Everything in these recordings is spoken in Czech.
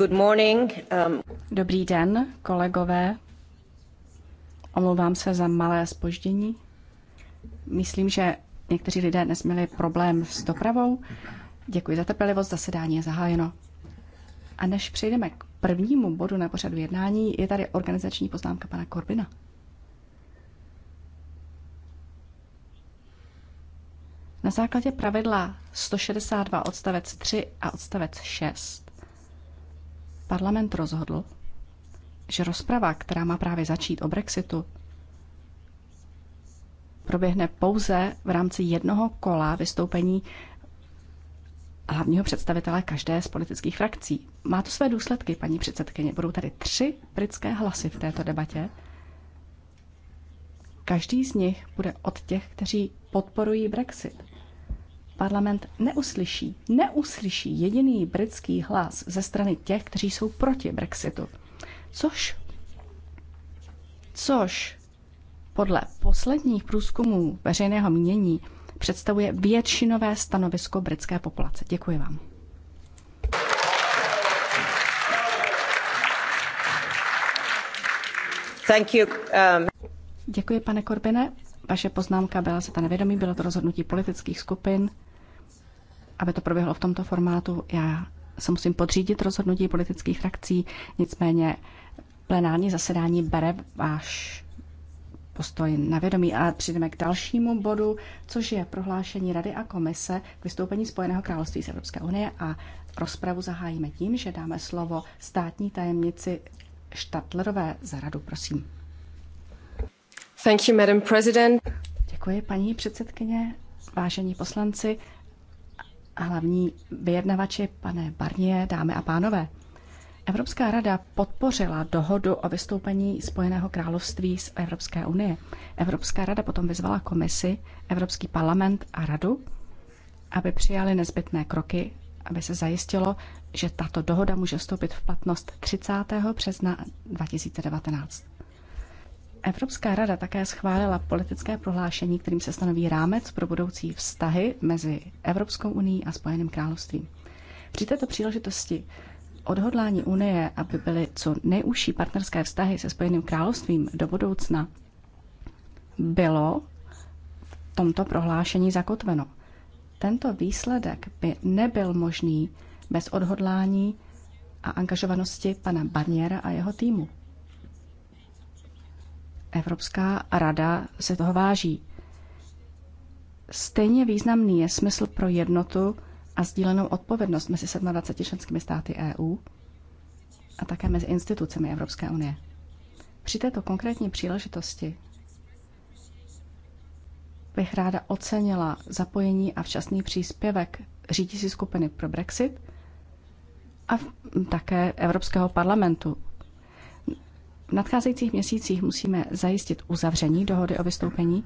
Good morning. Um... Dobrý den, kolegové. Omlouvám se za malé spoždění. Myslím, že někteří lidé dnes měli problém s dopravou. Děkuji za trpělivost, zasedání je zahájeno. A než přejdeme k prvnímu bodu na pořadu jednání, je tady organizační poznámka pana Korbina. Na základě pravidla 162 odstavec 3 a odstavec 6 Parlament rozhodl, že rozprava, která má právě začít o Brexitu, proběhne pouze v rámci jednoho kola vystoupení hlavního představitele každé z politických frakcí. Má to své důsledky, paní předsedkyně. Budou tady tři britské hlasy v této debatě. Každý z nich bude od těch, kteří podporují Brexit parlament neuslyší, neuslyší jediný britský hlas ze strany těch, kteří jsou proti Brexitu. Což, což podle posledních průzkumů veřejného mínění představuje většinové stanovisko britské populace. Děkuji vám. Thank you. Um... Děkuji, pane Korbine. Vaše poznámka byla se ta nevědomí, bylo to rozhodnutí politických skupin aby to proběhlo v tomto formátu, já se musím podřídit rozhodnutí politických frakcí, nicméně plenární zasedání bere váš postoj na vědomí. A přijdeme k dalšímu bodu, což je prohlášení Rady a Komise k vystoupení Spojeného království z Evropské unie a rozpravu zahájíme tím, že dáme slovo státní tajemnici Štatlerové za radu, prosím. Thank you, Madam President. Děkuji, paní předsedkyně, vážení poslanci hlavní vyjednavači, pane Barnier, dámy a pánové. Evropská rada podpořila dohodu o vystoupení Spojeného království z Evropské unie. Evropská rada potom vyzvala komisi, Evropský parlament a radu, aby přijali nezbytné kroky, aby se zajistilo, že tato dohoda může vstoupit v platnost 30. března 2019. Evropská rada také schválila politické prohlášení, kterým se stanoví rámec pro budoucí vztahy mezi Evropskou unii a Spojeným královstvím. Při této příležitosti odhodlání Unie, aby byly co nejužší partnerské vztahy se Spojeným královstvím do budoucna, bylo v tomto prohlášení zakotveno. Tento výsledek by nebyl možný bez odhodlání a angažovanosti pana Barniera a jeho týmu. Evropská rada se toho váží. Stejně významný je smysl pro jednotu a sdílenou odpovědnost mezi 27 členskými státy EU a také mezi institucemi Evropské unie. Při této konkrétní příležitosti bych ráda ocenila zapojení a včasný příspěvek řídící skupiny pro Brexit a také Evropského parlamentu v nadcházejících měsících musíme zajistit uzavření dohody o vystoupení.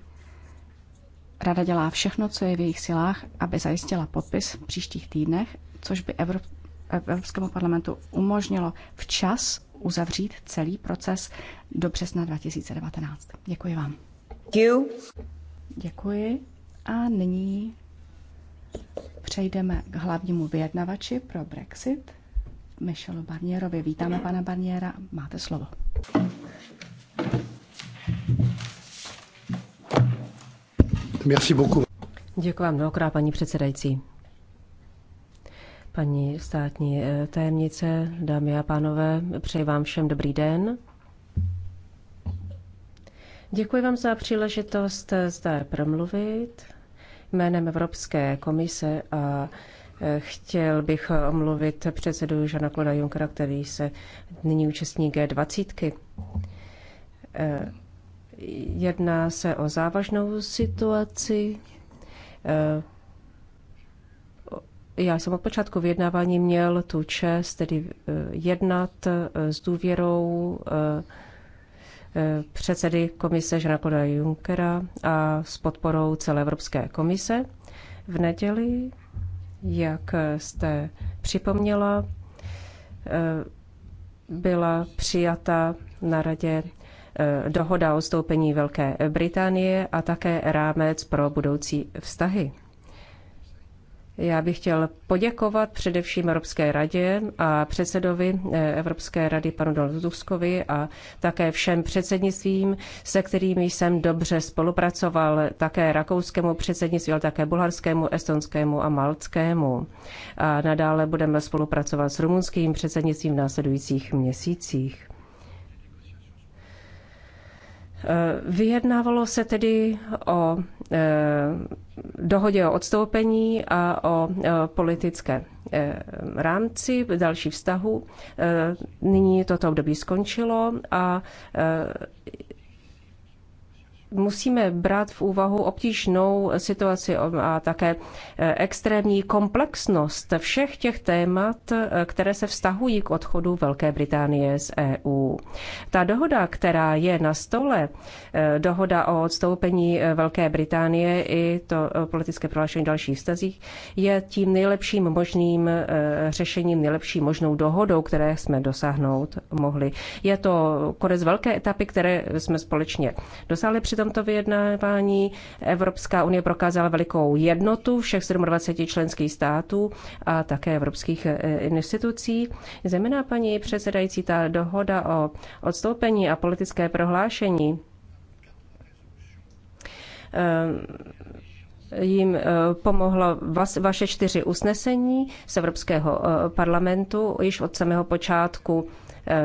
Rada dělá všechno, co je v jejich silách, aby zajistila podpis v příštích týdnech, což by Evrop... Evropskému parlamentu umožnilo včas uzavřít celý proces do března 2019. Děkuji vám. Děkuji. Děkuji. A nyní přejdeme k hlavnímu vyjednavači pro Brexit, Michelu Barnierovi. Vítáme pana Barniera, máte slovo. Merci beaucoup. Děkuji vám mnohokrát, paní předsedající. Paní státní eh, tajemnice, dámy a pánové, přeji vám všem dobrý den. Děkuji vám za příležitost zde promluvit jménem Evropské komise a Chtěl bych omluvit předsedu Žana Klona Junkera, který se nyní účastní G20. Jedná se o závažnou situaci. Já jsem od počátku vyjednávání měl tu čest tedy eh, jednat eh, s důvěrou eh, předsedy komise Žana Klona Junkera a s podporou celé Evropské komise. V neděli jak jste připomněla, eh, byla přijata na radě eh, dohoda o stoupení Velké Británie a také rámec pro budoucí vztahy. Já bych chtěl poděkovat především Evropské radě a předsedovi eh, Evropské rady panu Donaldu Tuskovi a také všem předsednictvím, se kterými jsem dobře spolupracoval, také rakouskému předsednictví, ale také bulharskému, estonskému a maltskému. A nadále budeme spolupracovat s rumunským předsednictvím v následujících měsících. Eh, vyjednávalo se tedy o eh, dohodě o odstoupení a o eh, politické rámci další vztahu. Nyní toto období skončilo a musíme brát v úvahu obtížnou situaci a také eh, extrémní komplexnost všech těch témat, eh, které se vztahují k odchodu Velké Británie z EU. Ta dohoda, která je na stole, eh, dohoda o odstoupení Velké Británie i to politické prohlášení dalších vztazích, je tím nejlepším možným řešením, nejlepší možnou dohodou, které jsme dosáhnout mohli. Je to konec velké etapy, které jsme společně dosáhli. Přitom tomto vyjednávání. Evropská unie prokázala velikou jednotu všech 27 členských států a také evropských eh, institucí. Zeměná paní předsedající, ta dohoda o odstoupení a politické prohlášení eh, jim eh, pomohlo vaše čtyři usnesení z Evropského parlamentu již od samého počátku Eh,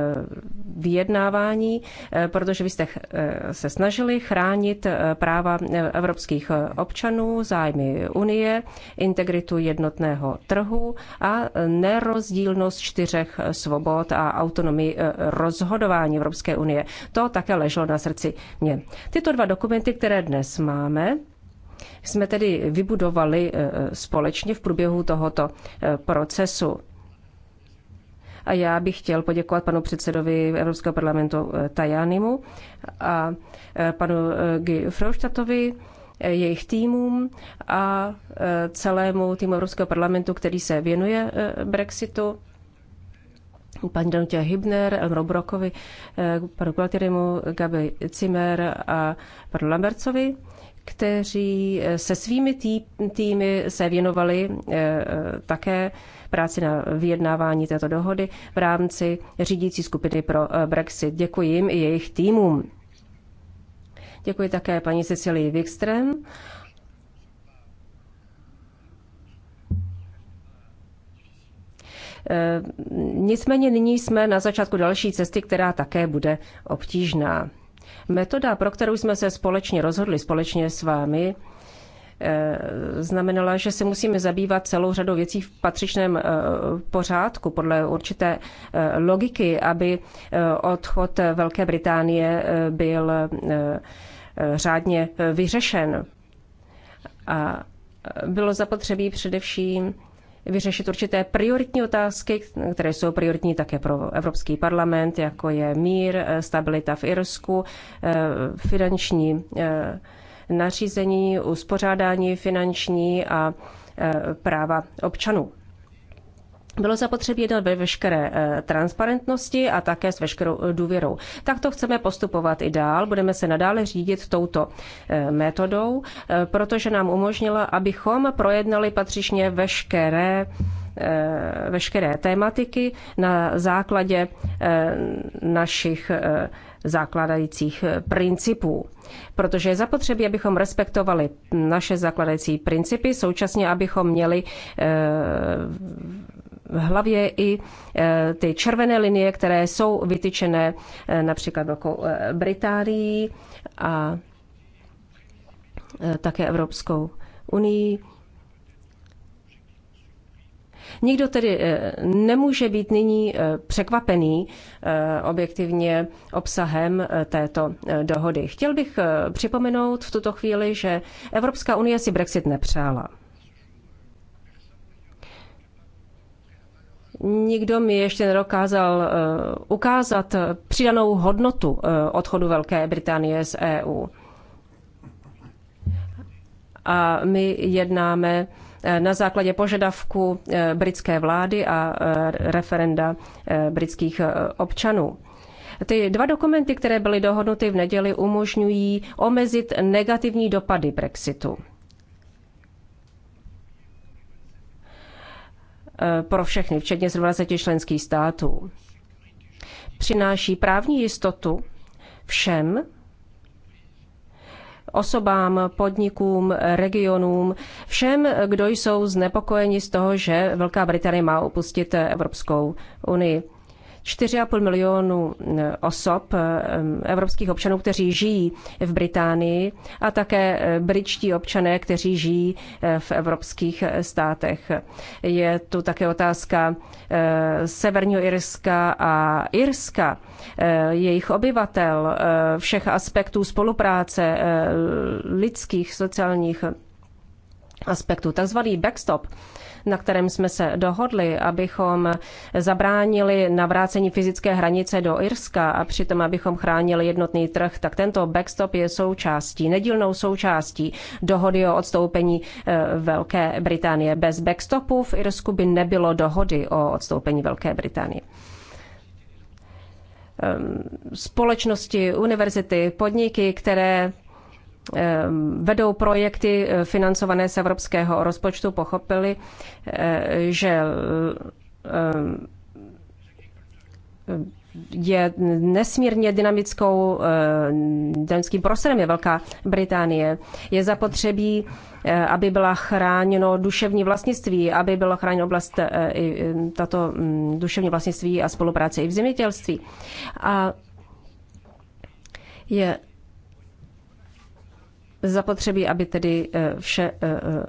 vyjednávání, eh, protože vy jste eh, se snažili chránit práva evropských občanů, zájmy Unie, integritu jednotného trhu a nerozdílnost čtyřech svobod a autonomii rozhodování Evropské unie. To také leželo na srdci mě. Tyto dva dokumenty, které dnes máme, jsme tedy vybudovali společně v průběhu tohoto procesu. A já bych chtěl poděkovat panu předsedovi Evropského parlamentu eh, Tajanimu a eh, panu eh, Guy jejich týmům a celému týmu Evropského parlamentu, který se věnuje Brexitu paní Danutě Hibner, Elmro Brokovi, panu Kulatirimu, Gabi Cimer a panu Lambercovi, kteří se svými tý, týmy se věnovali také práci na vyjednávání této dohody v rámci řídící skupiny pro eh, Brexit. Děkuji jim i jejich týmům. Děkuji také paní Cecilii Wikström. Eh, nicméně nyní jsme na začátku další cesty, která také bude obtížná. Metoda, pro kterou jsme se společně rozhodli, společně s vámi, Eh, znamenala, že se musíme zabývat celou řadou věcí v patřičném eh, pořádku podle určité eh, logiky, aby odchod Velké Británie byl řádně vyřešen. A bylo zapotřebí především vyřešit určité prioritní otázky, které jsou prioritní také pro Evropský parlament, jako je mír, stabilita v Irsku, finanční nařízení, uspořádání finanční a e, práva občanů. Bylo zapotřebí jednat ve veškeré e, transparentnosti a také s veškerou důvěrou. Takto chceme postupovat i dál, budeme se nadále řídit touto e, metodou, protože nám umožnila, abychom projednali patřičně veškeré veškeré tématiky na základě našich zakládajících eh, principů. Protože je zapotřebí, abychom respektovali naše zakládající principy, současně abychom měli eh, v hlavě i eh, ty červené linie, které jsou vytyčené například Velkou Británií a také Evropskou unii Nikdo tedy eh, nemůže být nyní eh, překvapený eh, objektivně obsahem této dohody. Chtěl bych připomenout v tuto chvíli, že Evropská unie si Brexit nepřála. nikdo mi ještě nedokázal ukázat přidanou hodnotu odchodu Velké Británie z EU. A my jednáme Eh, na základě požadavku eh, britské vlády a eh, referenda britských občanů. Ty dva dokumenty, které byly dohodnuty v neděli, umožňují omezit negativní dopady Brexitu. pro všechny, včetně z 20 členských států. Přináší právní jistotu všem, osobám, podnikům, regionům, všem, kdo jsou znepokojeni z toho, že Velká Británie má opustit Evropskou unii. 4,5 milionu eh, osob, eh, evropských občanů, kteří žijí v Británii a také eh, britští občané, kteří žijí v evropských státech. Je tu také otázka Severního Irska a Irska, jejich obyvatel, všech aspektů spolupráce, lidských, sociálních aspektů. Takzvaný backstop na kterém jsme se dohodli, abychom zabránili navrácení fyzické hranice do Irska a přitom abychom chránili jednotný trh, tak tento backstop je součástí, nedílnou součástí dohody o odstoupení eh, Velké Británie. Bez backstopu v Irsku by nebylo dohody o odstoupení Velké Británie ehm, společnosti, univerzity, podniky, které Ehm, vedou projekty eh, financované z evropského rozpočtu, pochopili, eh, že eh, ehm, je nesmírně dynamickou, dynamickým prostorem je Velká Británie. Je zapotřebí, aby byla chráněno duševní vlastnictví, aby byla chráněno oblast tato mm, duševní vlastnictví a spolupráce i v zemědělství. A je zapotřebí, aby tedy eh, vše eh, eh,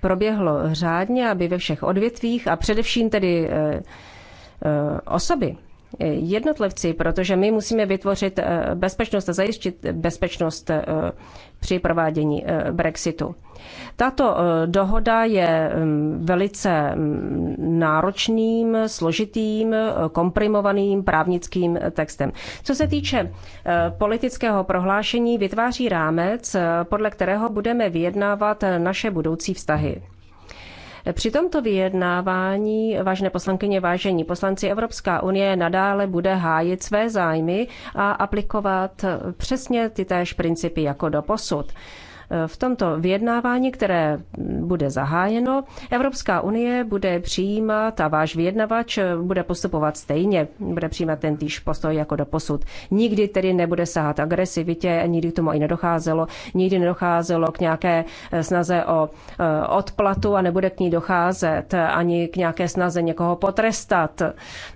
proběhlo řádně, aby ve všech odvětvích a především tedy osoby, Eh, jednotlivci, protože my musíme vytvořit eh, bezpečnost a zajistit bezpečnost eh, při provádění Brexitu. Tato dohoda je mm, velice mm, náročným, složitým, komprimovaným právnickým textem. Co se týče politického prohlášení, vytváří rámec, podle kterého budeme vyjednávat naše budoucí vztahy. Při tomto vyjednávání, vážné poslankyně, vážení poslanci, Evropská unie nadále bude hájit své zájmy a aplikovat přesně ty též principy jako do posud. V tomto vyjednávání, které bude zahájeno, Evropská unie bude přijímat a váš vyjednavač bude postupovat stejně, bude přijímat ten týž postoj jako do posud. Nikdy tedy nebude sahat agresivitě, nikdy k tomu i nedocházelo, nikdy nedocházelo k nějaké snaze o eh, odplatu a nebude k ní docházet ani k nějaké snaze někoho potrestat.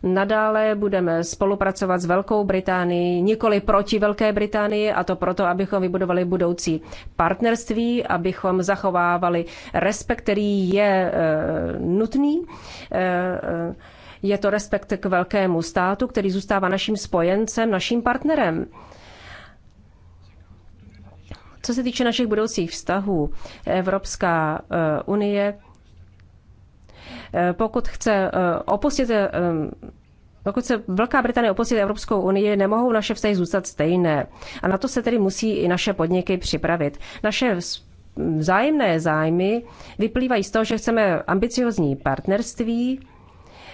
Nadále budeme spolupracovat s Velkou Británií, nikoli proti Velké Británii a to proto, abychom vybudovali budoucí partner partnerství, abychom zachovávali respekt, který je e, nutný. E, e, je to respekt k velkému státu, který zůstává naším spojencem, naším partnerem. Co se týče našich budoucích vztahů, Evropská unie, pokud chce opustit pokud se Velká Británie opustí Evropskou unii, nemohou naše vztahy zůstat stejné. A na to se tedy musí i naše podniky připravit. Naše vzájemné zájmy vyplývají z toho, že chceme ambiciozní partnerství,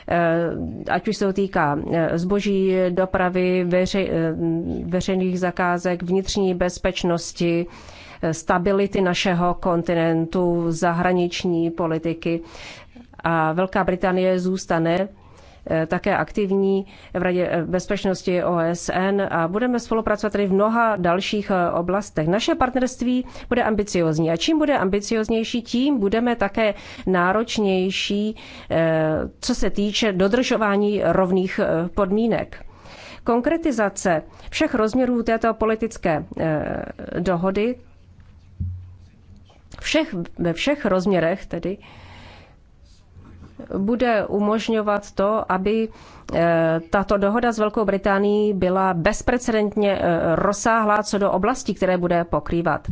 eh, ať už se to týká eh, zboží, dopravy, veře, eh, veřejných zakázek, vnitřní bezpečnosti, stability našeho kontinentu, zahraniční politiky. A Velká Británie zůstane Eh, také aktivní v Radě eh, bezpečnosti OSN a budeme spolupracovat tady v mnoha dalších eh, oblastech. Naše partnerství bude ambiciozní a čím bude ambicioznější, tím budeme také náročnější, co se týče dodržování rovných podmínek. Konkretizace všech rozměrů této politické dohody všech, ve všech rozměrech tedy bude umožňovat to, aby eh, tato dohoda s Velkou Británií byla bezprecedentně eh, rozsáhlá co do oblastí, které bude pokrývat.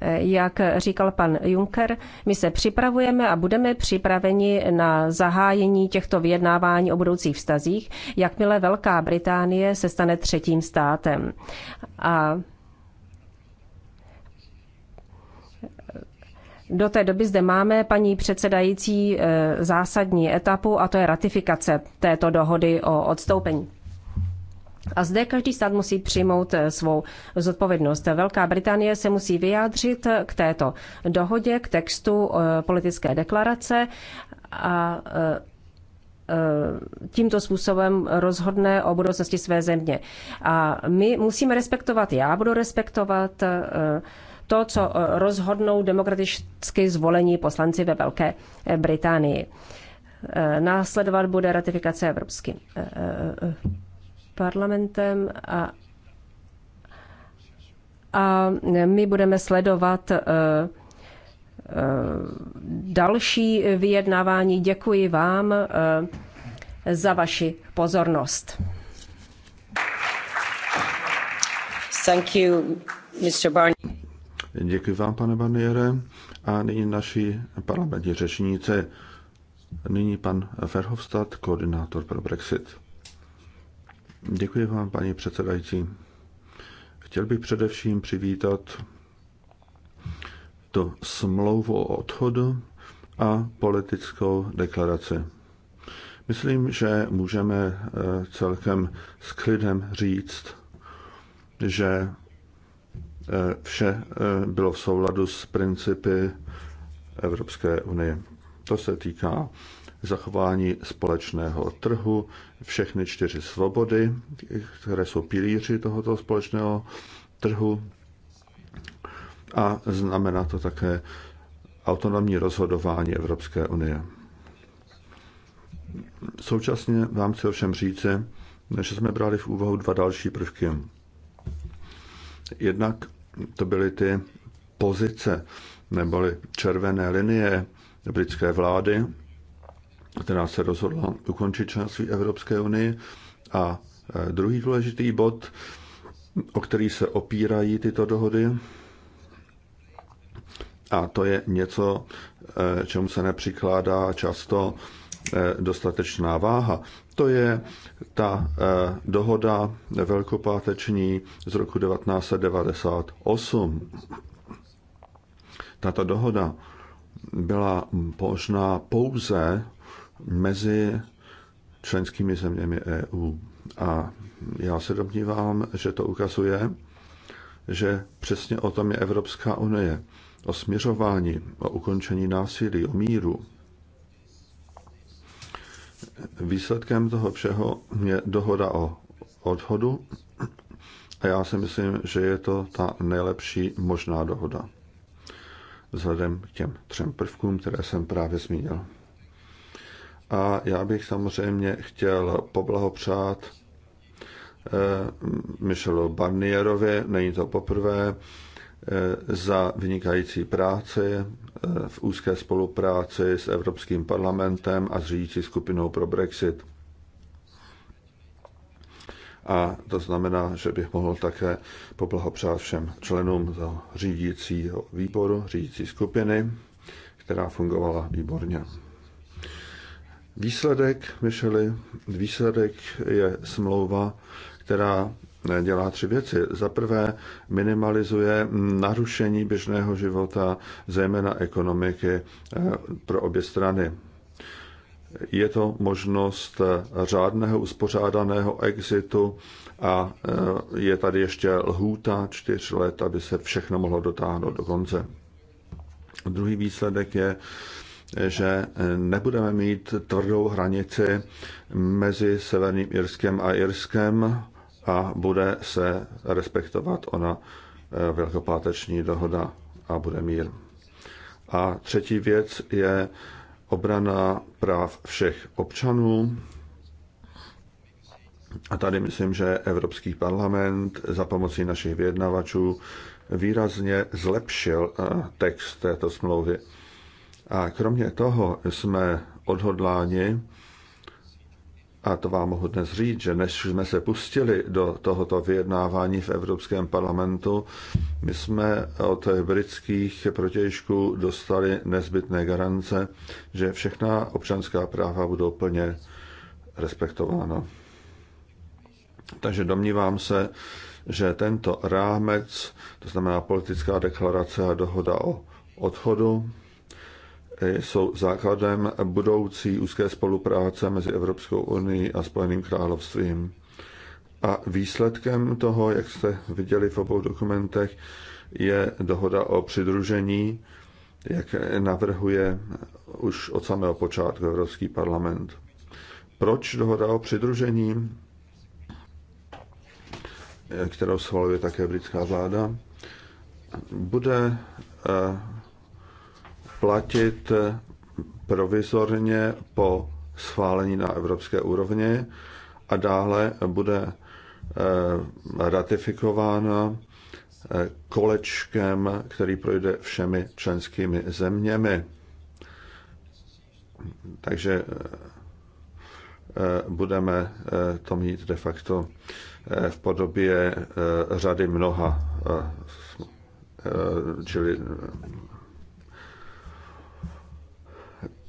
Eh, jak říkal pan Juncker, my se připravujeme a budeme připraveni na zahájení těchto vyjednávání o budoucích vztazích, jakmile Velká Británie se stane třetím státem. A Do té doby zde máme, paní předsedající, eh, zásadní etapu a to je ratifikace této dohody o odstoupení. A zde každý stát musí přijmout eh, svou zodpovědnost. Velká Británie se musí vyjádřit eh, k této dohodě, k textu politické deklarace a tímto způsobem rozhodne o budoucnosti své země. A my musíme respektovat, já budu respektovat to, co eh, rozhodnou demokraticky zvolení poslanci ve Velké eh, Británii. Eh, následovat bude ratifikace Evropským parlamentem a, a my budeme sledovat další vyjednávání. Děkuji vám za vaši pozornost. Thank you, Mr. Barnier. Děkuji vám, pane Barniere. A nyní naší parlamentní řečníci. Nyní pan Verhofstadt, koordinátor pro Brexit. Děkuji vám, paní předsedající. Chtěl bych především přivítat to smlouvu o odchodu a politickou deklaraci. Myslím, že můžeme eh, celkem s klidem říct, že Eh, vše eh, bylo v souladu s principy Evropské unie. To se týká zachování společného trhu, všechny čtyři svobody, které jsou pilíři tohoto společného trhu. A znamená to také autonomní rozhodování Evropské unie. Současně vám chci ovšem říci, že jsme brali v úvahu dva další prvky. Jednak to byly ty pozice neboli červené linie britské vlády, která se rozhodla ukončit členství Evropské unii. A e, druhý důležitý bod, o který se opírají tyto dohody, a to je něco, e, čemu se nepřikládá často Eh, dostatečná váha. To je ta eh, dohoda velkopáteční z roku 1998. Tato dohoda byla možná pouze mezi členskými zeměmi EU. A já se domnívám, že to ukazuje, že přesně o tom je Evropská unie. O směřování, o ukončení násilí, o míru. Výsledkem toho všeho je dohoda o odhodu a já si myslím, že je to ta nejlepší možná dohoda vzhledem k těm třem prvkům, které jsem právě zmínil. A já bych samozřejmě chtěl poblahopřát eh, Michelu Barnierovi, není to poprvé, Eh, za vynikající práci eh, v úzké spolupráci s Evropským parlamentem a s řídící skupinou pro Brexit. A to znamená, že bych mohl také poblahopřát všem členům za řídícího výboru, řídící skupiny, která fungovala výborně. Výsledek, Michely, výsledek je smlouva, která dělá tři věci. Za prvé minimalizuje narušení běžného života, zejména ekonomiky eh, pro obě strany. Je to možnost řádného uspořádaného exitu a eh, je tady ještě lhůta čtyř let, aby se všechno mohlo dotáhnout do konce. Druhý výsledek je, že eh, nebudeme mít tvrdou hranici mezi Severním Irskem a Irskem, a bude se respektovat ona eh, velkopáteční dohoda a bude mír. A třetí věc je obrana práv všech občanů. A tady myslím, že Evropský parlament za pomocí našich vyjednavačů výrazně zlepšil eh, text této smlouvy. A kromě toho jsme odhodláni a to vám mohu dnes říct, že než jsme se pustili do tohoto vyjednávání v Evropském parlamentu, my jsme od britských protějšků dostali nezbytné garance, že všechna občanská práva budou plně respektována. Takže domnívám se, že tento rámec, to znamená politická deklarace a dohoda o odchodu, jsou základem budoucí úzké spolupráce mezi Evropskou unii a Spojeným královstvím. A výsledkem toho, jak jste viděli v obou dokumentech, je dohoda o přidružení, jak navrhuje už od samého počátku Evropský parlament. Proč dohoda o přidružení, kterou schvaluje také britská vláda, bude eh, platit provizorně po schválení na evropské úrovni a dále bude eh, ratifikována eh, kolečkem, který projde všemi členskými zeměmi. Takže eh, budeme to mít de facto v podobě řady mnoha, čili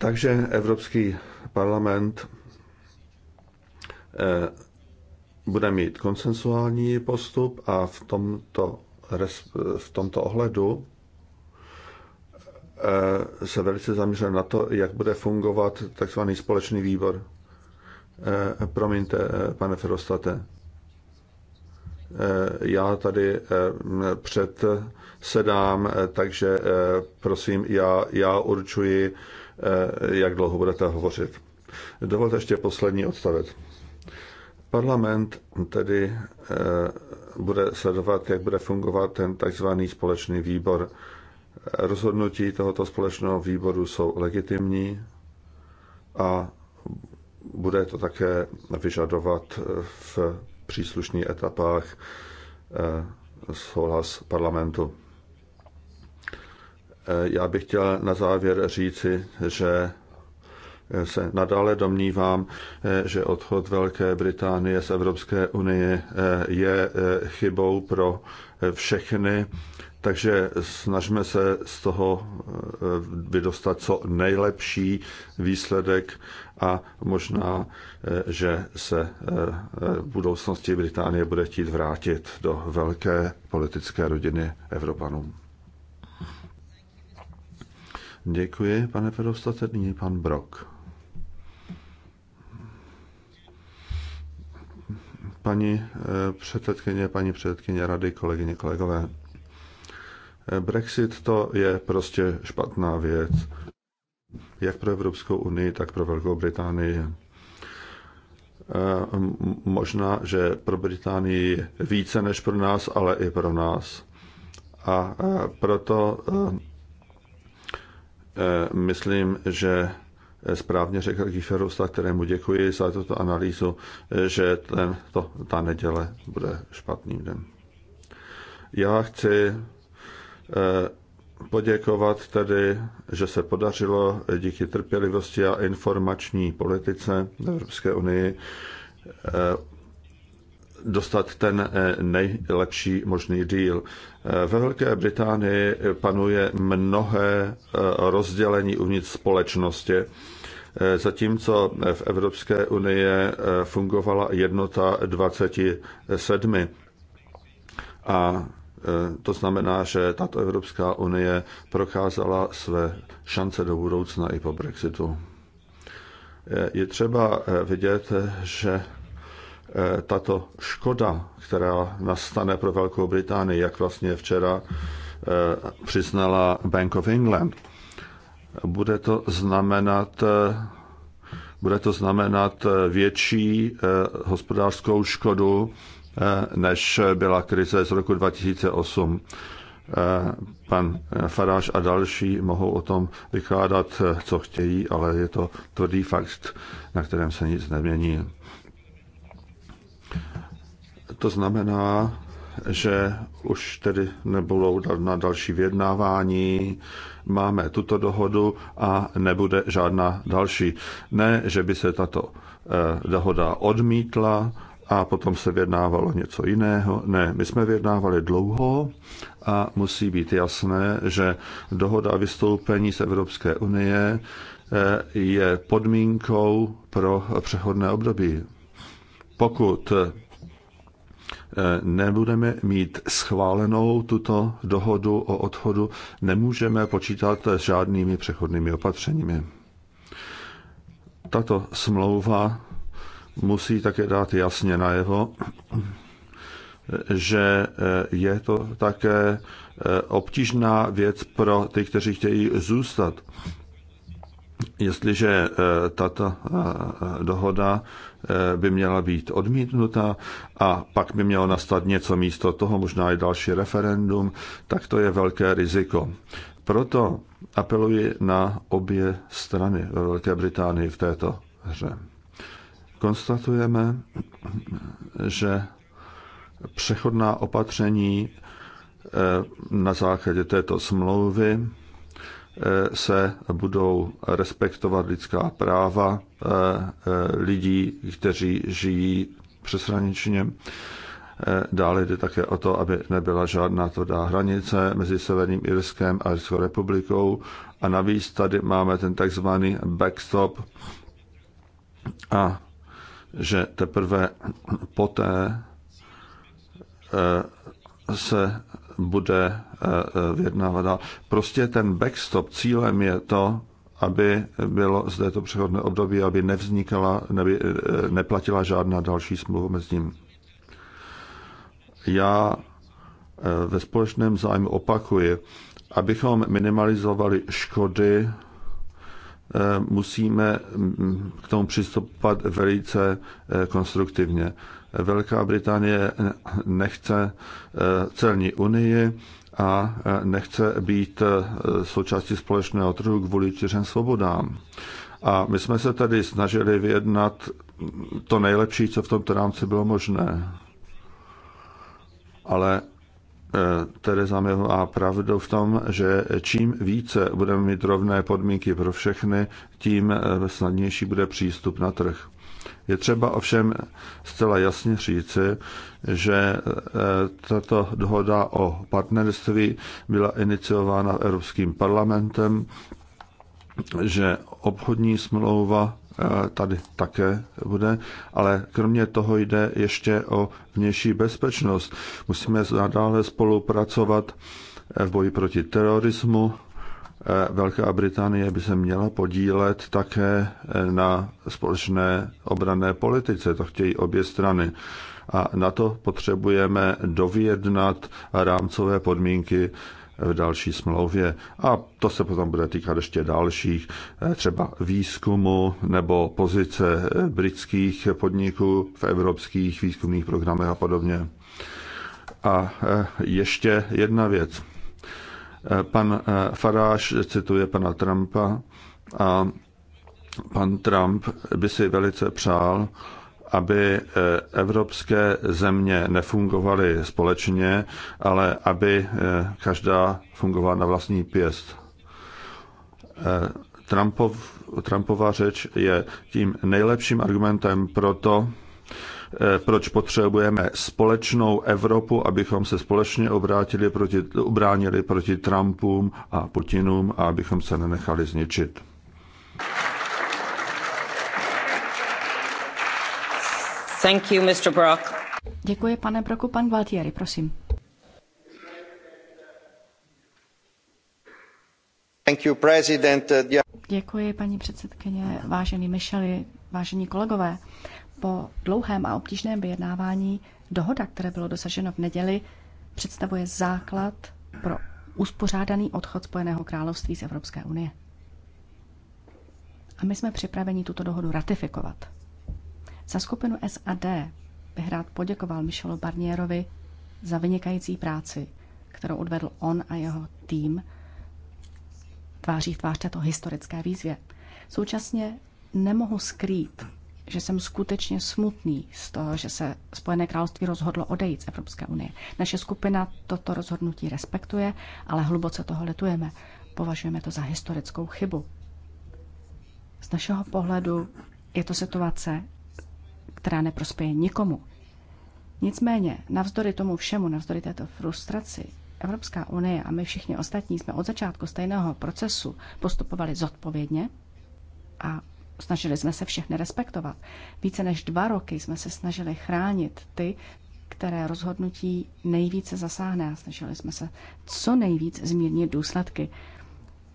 takže Evropský parlament eh, bude mít konsensuální postup a v tomto, v tomto ohledu eh, se velice zaměřil na to, jak bude fungovat takzvaný společný výbor. Eh, promiňte, pane Ferostate. Já tady před sedám, takže prosím, já, já určuji Eh, jak dlouho budete hovořit. Dovolte ještě poslední odstavec. Parlament tedy eh, bude sledovat, jak bude fungovat ten takzvaný společný výbor. Rozhodnutí tohoto společného výboru jsou legitimní a bude to také vyžadovat v příslušných etapách eh, souhlas parlamentu. Eh, já bych chtěl na závěr říci, že eh, se nadále domnívám, eh, že odchod Velké Británie z Evropské unie je chybou pro všechny, takže snažme se z toho vydostat co nejlepší výsledek a možná, že se v budoucnosti Británie bude chtít vrátit do velké politické rodiny Evropanům. Děkuji, pane Ferostate, nyní pan Brok. Paní eh, předsedkyně, paní předsedkyně rady, kolegyně, kolegové. Eh, Brexit to je prostě špatná věc. Jak pro Evropskou unii, tak pro Velkou Británii. Eh, možná, že pro Británii více než pro nás, ale i pro nás. A proto Eh, myslím, že eh, správně řekl Giferusa, kterému děkuji za tuto analýzu, eh, že ten, to, ta neděle bude špatným dnem. Já chci poděkovat tedy, že se podařilo díky trpělivosti a informační politice Evropské unii dostat ten eh, nejlepší možný díl. Eh, ve Velké Británii panuje mnohé eh, rozdělení uvnitř společnosti, zatímco v Evropské unii fungovala jednota 27. A to znamená, že tato Evropská unie prokázala své šance do budoucna i po Brexitu. Je třeba vidět, že Eh, tato škoda, která nastane pro Velkou Británii, jak vlastně včera eh, přiznala Bank of England, bude to znamenat eh, bude to znamenat větší hospodářskou škodu, než byla krize z roku 2008. Pan Faráš a další mohou o tom vykládat, co chtějí, ale je to tvrdý fakt, na kterém se nic nemění. To znamená, že už tedy nebudou na další vyjednávání, máme tuto dohodu a nebude žádná další. Ne, že by se tato eh, dohoda odmítla a potom se vyjednávalo něco jiného. Ne, my jsme vyjednávali dlouho a musí být jasné, že dohoda o vystoupení z Evropské unie eh, je podmínkou pro přechodné období. Pokud nebudeme mít schválenou tuto dohodu o odchodu, nemůžeme počítat s žádnými přechodnými opatřeními. Tato smlouva musí také dát jasně najevo, že je to také obtížná věc pro ty, kteří chtějí zůstat Jestliže eh, tato eh, eh, dohoda by měla být odmítnuta a pak by mělo nastat něco místo toho, možná i další referendum, tak to je velké riziko. Proto apeluji na obě strany ve Velké Británii v této hře. Konstatujeme, že přechodná opatření na základě této smlouvy Eh, se budou respektovat lidská práva eh, lidí, kteří žijí přeshraničně. Eh, dále jde také o to, aby nebyla žádná tvrdá hranice mezi Severním Irskem a Irskou republikou. A navíc tady máme ten takzvaný backstop a že teprve poté se bude eh, eh, vyjednávat. Prostě ten backstop cílem je to, aby bylo zde to přechodné období, aby nevznikala, neby, eh, neplatila žádná další smlouva mezi ním. Já ve společném zájmu opakuji, abychom minimalizovali škody, musíme mm, k tomu přistupovat velice konstruktivně. Velká Británie nechce eh, celní unii a eh, nechce být eh, součástí společného trhu kvůli čtyřem svobodám. A my jsme se tady snažili vyjednat to nejlepší, co v tomto rámci bylo možné. Ale Tereza má pravdu v tom, že čím více budeme mít rovné podmínky pro všechny, tím snadnější bude přístup na trh. Je třeba ovšem zcela jasně říci, že e, tato dohoda o partnerství byla iniciována Evropským parlamentem, že obchodní smlouva e, tady také bude, ale kromě toho jde ještě o vnější bezpečnost. Musíme nadále spolupracovat v boji proti terorismu, Eh, Velká Británie by se měla podílet také eh, na společné obrané politice, to chtějí obě strany. A na to potřebujeme dovyjednat rámcové podmínky v další smlouvě. A to se potom bude týkat ještě dalších, eh, třeba výzkumu nebo pozice britských podniků v evropských výzkumných programech a podobně. A ještě jedna věc. Eh, pan eh, Faráš cituje pana Trumpa a pan Trump by si velice přál, aby eh, evropské země nefungovaly společně, ale aby každá fungovala na vlastní pěst. Trumpov, Trumpova řeč je tím nejlepším argumentem pro to, Eh, proč potřebujeme společnou Evropu, abychom se společně obrátili proti, ubránili proti Trumpům a Putinům a abychom se nenechali zničit. Thank you, Mr. Brock. Děkuji, pane Broku. Pan Gualtieri, prosím. Thank you, president. Děkuji, paní předsedkyně, vážený Micheli, vážení kolegové. Po dlouhém a obtížném vyjednávání dohoda, které bylo dosaženo v neděli, představuje základ pro uspořádaný odchod Spojeného království z Evropské unie. A my jsme připraveni tuto dohodu ratifikovat. Za skupinu SAD bych rád poděkoval Michelu Barnierovi za vynikající práci, kterou odvedl on a jeho tým tváří v tvář této historické výzvě. Současně nemohu skrýt, že jsem skutečně smutný z toho, že se Spojené království rozhodlo odejít z Evropské unie. Naše skupina toto rozhodnutí respektuje, ale hluboce toho letujeme. Považujeme to za historickou chybu. Z našeho pohledu je to situace, která neprospěje nikomu. Nicméně, navzdory tomu všemu, navzdory této frustraci, Evropská unie a my všichni ostatní jsme od začátku stejného procesu postupovali zodpovědně a snažili jsme se všechny respektovat. Více než dva roky jsme se snažili chránit ty, které rozhodnutí nejvíce zasáhne a snažili jsme se co nejvíc zmírnit důsledky.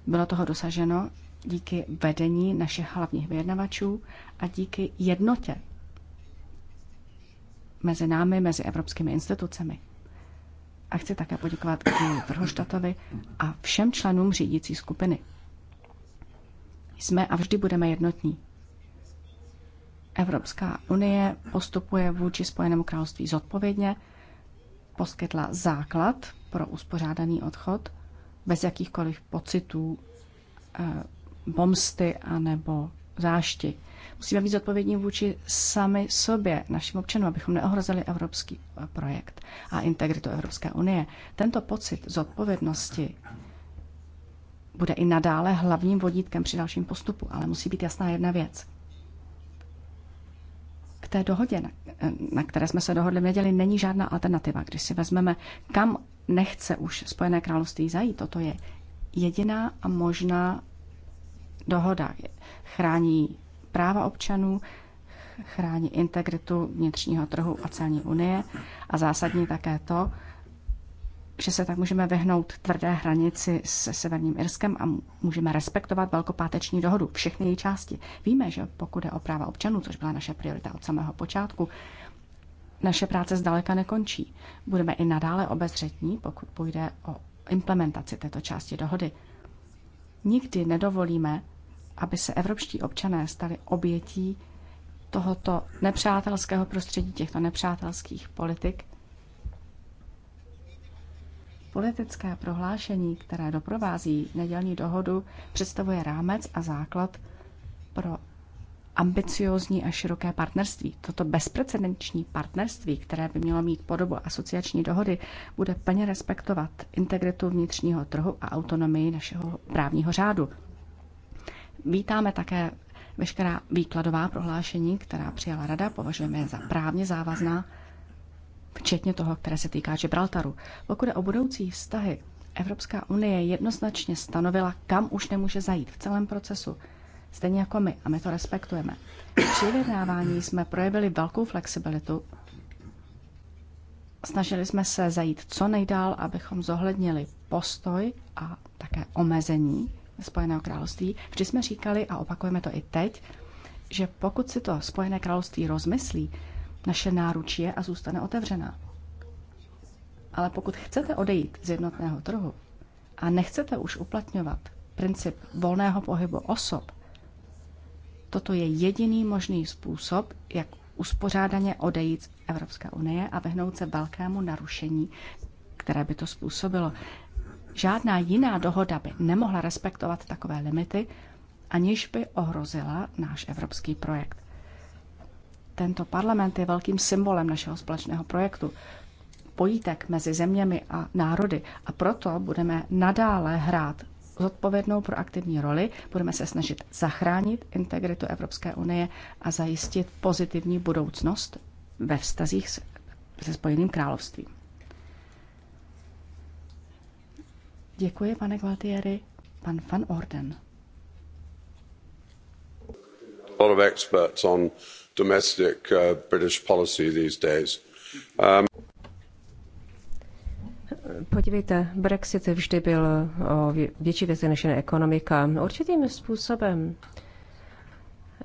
Bylo toho dosaženo díky vedení našich hlavních vyjednavačů a díky jednotě mezi námi, mezi evropskými institucemi. A chci také poděkovat Gilu Vrhoštatovi a všem členům řídící skupiny. Jsme a vždy budeme jednotní. Evropská unie postupuje vůči Spojenému království zodpovědně, poskytla základ pro uspořádaný odchod bez jakýchkoliv pocitů, bomsty eh, anebo zášti. Musíme být zodpovědní vůči sami sobě, našim občanům, abychom neohrozili evropský eh, projekt a integritu Evropské unie. Tento pocit zodpovědnosti bude i nadále hlavním vodítkem při dalším postupu, ale musí být jasná jedna věc. K té dohodě, na které jsme se dohodli v neděli, není žádná alternativa. Když si vezmeme, kam nechce už Spojené království zajít, toto je jediná a možná dohoda. Chrání práva občanů, chrání integritu vnitřního trhu a celní unie a zásadní také to, že se tak můžeme vyhnout tvrdé hranici se Severním Irskem a můžeme respektovat velkopáteční dohodu, všechny její části. Víme, že pokud je o práva občanů, což byla naše priorita od samého počátku, naše práce zdaleka nekončí. Budeme i nadále obezřetní, pokud půjde o implementaci této části dohody. Nikdy nedovolíme, aby se evropští občané stali obětí tohoto nepřátelského prostředí, těchto nepřátelských politik – Politické prohlášení, které doprovází nedělní dohodu, představuje rámec a základ pro ambiciózní a široké partnerství. Toto bezprecedenční partnerství, které by mělo mít podobu asociační dohody, bude plně respektovat integritu vnitřního trhu a autonomii našeho právního řádu. Vítáme také veškerá výkladová prohlášení, která přijala Rada, považujeme je za právně závazná včetně toho, které se týká Gibraltaru. Pokud je o budoucí vztahy, Evropská unie jednoznačně stanovila, kam už nemůže zajít v celém procesu. Stejně jako my, a my to respektujeme. Při vyjednávání jsme projevili velkou flexibilitu. Snažili jsme se zajít co nejdál, abychom zohlednili postoj a také omezení Spojeného království. Vždy jsme říkali, a opakujeme to i teď, že pokud si to Spojené království rozmyslí, naše náručí a zůstane otevřená. Ale pokud chcete odejít z jednotného trhu a nechcete už uplatňovat princip volného pohybu osob, toto je jediný možný způsob, jak uspořádaně odejít z Evropské unie a vyhnout se velkému narušení, které by to způsobilo. Žádná jiná dohoda by nemohla respektovat takové limity, aniž by ohrozila náš evropský projekt. Tento parlament je velkým symbolem našeho společného projektu. Pojítek mezi zeměmi a národy. A proto budeme nadále hrát zodpovědnou proaktivní roli, budeme se snažit zachránit integritu Evropské unie a zajistit pozitivní budoucnost ve vztazích se Spojeným královstvím. Děkuji, pane Gualtieri. Pan Van Orden. A lot of experts on domestic uh, British policy these days. Um... Podívejte, Brexit vždy byl o větší věci než jen ekonomika. Určitým způsobem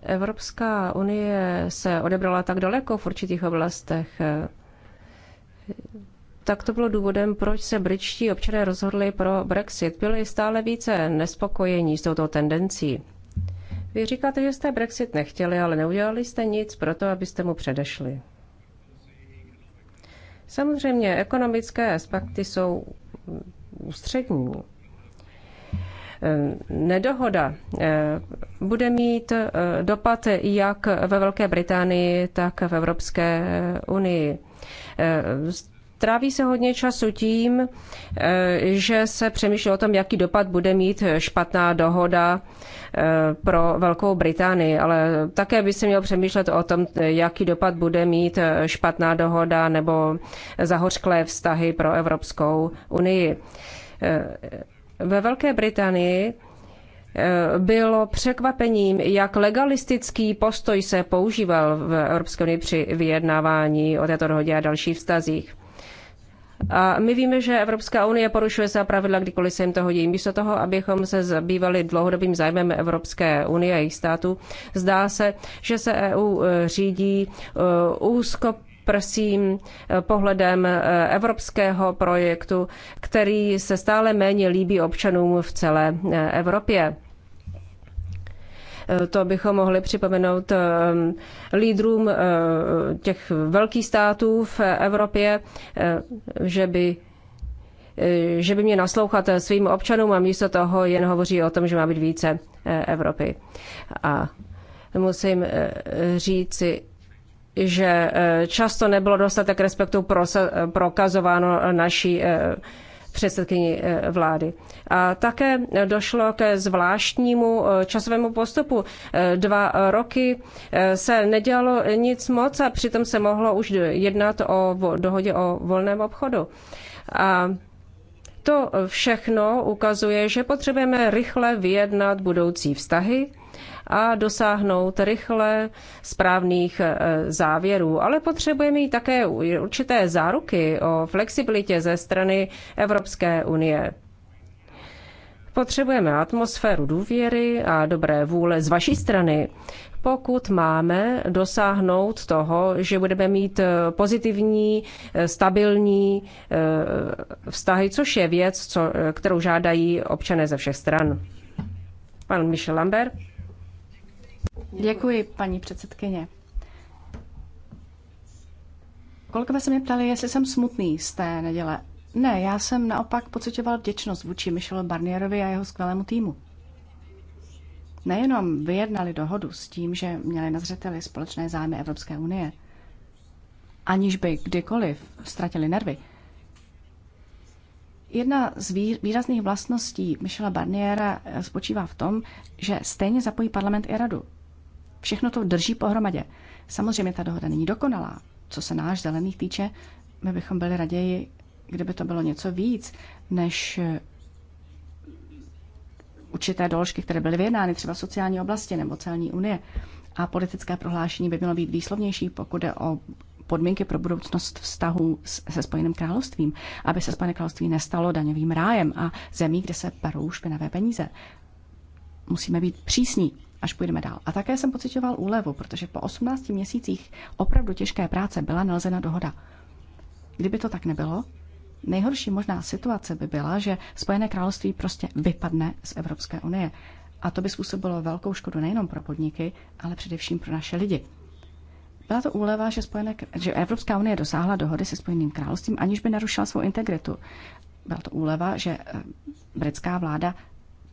Evropská unie se odebrala tak daleko v určitých oblastech. Tak to bylo důvodem, proč se britští občané rozhodli pro Brexit. Byli stále více nespokojení s touto tendencí. Vy říkáte, že jste Brexit nechtěli, ale neudělali jste nic pro to, abyste mu předešli. Samozřejmě ekonomické aspekty jsou ústřední. Ehm, nedohoda ehm, bude mít ehm, dopad jak ve Velké Británii, tak v Evropské unii. Tráví se hodně času tím, eh, že se přemýšlí o tom, jaký dopad bude mít špatná dohoda eh, pro Velkou Británii, ale také by se měl přemýšlet o tom, jaký dopad bude mít eh, špatná dohoda nebo zahořklé vztahy pro Evropskou unii. Ve Velké Británii bylo překvapením, jak legalistický postoj se používal v Evropské unii při vyjednávání o této dohodě a dalších vztazích. A my víme, že Evropská unie porušuje svá pravidla, kdykoliv se jim to hodí. Místo toho, abychom se zabývali dlouhodobým zájmem Evropské unie a jejich států, zdá se, že se EU e, řídí e, úzko prosím e, pohledem evropského projektu, který se stále méně líbí občanům v celé Evropě. Eh, to bychom mohli připomenout eh, lídrům eh, těch velkých států v Evropě, že by že by mě naslouchat svým občanům a místo toho jen hovoří o tom, že má být více Evropy. A musím říci, že často nebylo dostatek respektu prokazováno naší předsedkyni eh, vlády. A také došlo ke zvláštnímu eh, časovému postupu. Eh, dva roky se nedělalo nic moc a přitom se mohlo už jednat o dohodě o volném obchodu. A to všechno ukazuje, že potřebujeme rychle vyjednat budoucí vztahy a dosáhnout rychle správných e, závěrů. Ale potřebujeme i také určité záruky o flexibilitě ze strany Evropské unie. Potřebujeme atmosféru důvěry a dobré vůle z vaší strany, pokud máme dosáhnout toho, že budeme mít e, pozitivní, e, stabilní vztahy, což je věc, co, kterou žádají občané ze všech stran. Pan Michel Lambert. Děkuji, paní předsedkyně. Kolikové se mě ptali, jestli jsem smutný z té neděle. Ne, já jsem naopak pocitoval vděčnost vůči Michelu Barnierovi a jeho skvělému týmu. Nejenom vyjednali dohodu s tím, že měli na zřeteli společné zájmy Evropské unie, aniž by kdykoliv ztratili nervy. Jedna z výrazných vlastností Michela Barniera spočívá v tom, že stejně zapojí parlament i radu. Všechno to drží pohromadě. Samozřejmě ta dohoda není dokonalá. Co se náš zelených týče, my bychom byli raději, kdyby to bylo něco víc, než eh, určité doložky, které byly vyjednány třeba v sociální oblasti nebo celní unie. A politické prohlášení by mělo být výslovnější, pokud jde o podmínky pro budoucnost vztahu se Spojeným královstvím, aby se Spojené království nestalo daňovým rájem a zemí, kde se perou špinavé peníze. Musíme být přísní až půjdeme dál. A také jsem pocitoval úlevu, protože po 18 měsících opravdu těžké práce byla nalezena dohoda. Kdyby to tak nebylo, nejhorší možná situace by byla, že Spojené království prostě vypadne z Evropské unie. A to by způsobilo velkou škodu nejenom pro podniky, ale především pro naše lidi. Byla to úleva, že, Spojené, že Evropská unie dosáhla dohody se Spojeným královstvím, aniž by narušila svou integritu. Byla to úleva, že eh, britská vláda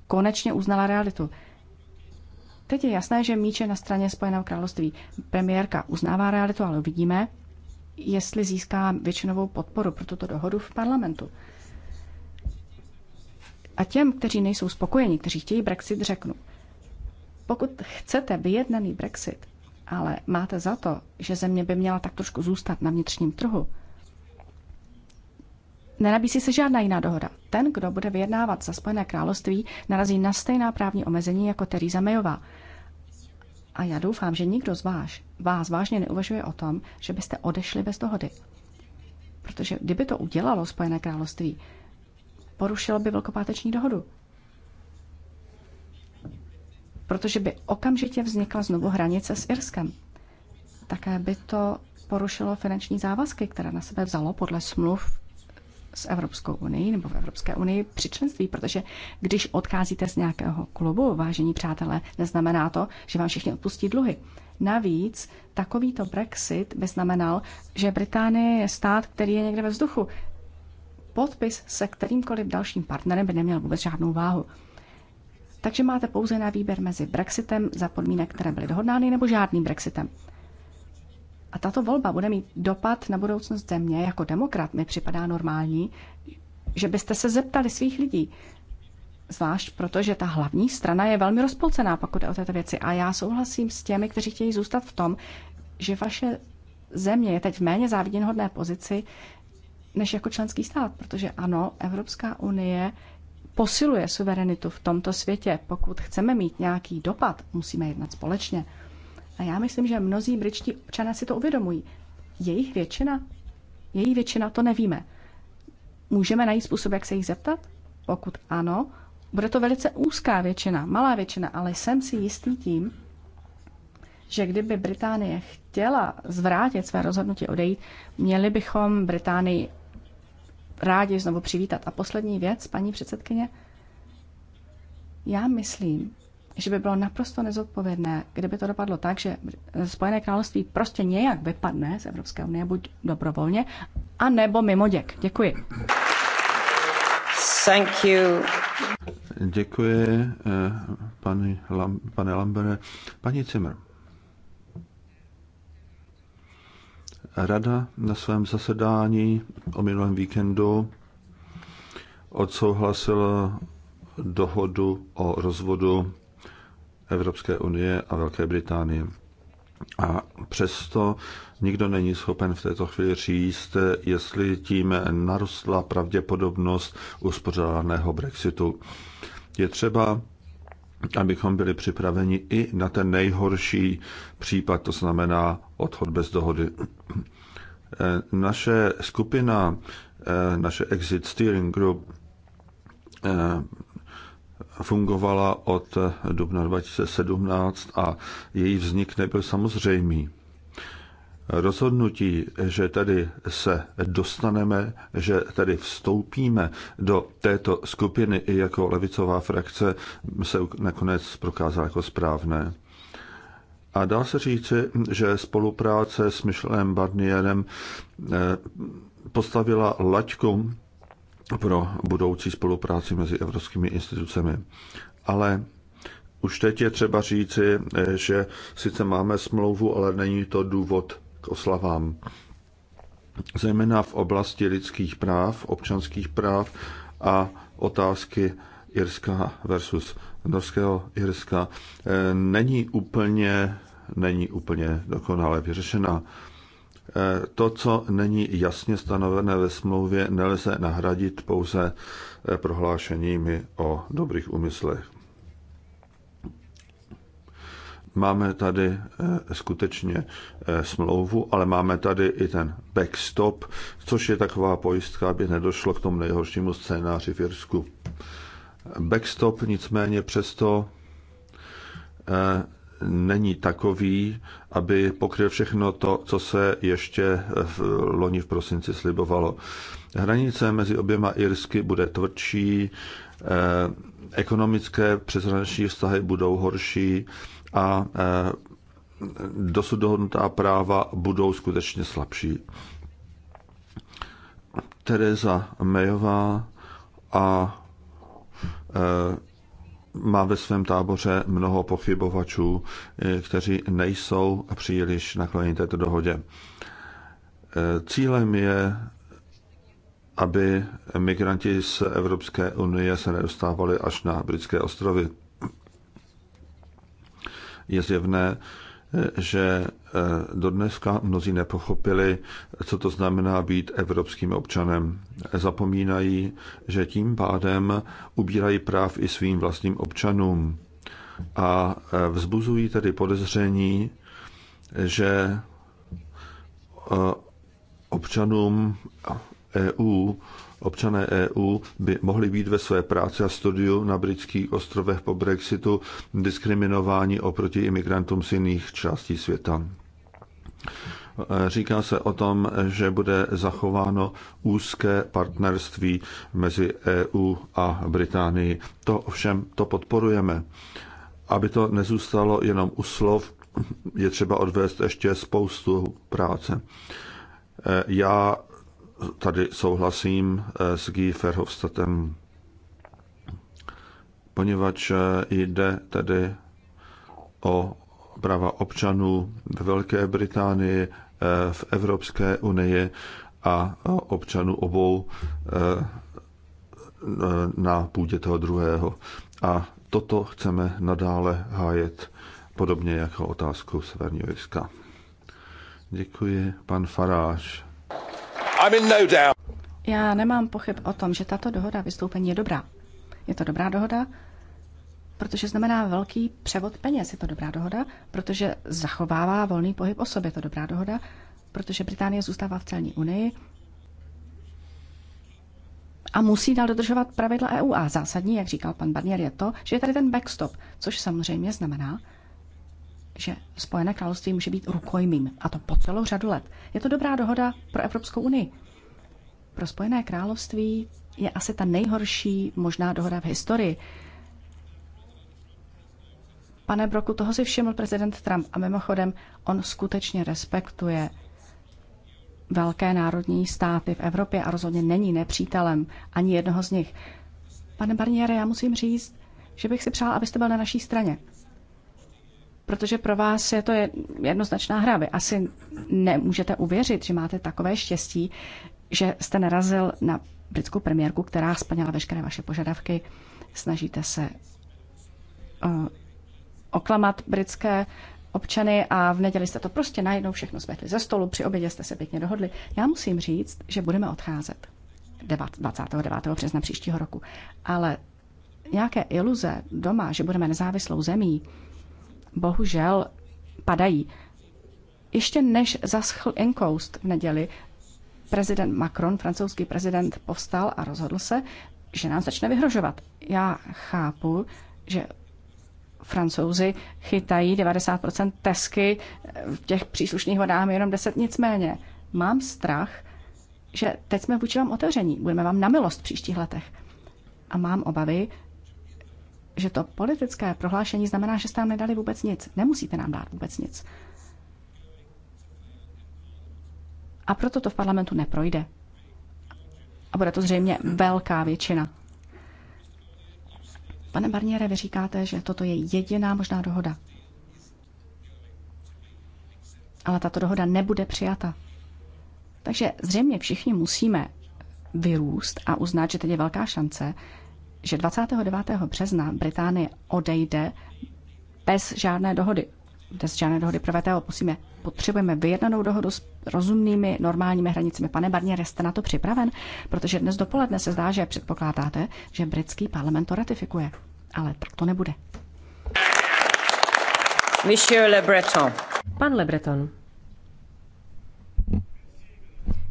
konečně uznala realitu. Teď je jasné, že míče na straně Spojeného království. Premiérka uznává realitu, ale uvidíme, jestli získá většinovou podporu pro tuto dohodu v parlamentu. A těm, kteří nejsou spokojeni, kteří chtějí Brexit, řeknu, pokud chcete vyjednaný Brexit, ale máte za to, že země by měla tak trošku zůstat na vnitřním trhu, Nenabízí se žádná jiná dohoda. Ten, kdo bude vyjednávat za Spojené království, narazí na stejná právní omezení jako Theresa Mayová. A já doufám, že nikdo z vás, vás vážně neuvažuje o tom, že byste odešli bez dohody. Protože kdyby to udělalo Spojené království, porušilo by velkopáteční dohodu. Protože by okamžitě vznikla znovu hranice s Irskem. Také by to porušilo finanční závazky, které na sebe vzalo podle smluv s Evropskou unii nebo v Evropské unii při členství, protože když odcházíte z nějakého klubu, vážení přátelé, neznamená to, že vám všichni odpustí dluhy. Navíc takovýto Brexit by znamenal, že Británie je stát, který je někde ve vzduchu. Podpis se kterýmkoliv dalším partnerem by neměl vůbec žádnou váhu. Takže máte pouze na výběr mezi Brexitem za podmínek, které byly dohodnány, nebo žádným Brexitem. A tato volba bude mít dopad na budoucnost země. Jako demokrat mi připadá normální, že byste se zeptali svých lidí. Zvlášť proto, že ta hlavní strana je velmi rozpolcená, pokud je o této věci. A já souhlasím s těmi, kteří chtějí zůstat v tom, že vaše země je teď v méně záviděnhodné pozici než jako členský stát, protože ano, Evropská unie posiluje suverenitu v tomto světě. Pokud chceme mít nějaký dopad, musíme jednat společně. A já myslím, že mnozí britští občané si to uvědomují. Jejich většina? Jejich většina to nevíme. Můžeme najít způsob, jak se jich zeptat? Pokud ano, bude to velice úzká většina, malá většina, ale jsem si jistý tím, že kdyby Británie chtěla zvrátit své rozhodnutí odejít, měli bychom Británii rádi znovu přivítat. A poslední věc, paní předsedkyně, já myslím, že by bylo naprosto nezodpovědné, kdyby to dopadlo tak, že Spojené království prostě nějak vypadne z Evropské unie, buď dobrovolně, a nebo mimo děk. Děkuji. Thank you. Děkuji, eh, pane, Lam, pane Lambere. Paní Cimr. Rada na svém zasedání o minulém víkendu odsouhlasila dohodu o rozvodu Evropské unie a Velké Británie. A přesto nikdo není schopen v této chvíli říct, jestli tím narostla pravděpodobnost uspořádaného Brexitu. Je třeba, abychom byli připraveni i na ten nejhorší případ, to znamená odchod bez dohody. Naše skupina, naše Exit Steering Group, fungovala od dubna 2017 a její vznik nebyl samozřejmý. Rozhodnutí, že tady se dostaneme, že tady vstoupíme do této skupiny i jako levicová frakce, se nakonec prokázalo jako správné. A dá se říci, že spolupráce s Michelem Barnierem eh, postavila laťku pro budoucí spolupráci mezi evropskými institucemi. Ale už teď je třeba říci, eh, že sice máme smlouvu, ale není to důvod k oslavám. Zejména v oblasti lidských práv, občanských práv a otázky Irska versus Norského Irska eh, není úplně, není úplně dokonale vyřešena. To, co není jasně stanovené ve smlouvě, nelze nahradit pouze eh, prohlášeními o dobrých úmyslech. Máme tady eh, skutečně eh, smlouvu, ale máme tady i ten backstop, což je taková pojistka, aby nedošlo k tomu nejhoršímu scénáři v Jirsku. Backstop nicméně přesto není takový, aby pokryl všechno to, co se ještě v loni v prosinci slibovalo. Hranice mezi oběma Irsky bude tvrdší, eh, ekonomické přeshraniční vztahy budou horší a eh, dosud dohodnutá práva budou skutečně slabší. Tereza Mejová a eh, má ve svém táboře mnoho pochybovačů, eh, kteří nejsou příliš nakloněni této dohodě. Eh, cílem je, aby migranti z Evropské unie se nedostávali až na britské ostrovy. Je zjevné, že eh, dodneska mnozí nepochopili, co to znamená být evropským občanem. Zapomínají, že tím pádem ubírají práv i svým vlastním občanům a eh, vzbuzují tedy podezření, že eh, občanům EU Občané EU by mohli být ve své práci a studiu na britských ostrovech po Brexitu diskriminováni oproti imigrantům z jiných částí světa. Říká se o tom, že bude zachováno úzké partnerství mezi EU a Británií. To ovšem to podporujeme. Aby to nezůstalo jenom u slov, je třeba odvést ještě spoustu práce. Já tady souhlasím eh, s Guy Verhofstadtem, poněvadž eh, jde tedy o práva občanů ve Velké Británii, eh, v Evropské unii a občanů obou na půdě toho druhého. A toto chceme nadále hájet, podobně jako otázku Severního Jirska. Děkuji, pan Faráš. I'm in no doubt. Já nemám pochyb o tom, že tato dohoda vystoupení je dobrá. Je to dobrá dohoda, protože znamená velký převod peněz. Je to dobrá dohoda, protože zachovává volný pohyb osoby. Je to dobrá dohoda, protože Británie zůstává v celní unii a musí dál dodržovat pravidla EU. A zásadní, jak říkal pan Barnier, je to, že je tady ten backstop, což samozřejmě znamená, že Spojené království může být rukojmím, a to po celou řadu let. Je to dobrá dohoda pro Evropskou unii. Pro Spojené království je asi ta nejhorší možná dohoda v historii. Pane Broku, toho si všiml prezident Trump a mimochodem on skutečně respektuje velké národní státy v Evropě a rozhodně není nepřítelem ani jednoho z nich. Pane Barniere, já musím říct, že bych si přál, abyste byl na naší straně protože pro vás je to jednoznačná hra. Vy asi nemůžete uvěřit, že máte takové štěstí, že jste narazil na britskou premiérku, která splněla veškeré vaše požadavky. Snažíte se uh, oklamat britské občany a v neděli jste to prostě najednou všechno smetli ze stolu, při obědě jste se pěkně dohodli. Já musím říct, že budeme odcházet 29. března příštího roku. Ale nějaké iluze doma, že budeme nezávislou zemí, bohužel padají. Ještě než zaschl Incoast v neděli, prezident Macron, francouzský prezident, povstal a rozhodl se, že nám začne vyhrožovat. Já chápu, že francouzi chytají 90% tesky eh, v těch příslušných vodách, jenom 10 nicméně. Mám strach, že teď jsme vůči vám otevření, budeme vám na milost v příštích letech. A mám obavy, že to politické prohlášení znamená, že jste nám nedali vůbec nic. Nemusíte nám dát vůbec nic. A proto to v parlamentu neprojde. A bude to zřejmě velká většina. Pane Barniere, vy říkáte, že toto je jediná možná dohoda. Ale tato dohoda nebude přijata. Takže zřejmě všichni musíme vyrůst a uznat, že teď je velká šance, že 29. března Británie odejde bez žádné dohody. Bez žádné dohody pro posíme. potřebujeme vyjednanou dohodu s rozumnými normálními hranicemi. Pane Barnier, jste na to připraven? Protože dnes dopoledne se zdá, že předpokládáte, že britský parlament to ratifikuje. Ale tak to nebude. Monsieur Le Breton. Pan Le Breton.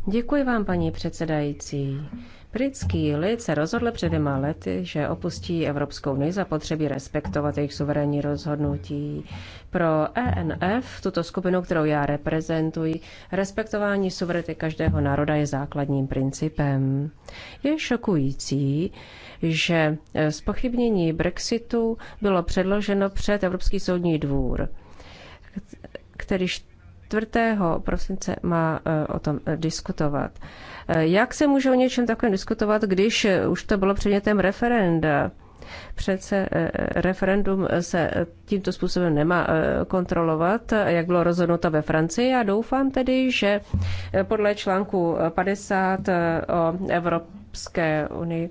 Děkuji vám, paní předsedající. Britský lid se rozhodl před dvěma lety, že opustí Evropskou unii, za potřeby respektovat jejich suverénní rozhodnutí. Pro ENF, tuto skupinu, kterou já reprezentuji, respektování suverenity každého národa je základním principem. Je šokující, že spochybnění e, Brexitu bylo předloženo před Evropský soudní dvůr, který 4. prosince má e, o tom e, diskutovat. Jak se může o něčem takovém diskutovat, když eh, už to bylo předmětem referenda? Přece eh, eh, referendum se tímto způsobem nemá kontrolovat, jak bylo rozhodnuto ve Francii. Já doufám tedy, že podle článku 50 o Evropské unii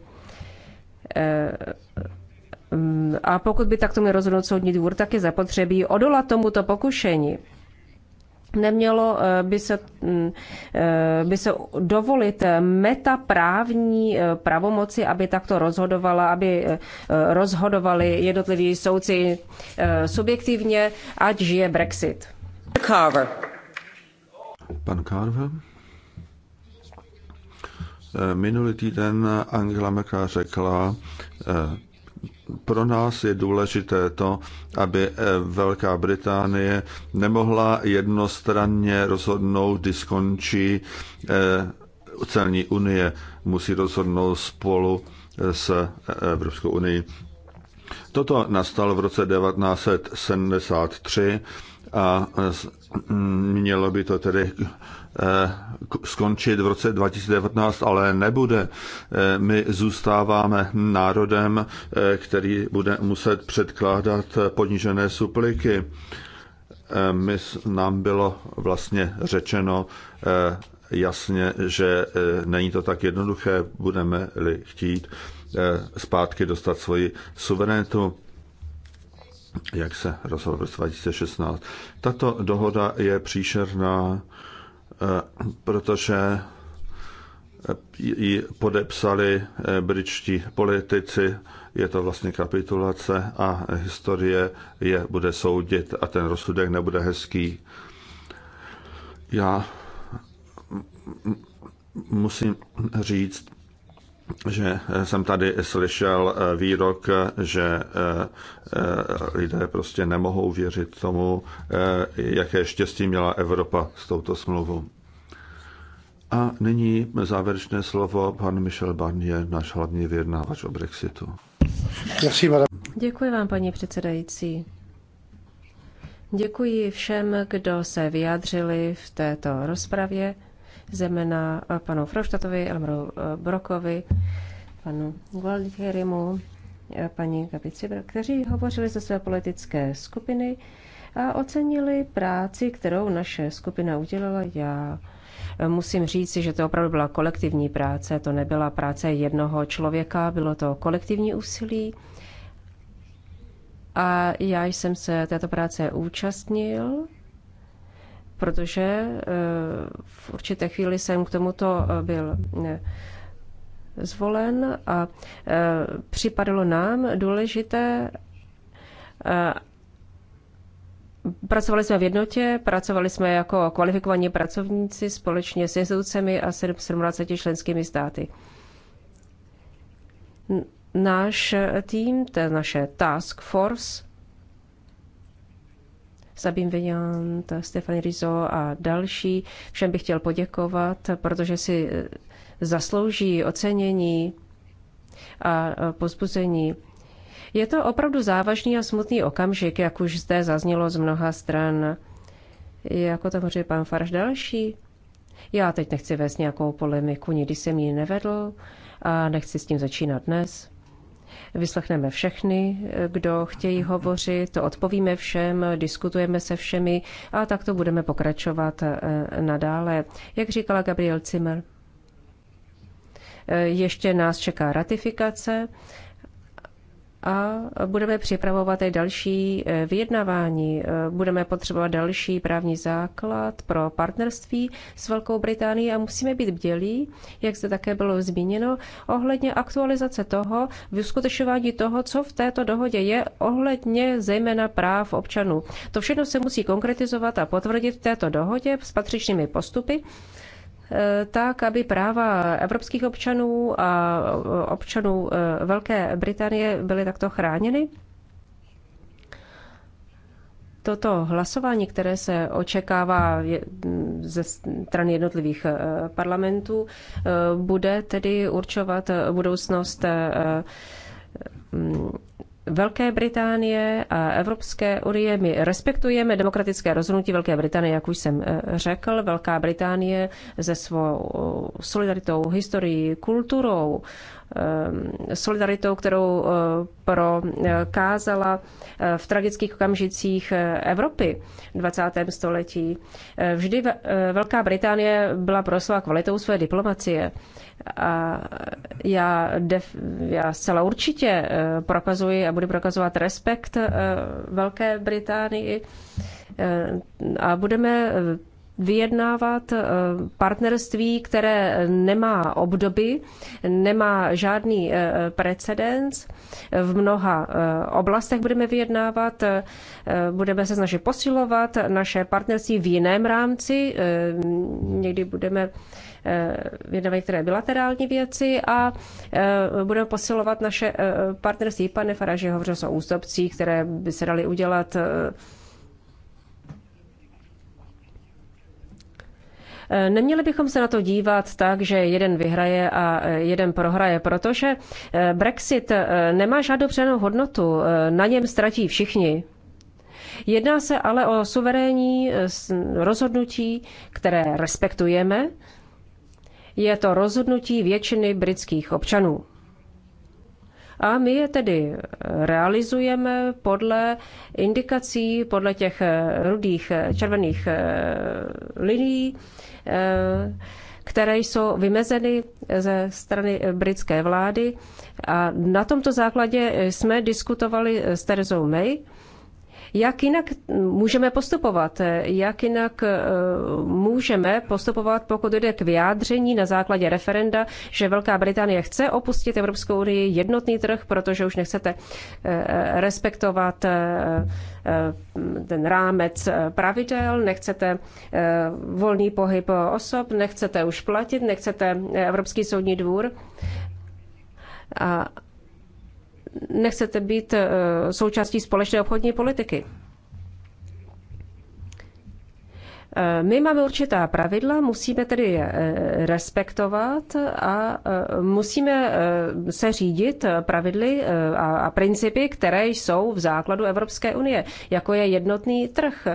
mm, a pokud by takto měl rozhodnout soudní dvůr, tak je zapotřebí odolat tomuto pokušení. Nemělo eh, by se, mm, eh, by se dovolit metaprávní eh, pravomoci, aby takto rozhodovala, aby rozhodovali jednotliví soudci subjektivně, ať žije Brexit. Carver. Pan Carver. Minulý týden Angela Merkel řekla, pro nás je důležité to, aby eh, Velká Británie nemohla jednostranně rozhodnout, kdy skončí eh, celní unie. Musí rozhodnout spolu eh, s Evropskou unii. Toto nastalo v roce 1973 a mm, mělo by to tedy Eh, skončit v roce 2019, ale nebude. Eh, my zůstáváme národem, eh, který bude muset předkládat ponížené supliky. My, nám bylo vlastně řečeno jasně, že není to tak jednoduché, budeme-li chtít zpátky dostat svoji suverenitu jak se rozhodl v roce 2016. Tato dohoda je příšerná, Eh, protože eh, ji podepsali eh, britští politici. Je to vlastně kapitulace a historie je bude soudit a ten rozsudek nebude hezký. Já musím říct, že eh, jsem tady slyšel eh, výrok, že eh, lidé prostě nemohou věřit tomu, jaké štěstí měla Evropa s touto smlouvou. A nyní závěrečné slovo pan Michel Barnier, náš hlavní vyjednávač o Brexitu. Děkuji vám, paní předsedající. Děkuji všem, kdo se vyjádřili v této rozpravě zejména eh, panu Froštatovi, Elmaru eh, Brokovi, panu Gualtierimu, eh, paní Kapici, kteří hovořili ze své politické skupiny a ocenili práci, kterou naše skupina udělala. Já musím říci, že to opravdu byla kolektivní práce, to nebyla práce jednoho člověka, bylo to kolektivní úsilí. A já jsem se této práce účastnil protože eh, v určité chvíli jsem k tomuto eh, byl eh, zvolen a připadalo nám důležité. Pracovali jsme v jednotě, pracovali jsme jako kvalifikovaní pracovníci společně s institucemi a 27 členskými státy. Náš tým, to je naše task force, Sabine Vignant, Stefany Rizzo a další. Všem bych chtěl poděkovat, protože si eh, zaslouží ocenění a eh, pozbuzení. Je to opravdu závažný a smutný okamžik, jak už zde zaznělo z mnoha stran. Jako tam hovoří pan Farš další. Já teď nechci vést nějakou polemiku, nikdy jsem ji nevedl a nechci s tím začínat dnes. Vyslechneme všechny, eh, kdo chtějí hovořit, to odpovíme všem, diskutujeme se všemi a tak to budeme pokračovat eh, nadále. Jak říkala Gabriel Zimmer, eh, ještě nás čeká ratifikace a budeme připravovat i další eh, vyjednávání. Eh, budeme potřebovat další právní základ pro partnerství s Velkou Británií a musíme být bdělí, jak zde také bylo zmíněno, ohledně aktualizace toho, vyskutečování toho, co v této dohodě je, ohledně zejména práv občanů. To všechno se musí konkretizovat a potvrdit v této dohodě s patřičnými postupy Eh, tak, aby práva evropských občanů a eh, občanů eh, Velké Británie byly takto chráněny? Toto hlasování, které se očekává mm, ze strany jednotlivých parlamentů, bude tedy určovat budoucnost mm, Velké Británie a Evropské unie. My respektujeme demokratické rozhodnutí Velké Británie, jak už jsem eh, řekl. Velká Británie se svou eh, solidaritou, historií, kulturou Eh, solidaritou, kterou eh, prokázala eh, v tragických okamžicích Evropy v 20. století. Vždy Velká Británie byla svou kvalitou své diplomacie. A já, def, já zcela určitě prokazuji a budu prokazovat respekt Velké Británii a budeme vyjednávat eh, partnerství, které nemá obdoby, nemá žádný eh, precedens. V mnoha eh, oblastech budeme vyjednávat, budeme se snažit posilovat naše partnerství v jiném rámci, někdy budeme vyjednávat některé bilaterální věci a budeme posilovat naše partnerství. Pane Faraži hovořil o ústupcích, které by se daly udělat Eh, neměli bychom se na to dívat tak, že jeden vyhraje a eh, jeden prohraje, protože eh, Brexit nemá žádnou přenou hodnotu, na něm ztratí všichni. Jedná se ale o suverénní rozhodnutí, které respektujeme. Je to rozhodnutí většiny britských občanů. A my je tedy realizujeme podle indikací, podle těch rudých červených linií, Eh, které jsou vymezeny ze strany britské vlády. A na tomto základě jsme diskutovali s Terezou May jak jinak můžeme postupovat? Jak jinak eh, můžeme postupovat, pokud jde k vyjádření na základě referenda, že Velká Británie chce opustit Evropskou unii jednotný trh, protože už nechcete eh, respektovat eh, ten rámec pravidel, nechcete volný pohyb osob, nechcete už platit, nechcete Evropský soudní dvůr. A nechcete být eh, součástí společné obchodní politiky. Eh, my máme určitá pravidla, musíme tedy je eh, respektovat a musíme se řídit pravidly a principy, které jsou v základu Evropské unie, jako je jednotný trh.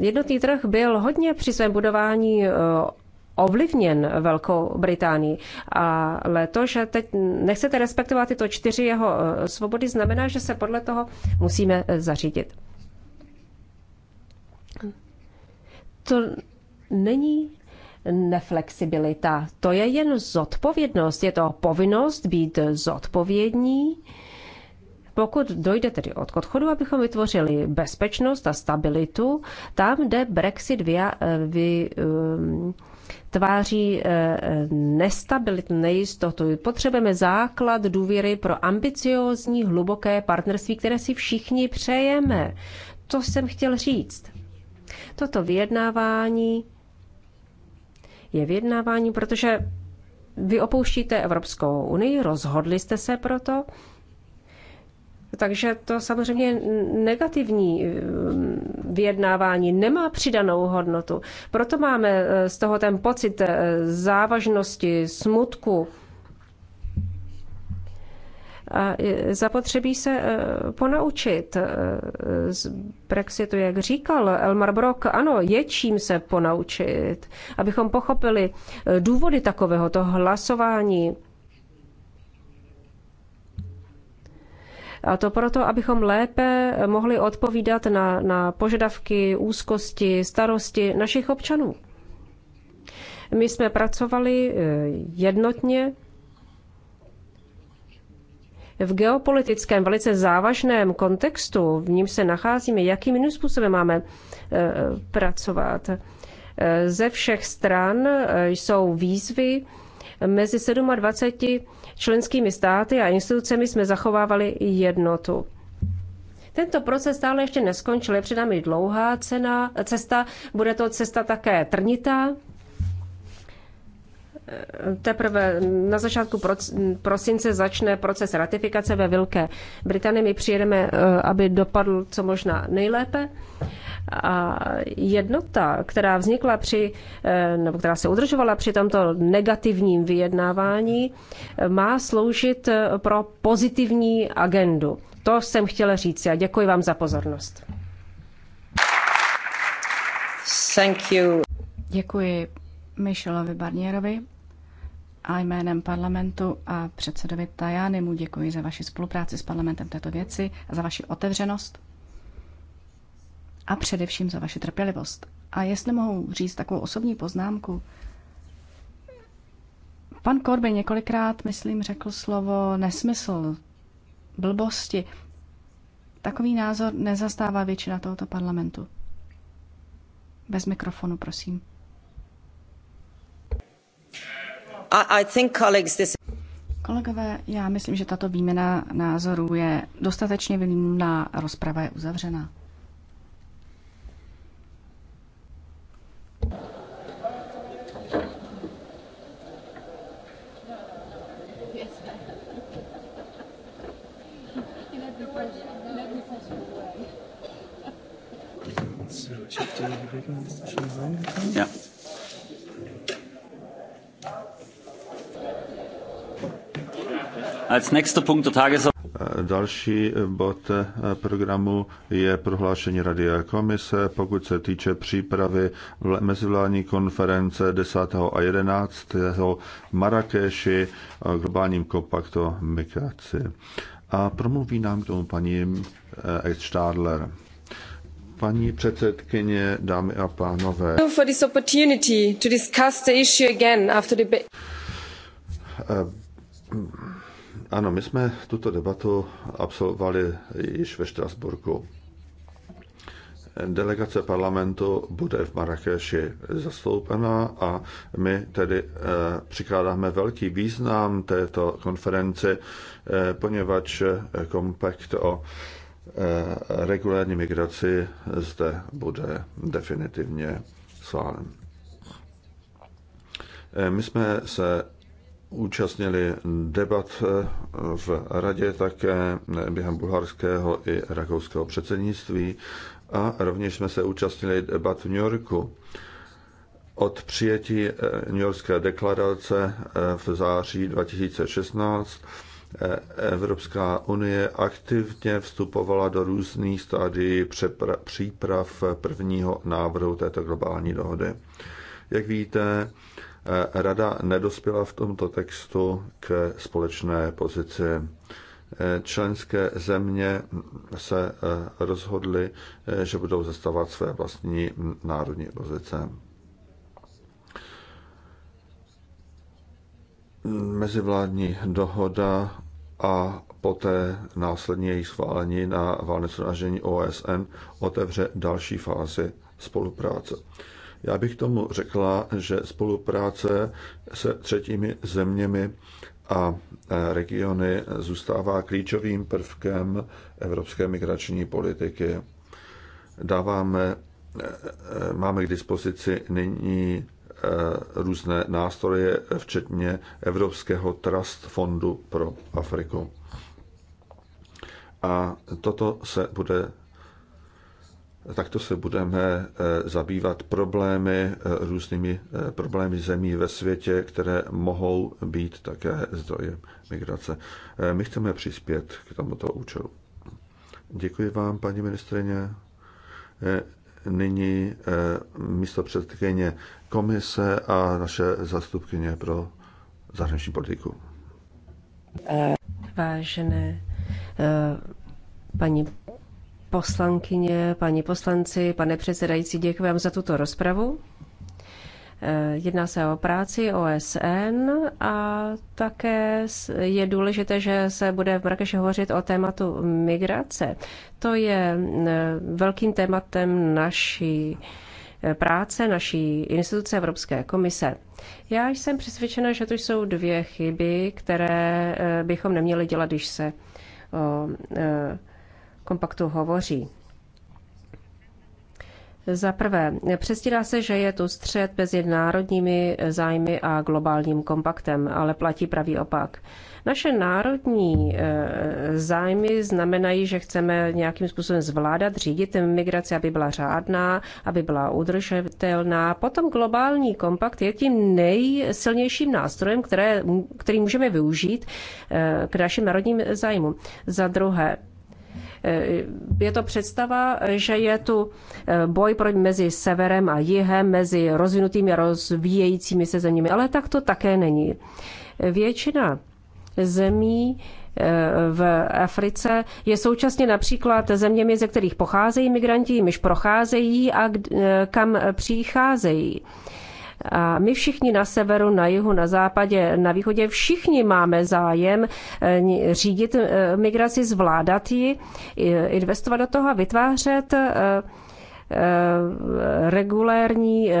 Jednotný trh byl hodně při svém budování ovlivněn Velkou Británii. Ale to, že teď nechcete respektovat tyto čtyři jeho eh, svobody, znamená, že se podle toho musíme eh, zařídit. To není neflexibilita, to je jen zodpovědnost, je to povinnost být zodpovědní. Pokud dojde tedy od odchodu, abychom vytvořili bezpečnost a stabilitu, tam, kde Brexit eh, vy, vy, tváří eh, eh, nestabilitu, nejistotu. Potřebujeme základ důvěry pro ambiciózní, hluboké partnerství, které si všichni přejeme. To jsem chtěl říct. Toto vyjednávání je vyjednávání, protože vy opouštíte Evropskou unii, rozhodli jste se proto, takže to samozřejmě negativní eh, vyjednávání nemá přidanou hodnotu. Proto máme eh, z toho ten pocit eh, závažnosti, smutku. A zapotřebí se ponaučit z Brexitu, jak říkal Elmar Brock, ano, je čím se ponaučit, abychom pochopili důvody to hlasování. A to proto, abychom lépe mohli odpovídat na, na požadavky, úzkosti, starosti našich občanů. My jsme pracovali eh, jednotně v geopolitickém velice závažném kontextu, v ním se nacházíme, jakým jiným způsobem máme eh, pracovat. Eh, ze všech stran jsou výzvy mezi 27 členskými státy a institucemi jsme zachovávali jednotu. Tento proces stále ještě neskončil, je před námi dlouhá cena, cesta, bude to cesta také trnitá, teprve na začátku prosince začne proces ratifikace ve Velké Británii. My přijedeme, eh, aby dopadl co možná nejlépe. A jednota, která vznikla při, eh, nebo která se udržovala při tomto negativním vyjednávání, eh, má sloužit pro pozitivní agendu. To jsem chtěla říct a děkuji vám za pozornost. Thank you. Děkuji Michelovi Barnierovi a jménem parlamentu a předsedovi Tajány mu děkuji za vaši spolupráci s parlamentem této věci za vaši otevřenost a především za vaši trpělivost. A jestli mohu říct takovou osobní poznámku, pan Korby několikrát, myslím, řekl slovo nesmysl, blbosti. Takový názor nezastává většina tohoto parlamentu. Bez mikrofonu, prosím. Kolegové, já myslím, že tato výměna názorů je dostatečně výmluvná a rozprava je uzavřena. Ja. Další bod programu je prohlášení Rady a komise, pokud se týče přípravy mezivládní konference 10. a 11. Marrakeši o globálním kompaktu o migraci. A promluví nám k tomu paní eh, Stadler. Paní předsedkyně, dámy a pánové. Ano, my jsme tuto debatu absolvovali již ve Štrasburku. Delegace parlamentu bude v Marrakeši zastoupena a my tedy eh, přikládáme velký význam této konferenci, eh, poněvadž eh, kompakt o regulární migraci zde bude definitivně schválen. My jsme se účastnili debat eh, v radě také eh, během bulharského i rakouského předsednictví a rovněž jsme se účastnili debat v New Yorku. Od přijetí eh, New Yorkské deklarace v září 2016 Evropská unie aktivně vstupovala do různých stádií příprav prvního návrhu této globální dohody. Jak víte, Eh, rada nedospěla v tomto textu k společné pozici. Eh, členské země se eh, rozhodly, že budou zastávat své vlastní národní pozice. Mezivládní dohoda a poté následně její schválení na válné shromáždění OSN otevře další fázi spolupráce. Já bych tomu řekla, že spolupráce se třetími zeměmi a e, regiony zůstává klíčovým prvkem evropské migrační politiky. Dáváme, e, e, máme k dispozici nyní různé nástroje, včetně Evropského Trust Fondu pro Afriku. A toto se bude takto se budeme eh, zabývat problémy, eh, různými eh, problémy zemí ve světě, které mohou být také zdrojem migrace. My chceme přispět k tomuto účelu. Děkuji vám, paní ministrině. Nyní místo předsedkyně komise a naše zastupkyně pro zahraniční politiku. Vážené paní poslankyně, paní poslanci, pane předsedající, děkuji vám za tuto rozpravu. Eh, jedná se o práci OSN a také je důležité, že se bude v Marrakeši hovořit o tématu migrace. To je eh, velkým tématem naší eh, práce naší instituce Evropské komise. Já jsem přesvědčena, že to jsou dvě chyby, které bychom neměli dělat, když se o kompaktu hovoří. Za prvé, přestírá se, že je tu střed mezi národními zájmy a globálním kompaktem, ale platí pravý opak. Naše národní eh, zájmy znamenají, že chceme nějakým způsobem zvládat, řídit migraci, aby byla řádná, aby byla udržitelná. Potom globální kompakt je tím nejsilnějším nástrojem, které, který můžeme využít eh, k našim národním zájmům. Za druhé, je to představa, že je tu eh, boj mezi severem a jihem, mezi rozvinutými a rozvíjejícími se zeměmi, ale tak to také není. Většina zemí eh, v Africe je současně například zeměmi, ze kterých pocházejí migranti, jimiž procházejí a eh, kam přicházejí. A my všichni na severu, na jihu, na západě, na východě, všichni máme zájem eh, řídit eh, migraci, zvládat ji, investovat do toho a vytvářet eh, regulérní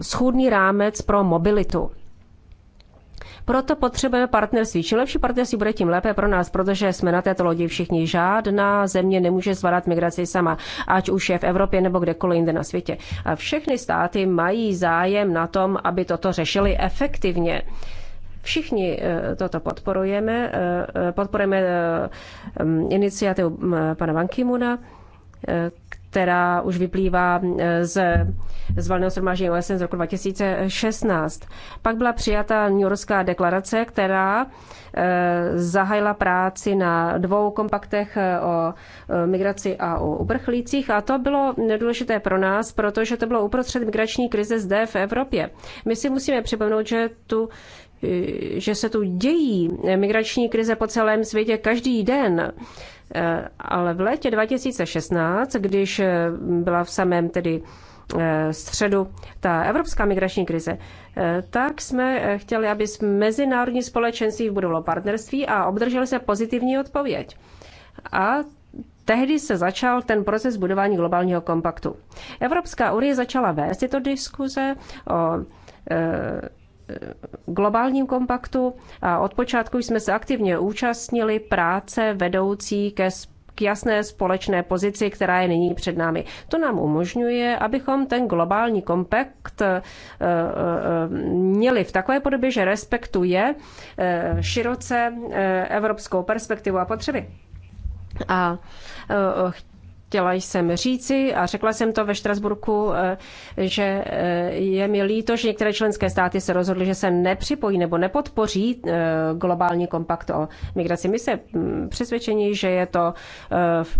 schůdný rámec pro mobilitu. Proto potřebujeme partnerství. Čím lepší partnerství bude, tím lépe pro nás, protože jsme na této lodi všichni. Žádná země nemůže zvládat migraci sama, ať už je v Evropě nebo kdekoliv jinde na světě. A všechny státy mají zájem na tom, aby toto řešili efektivně. Všichni eh, toto podporujeme. Eh, eh, podporujeme mm, iniciativu pana Vankimuna která už vyplývá e, z, z valného shromáždění OSN z roku 2016. Pak byla přijata New Yorkská deklarace, která e, zahájila práci na dvou kompaktech e, o migraci a o uprchlících a to bylo nedůležité pro nás, protože to bylo uprostřed migrační krize zde v Evropě. My si musíme připomenout, že tu že se tu dějí migrační krize po celém světě každý den. Eh, ale v létě 2016, když eh, byla v samém tedy eh, středu ta evropská migrační krize, tak jsme chtěli, aby mezinárodní společenství budovalo partnerství a obdrželi se pozitivní odpověď. A Tehdy se začal ten proces budování globálního kompaktu. Evropská unie začala vést tyto diskuze o globálním kompaktu a od počátku jsme se aktivně účastnili práce vedoucí ke k jasné společné pozici, která je nyní před námi. To nám umožňuje, abychom ten globální kompakt eh, eh, měli v takové podobě, že respektuje eh, široce evropskou perspektivu a potřeby. A chtěla jsem říci a řekla jsem to ve Štrasburku, eh, že eh, je mi líto, že některé členské státy se rozhodly, že se nepřipojí nebo nepodpoří eh, globální kompakt o migraci. My se hm, přesvědčeni, že je to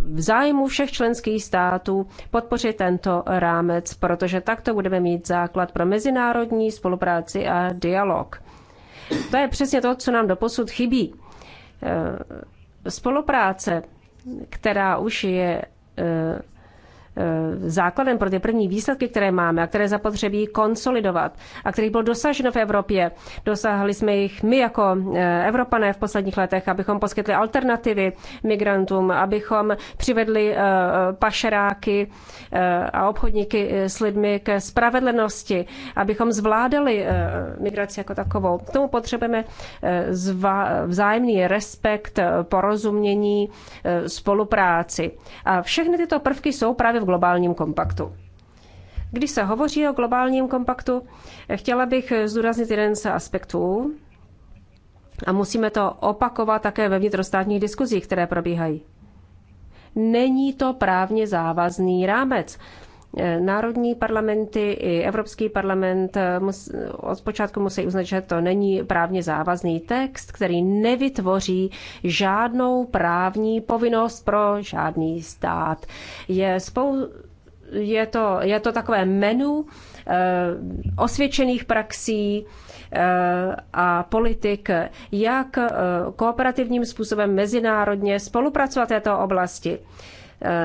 v zájmu všech členských států podpořit tento rámec, protože takto budeme mít základ pro mezinárodní spolupráci a dialog. To je přesně to, co nám doposud chybí. Spolupráce která už je e, Eh, základem pro ty první výsledky, které máme a které zapotřebí konsolidovat a kterých bylo dosaženo v Evropě. Dosáhli jsme jich my jako eh, Evropané v posledních letech, abychom poskytli alternativy migrantům, abychom přivedli eh, pašeráky a obchodníky s lidmi ke spravedlnosti, abychom zvládali migraci jako takovou. K tomu potřebujeme vzájemný respekt, porozumění, spolupráci. A všechny tyto prvky jsou právě k globálním kompaktu. Když se hovoří o globálním kompaktu, chtěla bych zdůraznit jeden z aspektů a musíme to opakovat také ve vnitrostátních diskuzích, které probíhají. Není to právně závazný rámec. Eh, národní parlamenty i Evropský parlament eh, od počátku musí uznat, že to není právně závazný text, který nevytvoří žádnou právní povinnost pro žádný stát. Je, spou, je, to, je to takové menu eh, osvědčených praxí, eh, a politik, jak kooperativním způsobem mezinárodně spolupracovat v této oblasti.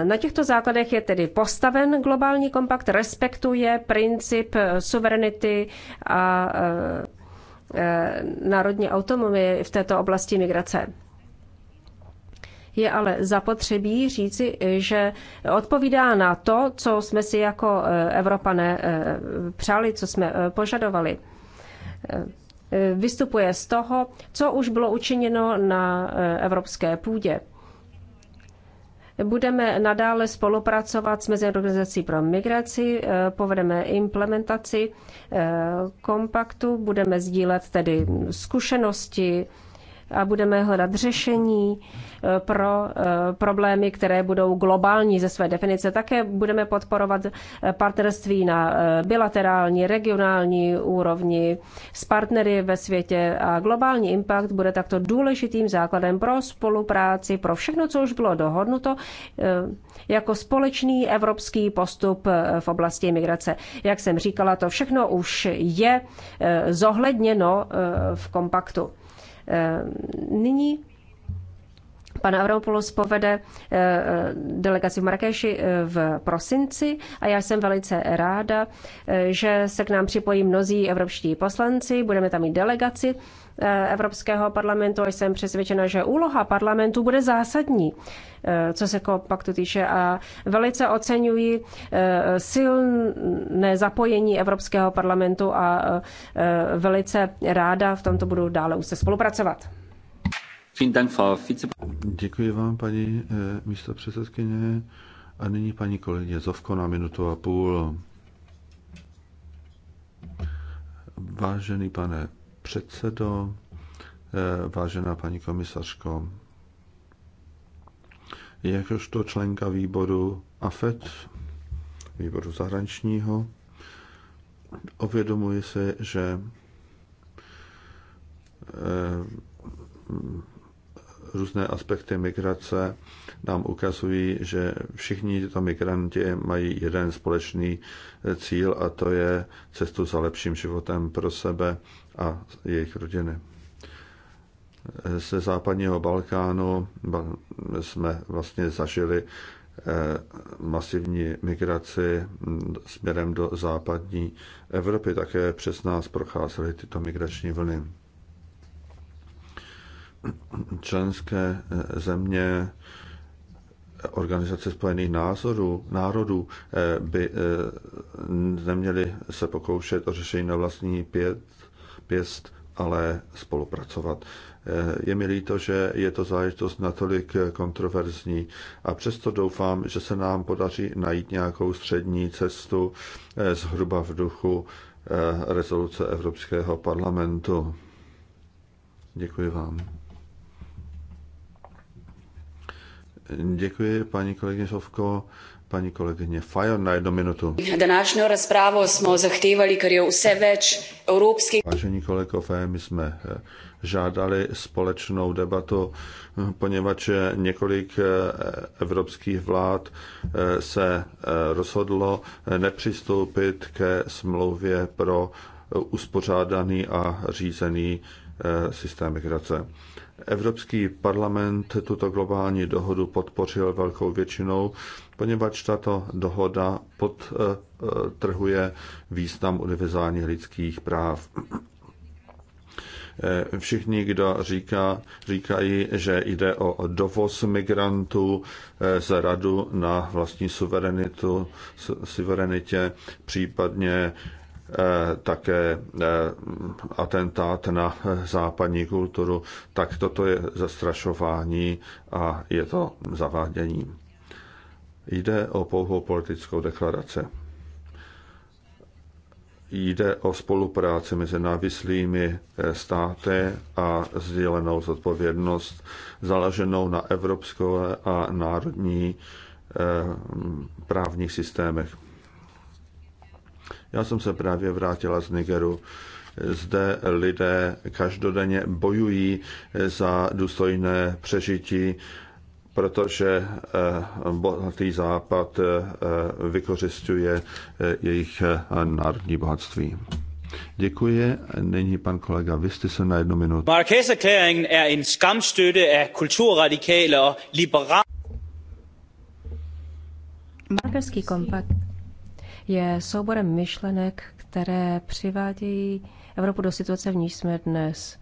Na těchto základech je tedy postaven globální kompakt, respektuje princip eh, suverenity a eh, eh, národní autonomie v této oblasti migrace. Je ale zapotřebí říci, že odpovídá na to, co jsme si jako Evropané přáli, co jsme požadovali. Vystupuje z toho, co už bylo učiněno na evropské půdě. Budeme nadále spolupracovat s Mezinárodní organizací pro migraci, eh, povedeme implementaci eh, kompaktu, budeme sdílet tedy zkušenosti, a budeme hledat řešení eh, pro eh, problémy, které budou globální ze své definice. Také budeme podporovat eh, partnerství na bilaterální, regionální úrovni s partnery ve světě a globální impact bude takto důležitým základem pro spolupráci, pro všechno, co už bylo dohodnuto jako společný evropský postup v oblasti migrace. Jak jsem říkala, to všechno už je zohledněno v kompaktu. Eh, nyní Pan Avramopoulos povede eh, delegaci v Marrakeši eh, v prosinci a já jsem velice ráda, že se k nám připojí mnozí evropští poslanci, budeme tam mít delegaci Eh, Evropského parlamentu a jsem přesvědčena, že úloha parlamentu bude zásadní, eh, co se kompaktu týče. A velice oceňuji eh, silné zapojení Evropského parlamentu a velice ráda v tomto budu dále už se spolupracovat. Děkuji vám, paní místo předsedkyně. A nyní paní kolegyně Zovko na minutu a půl. Vážený pane předsedo, eh, vážená paní komisařko. Jakožto členka výboru AFET, výboru zahraničního, ovědomuji se, že eh, různé aspekty migrace nám ukazují, že všichni tyto migranti mají jeden společný eh, cíl a to je cestu za lepším životem pro sebe a jejich rodiny. Ze západního Balkánu jsme vlastně zažili eh, masivní migraci směrem do západní Evropy. Také přes nás procházely tyto migrační vlny. Členské eh, země eh, Organizace spojených názorů, národů by neměly se pokoušet o řešení na vlastní pět, pěst, ale spolupracovat. Eh, je mi líto, že je to záležitost natolik eh, kontroverzní a přesto doufám, že se nám podaří najít nějakou střední cestu eh, zhruba v duchu rezoluce Evropského parlamentu. Děkuji vám. Děkuji, paní kolegyně Sovko paní kolegyně Fajon na jednu minutu. Današnjo rozprávu jsme zahtívali, ker je vse več evropských... Vážení kolegové, my jsme eh, žádali společnou debatu, eh, poněvadž několik eh, evropských vlád se rozhodlo nepřistoupit ke smlouvě pro uspořádaný a řízený systém migrace. Evropský parlament tuto globální dohodu podpořil velkou většinou, poněvadž tato dohoda podtrhuje eh, eh, význam univerzálních lidských práv. Eh, všichni, kdo říká, říkají, že jde o dovoz migrantů z radu na vlastní suverenitu, suverenitě, případně Eh, také eh, atentát na západní kulturu, tak toto je zastrašování a je to zavádění. Jde o pouhou politickou deklaraci. Jde o spolupráci mezi návislými eh, státy a sdílenou zodpovědnost, založenou na evropské a národní právních systémech. Já jsem se právě vrátila z Nigeru. Zde lidé každodenně bojují za důstojné přežití, protože eh, bohatý západ eh, vykořišťuje eh, jejich národní bohatství. Děkuji. Nyní pan kolega vy jste se na jednu minutu. marrakesh er en skamstøtte af kulturradikale og liberale. Marrakešský kompakt je souborem myšlenek, které přivádějí Evropu do situace, v níž jsme dnes.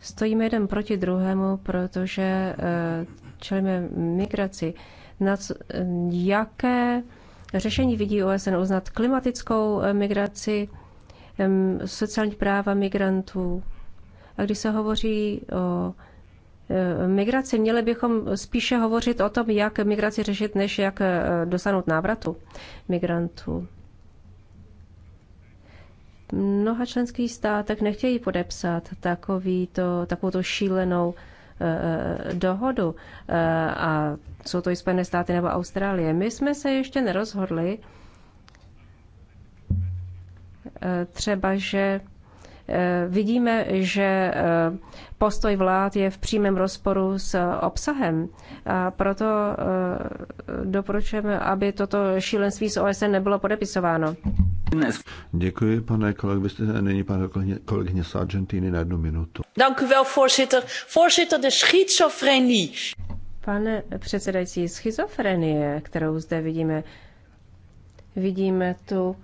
Stojíme jeden proti druhému, protože eh, čelíme migraci. Na jaké řešení vidí OSN uznat klimatickou eh, migraci, sociální práva migrantů? A když se hovoří o eh, migraci, měli bychom spíše hovořit o tom, jak migraci řešit, než jak dosáhnout návratu migrantů mnoha členských státech nechtějí podepsat takovýto, takovouto šílenou eh, eh, dohodu eh, a jsou to i Spojené státy nebo Austrálie. My jsme se ještě nerozhodli, třeba, že vidíme, že postoj vlád je v přímém rozporu s obsahem. A proto doporučujeme, aby toto šílenství z OSN nebylo podepisováno. Děkuji, pane kolego. byste nyní, pane kolegyně z Argentiny, na jednu minutu. Dank u wel, voorzitter. Voorzitter, de schizofrenie. Pane předsedající, schizofrenie, kterou zde vidíme, vidíme tu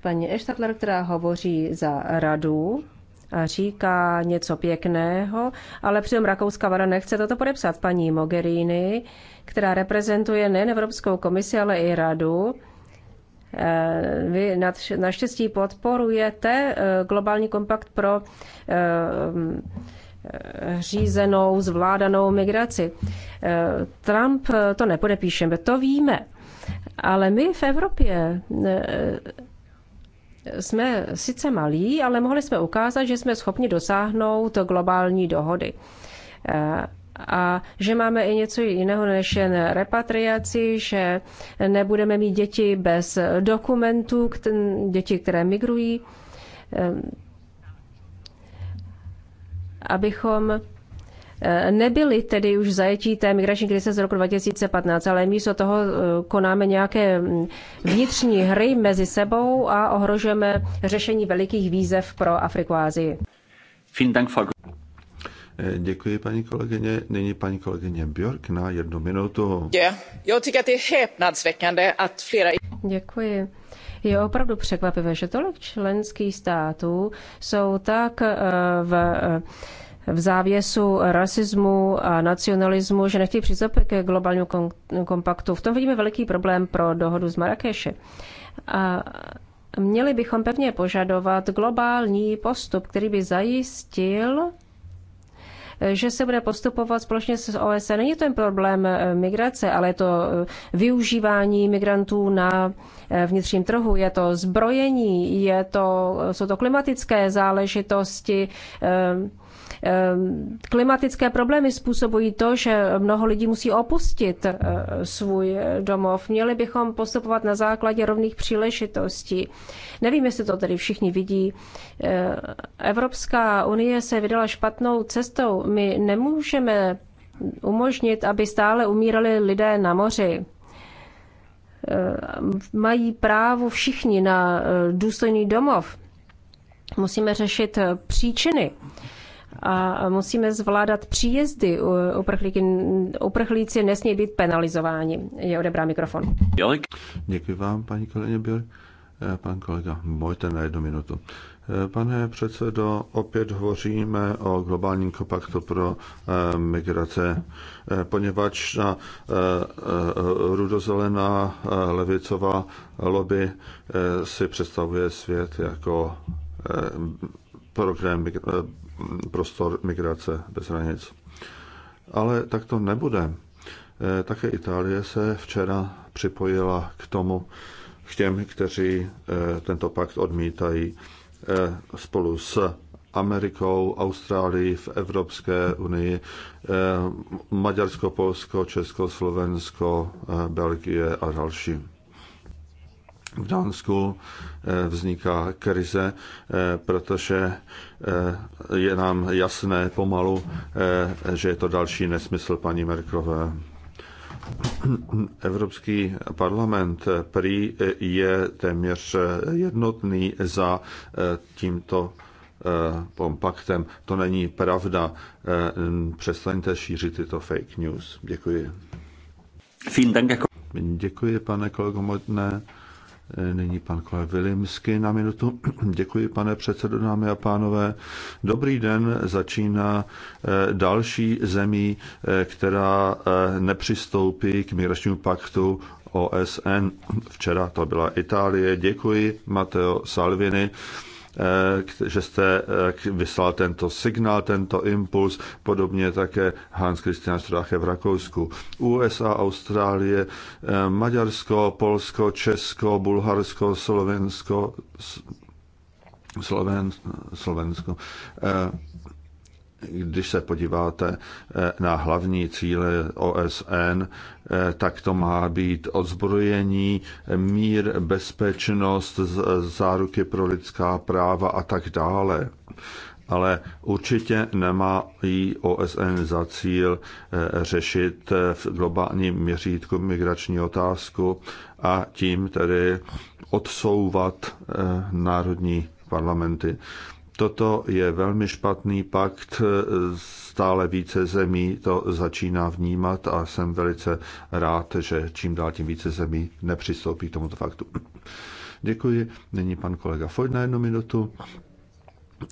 paní Eštatler, která hovoří za radu a říká něco pěkného, ale přitom rakouská vada nechce toto podepsat. Paní Mogherini, která reprezentuje nejen Evropskou komisi, ale i radu, Eh, vy naštěstí podporujete eh, globální kompakt pro eh, řízenou, zvládanou migraci. Trump to nepodepíšeme, to víme. Ale my v Evropě jsme sice malí, ale mohli jsme ukázat, že jsme schopni dosáhnout globální dohody a že máme i něco jiného než jen repatriaci, že nebudeme mít děti bez dokumentů, děti, které migrují, ehm, abychom eh, nebyli tedy už zajetí té migrační krize z roku 2015, ale místo toho eh, konáme nějaké hm, vnitřní hry mezi sebou a ohrožujeme řešení velikých výzev pro Afriku a Azii. Eh, děkuji, paní kolegyně. Nyní paní kolegyně Björk na jednu minutu. Děkuji. Je opravdu překvapivé, že tolik členských států jsou tak eh, v eh, v závěsu rasismu a nacionalismu, že nechtějí přistoupit ke globálnímu kompaktu. V tom vidíme veliký problém pro dohodu z Marrakeše. A měli bychom pevně požadovat globální postup, který by zajistil že se bude postupovat společně s OSN. Není to jen problém eh, migrace, ale je to eh, využívání migrantů na eh, vnitřním trhu, je to zbrojení, je to, jsou to klimatické záležitosti, Ehm, klimatické problémy způsobují to, že mnoho lidí musí opustit eh, svůj eh, domov. Měli bychom postupovat na základě rovných příležitostí. Nevím, jestli to tedy všichni vidí. Eh, Evropská unie se vydala špatnou cestou. My nemůžeme umožnit, aby stále umírali lidé na moři mají právo všichni na důstojný domov. Musíme řešit příčiny a musíme zvládat příjezdy uprchlíky. Uprchlíci nesmí být penalizováni. Je odebrá mikrofon. Děkuji vám, paní kolegyně Bělik. Eh, pan kolega, mojte na jednu minutu. Eh, pane předsedo, opět hovoříme o globálním kompaktu pro eh, migrace, poněvadž na rudozelená levicová lobby si představuje svět jako program prostor migrace bez hranic. Ale tak to nebude. Eh, také Itálie se včera připojila k tomu, k těm, kteří eh, tento pakt odmítají eh, spolu s Amerikou, Austrálií, v Evropské unii, Maďarsko, Polsko, Česko, Slovensko, Belgie a další v Dánsku eh, vzniká krize, eh, protože eh, je nám jasné pomalu, že je to další nesmysl paní Merklové. Evropský parlament prý je téměř jednotný za tímto kompaktem. To není pravda. Přestaňte šířit tyto fake news. Děkuji. Děkuji, pane kolego Motné. Nyní pan kolega Vilimsky na minutu. Děkuji, pane předsedo, dámy a pánové. Dobrý den, začíná eh, další zemí, eh, která eh, nepřistoupí k migračnímu paktu OSN. Včera to byla Itálie. Děkuji, Matteo Salvini Eh, že jste eh, vyslal tento signál, tento impuls, podobně také Hans Christian Strache v Rakousku. USA, Austrálie, eh, Maďarsko, Polsko, Česko, Bulharsko, Slovensko, Sloven, Slovensko. Když se podíváte na hlavní cíle OSN, Eh, tak to má být odzbrojení, mír, bezpečnost, záruky pro lidská práva a tak dále. Ale určitě nemá i OSN za cíl eh, řešit eh, v globálním měřítku migrační otázku a tím tedy odsouvat národní parlamenty. Toto je velmi špatný pakt s stále více zemí to začíná vnímat a jsem velice rád, že čím dál tím více zemí nepřistoupí k tomuto faktu. Děkuji. Nyní pan kolega Foyt na jednu minutu.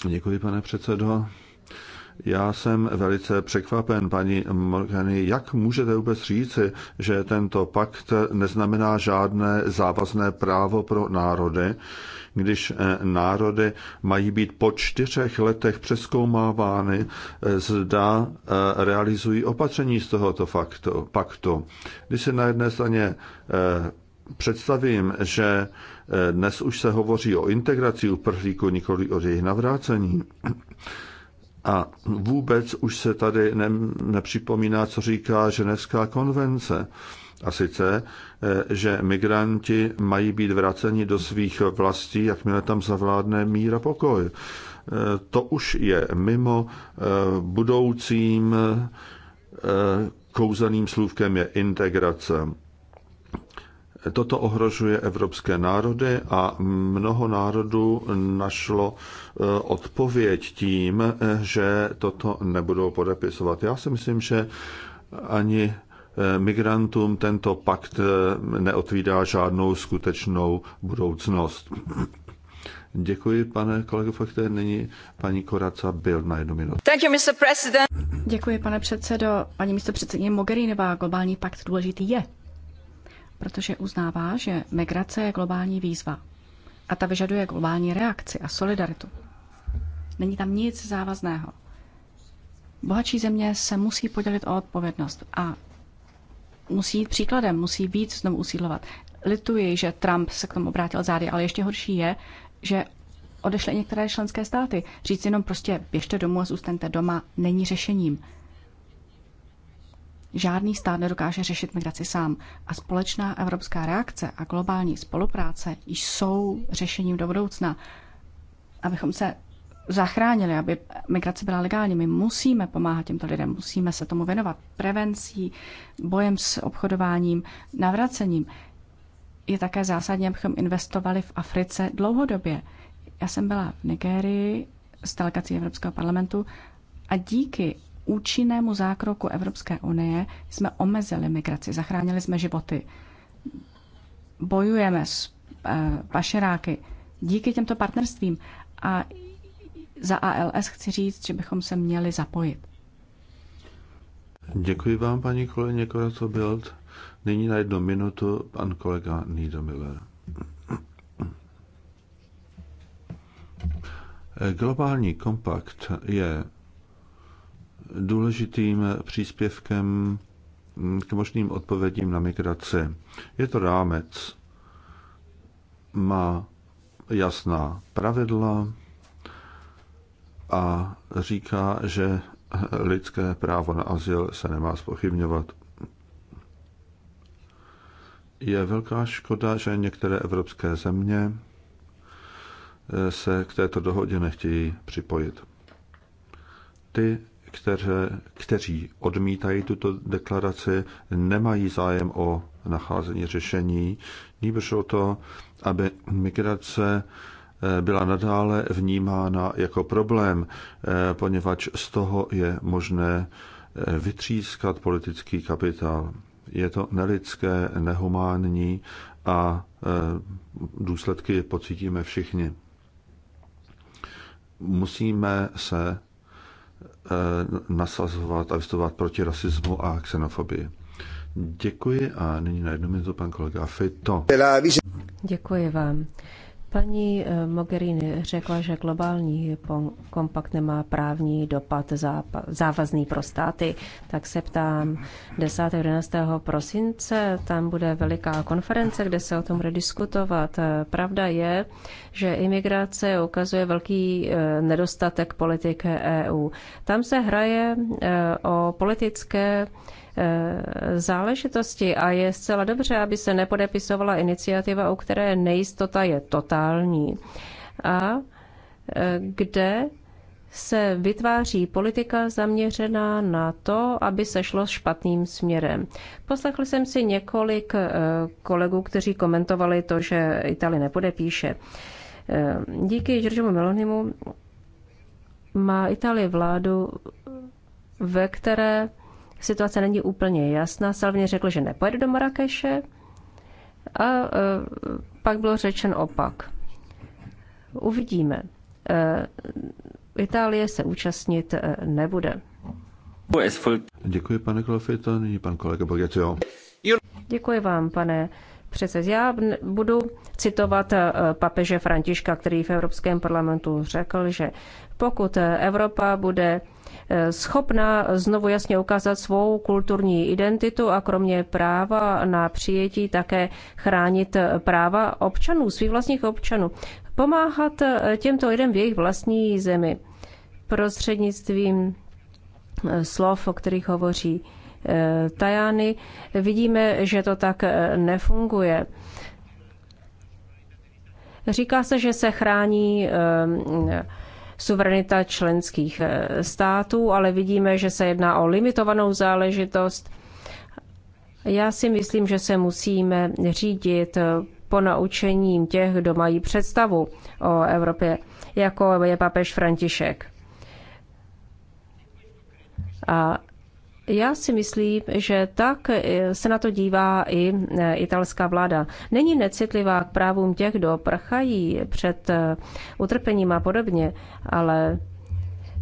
Děkuji, pane předsedo. Já jsem velice překvapen, paní Morgany, jak můžete vůbec říci, že tento pakt neznamená žádné závazné právo pro národy, když eh, národy mají být po čtyřech letech přeskoumávány, eh, zda eh, realizují opatření z tohoto faktu, paktu. Když se na jedné straně představím, že dnes už se hovoří o integraci uprchlíků, nikoli o jejich navrácení, a vůbec už se tady ne, nepřipomíná, co říká Ženevská konvence. A sice, eh, že migranti mají být vraceni do svých vlastí, jakmile tam zavládne mír a pokoj. Eh, to už je mimo eh, budoucím kouzeným slůvkem je integrace. Toto ohrožuje evropské národy a mnoho národů našlo odpověď tím, že toto nebudou podepisovat. Já si myslím, že ani Eh, migrantům tento pakt eh, neotvírá žádnou skutečnou budoucnost. Děkuji, pane kolego Fakté. Nyní paní Koraca byl na jednu minutu. Thank you, Mr. President. Děkuji, pane předsedo. Paní místo předsedně Mogherinová, globální pakt důležitý je, protože uznává, že migrace je globální výzva a ta vyžaduje globální reakci a solidaritu. Není tam nic závazného. Bohatší země se musí podělit o odpovědnost a musí jít příkladem, musí být znovu usídlovat. Lituji, že Trump se k tomu obrátil zády, ale ještě horší je, že odešly některé členské státy. Říct jenom prostě běžte domů a zůstaňte doma není řešením. Žádný stát nedokáže řešit migraci sám a společná evropská reakce a globální spolupráce jsou řešením do budoucna, abychom se zachránili, aby migrace byla legální. My musíme pomáhat těmto lidem, musíme se tomu věnovat prevencí, bojem s obchodováním, navracením. Je také zásadně, abychom investovali v Africe dlouhodobě. Já jsem byla v Nigérii s delegací Evropského parlamentu a díky účinnému zákroku Evropské unie jsme omezili migraci, zachránili jsme životy. Bojujeme s eh, pašeráky díky těmto partnerstvím a za ALS chci říct, že bychom se měli zapojit. Děkuji vám, paní kolegyně Koraco Bild. Nyní na jednu minutu pan kolega Niedermiller. Globální kompakt je důležitým příspěvkem k možným odpovědím na migraci. Je to rámec, má jasná pravidla, a říká, že lidské právo na azyl se nemá spochybňovat. Je velká škoda, že některé evropské země se k této dohodě nechtějí připojit. Ty, které, kteří odmítají tuto deklaraci, nemají zájem o nacházení řešení, níbrž o to, aby migrace byla nadále vnímána jako problém, eh, poněvadž z toho je možné eh, vytřískat politický kapitál. Je to nelidské, nehumánní a eh, důsledky pocítíme všichni. Musíme se nasazovat a vystupovat proti rasismu a xenofobii. Děkuji a nyní na jednu minutu pan kolega Fito. Děkuji vám. Paní eh, Mogherini řekla, že globální kompakt nemá právní dopad závazný pro státy. Tak se ptám, 10. 11. prosince tam bude veliká konference, kde se o tom bude diskutovat. Eh, Pravda je, že imigrace ukazuje velký eh, nedostatek politiky EU. Tam se hraje o politické Eh, záležitosti a je zcela dobře, aby se nepodepisovala iniciativa, u které nejistota je totální a eh, kde se vytváří politika zaměřená na to, aby se šlo špatným směrem. Poslechl jsem si několik eh, kolegů, kteří komentovali to, že Itali nepodepíše. Díky Giorgio Melonimu má Itálie vládu, ve které Situace není úplně jasná. Salvini řekl, že nepojede do Marrakeše a e, pak bylo řečen opak. Uvidíme. E, Itálie se účastnit e, nebude. Děkuji, pane Klofito. Nyní pan kolega Bogetio. Děkuji vám, pane předsed. Já budu citovat papeže Františka, který v Evropském parlamentu řekl, že pokud Evropa bude schopna znovu jasně ukázat svou kulturní identitu a kromě práva na přijetí také chránit práva občanů, svých vlastních občanů. Pomáhat eh, těmto lidem v jejich vlastní zemi prostřednictvím eh, slov, o kterých hovoří eh, Tajány. Vidíme, že to tak nefunguje. Říká se, že se chrání suverenita členských eh, států, ale vidíme, že se jedná o limitovanou záležitost. Já si myslím, že se musíme řídit eh, po naučením těch, kdo mají představu o Evropě, jako je papež František. A já si myslím, že tak eh, se na to dívá i eh, italská vláda. Není necitlivá k právům těch, kdo prchají před eh, utrpením a podobně, ale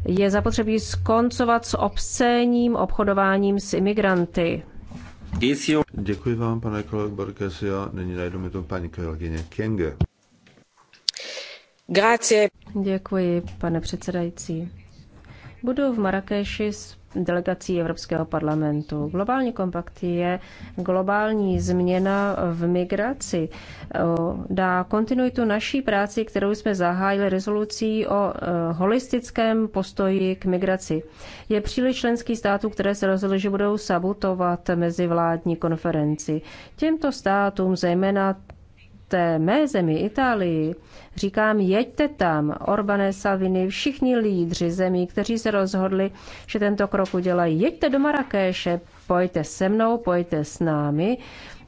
je zapotřebí skoncovat s obscéním obchodováním s imigranty. Děkuji vám, pane kolego Borgesio. Nyní najdu mi to paní kolegyně Kenge. Děkuji, pane předsedající. Budu v Marrakeši s delegací Evropského parlamentu. Globální kompakt je globální změna v migraci. Dá kontinuitu naší práci, kterou jsme zahájili rezolucí o e, holistickém postoji k migraci. Je příliš členských států, které se rozhodly, že budou sabotovat mezivládní konferenci. Těmto státům, zejména té mé zemi, Itálii, říkám, jeďte tam, Orbané Salvini, všichni lídři zemí, kteří se rozhodli, že tento krok udělají, jeďte do Marrakeše, pojďte se mnou, pojďte s námi,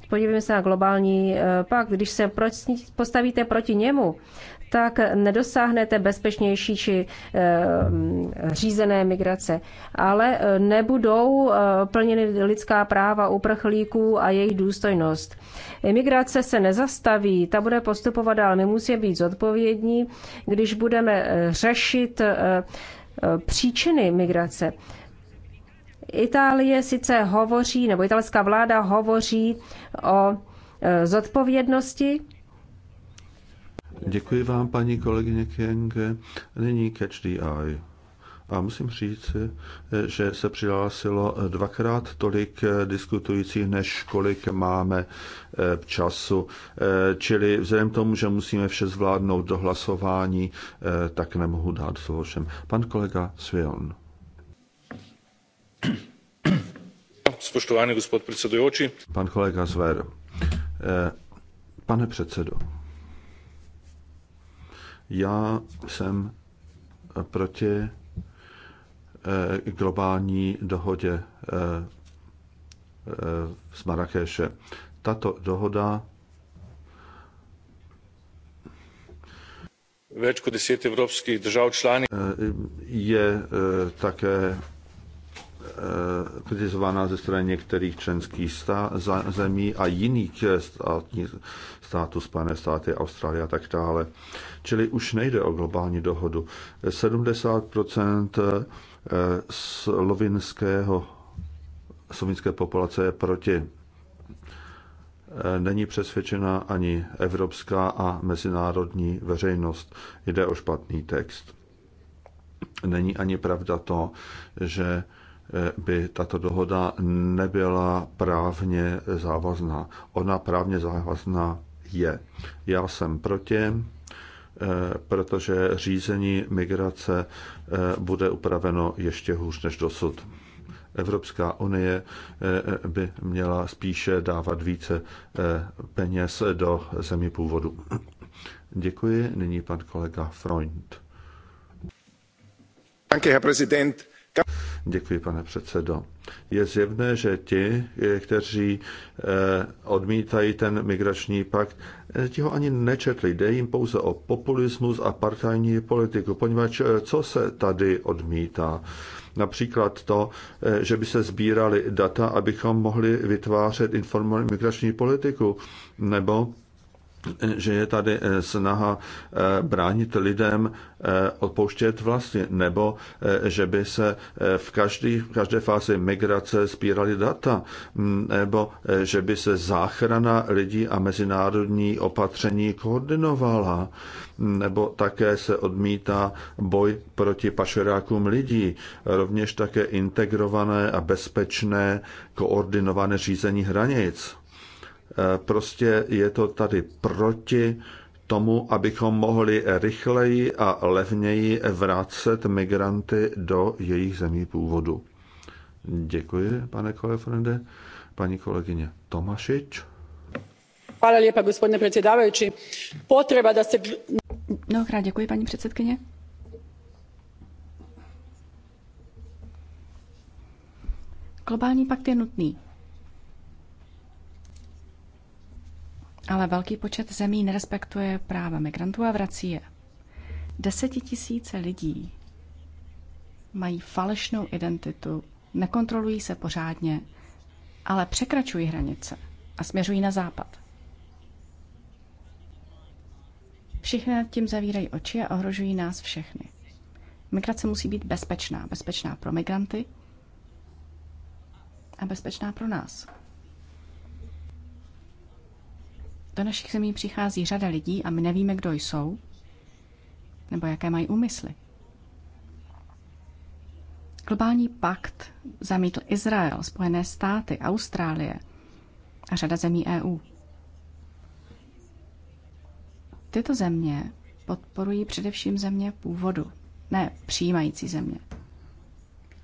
podívejme se na globální eh, pak, když se postavíte proti němu, tak nedosáhnete bezpečnější či eh, řízené migrace. Ale eh, nebudou eh, plněny lidská práva uprchlíků a jejich důstojnost. Imigrace se nezastaví, ta bude postupovat dál. My musíme být zodpovědní, když budeme řešit příčiny migrace. Itálie sice hovoří, nebo italská vláda hovoří o zodpovědnosti, Děkuji vám, paní kolegyně Kienge. Nyní Catch the Eye. A musím říct, že se přihlásilo dvakrát tolik diskutujících, než kolik máme eh, času. Eh, čili vzhledem tomu, že musíme vše zvládnout do hlasování, eh, tak nemohu dát slovo všem. Pan kolega Svion. Spoštovani gospod predsedujoči. Pan kolega Zver. Pane předsedo, já jsem proti eh, globální dohodě eh, eh, z Marrakeše. Tato dohoda več kot deset evropských držav Je také kritizována ze strany některých členských zemí a jiných státních států, Spojené státy, Austrálie a tak dále. Čili už nejde o globální dohodu. 70 eh, slovinského, slovinské populace je proti. Eh, není přesvědčena ani evropská a mezinárodní veřejnost. Jde o špatný text. Není ani pravda to, že eh, by tato dohoda nebyla právně závazná. Ona právně závazná je. Já jsem proti, eh, protože řízení migrace eh, bude upraveno ještě hůř než dosud. Evropská unie eh, by měla spíše dávat více peněz do zemí původu. Děkuji. Nyní pan kolega Freund. Danke, Herr Präsident. Děkuji, pane předsedo. Je zjevné, že ti, eh, kteří eh, odmítají ten migrační pakt, eh, ti ho ani nečetli. Jde jim pouze o populismus a partajní politiku, poněvadž co se tady odmítá? Například to, že by se sbírali data, abychom mohli vytvářet informovanou migrační politiku, nebo že je tady eh, snaha eh, bránit lidem eh, odpouštět vlastně, nebo že by se v, každý, v každé fázi migrace spíraly data, mm, nebo že by se záchrana lidí a mezinárodní opatření koordinovala, mm, nebo také se odmítá boj proti pašerákům lidí, rovněž také integrované a bezpečné koordinované řízení hranic Eh, prostě je to tady proti tomu, abychom mohli rychleji a levněji vracet migranty do jejich zemí původu. Děkuji, pane kolefrende. Paní kolegyně Tomašič. Hvala lijepa, gospodine predsjedavajući. Potreba da se... Mnohokrát děkuji, paní předsedkyně. Globální pakt je nutný. ale velký počet zemí nerespektuje práva migrantů a vrací je. Desetitisíce lidí mají falešnou identitu, nekontrolují se pořádně, ale překračují hranice a směřují na západ. Všichni nad tím zavírají oči a ohrožují nás všechny. Migrace musí být bezpečná. Bezpečná pro migranty a bezpečná pro nás. Do našich zemí přichází řada lidí a my nevíme, kdo jsou nebo jaké mají úmysly. Globální pakt zamítl Izrael, Spojené státy, Austrálie a řada zemí EU. Tyto země podporují především země původu, ne přijímající země.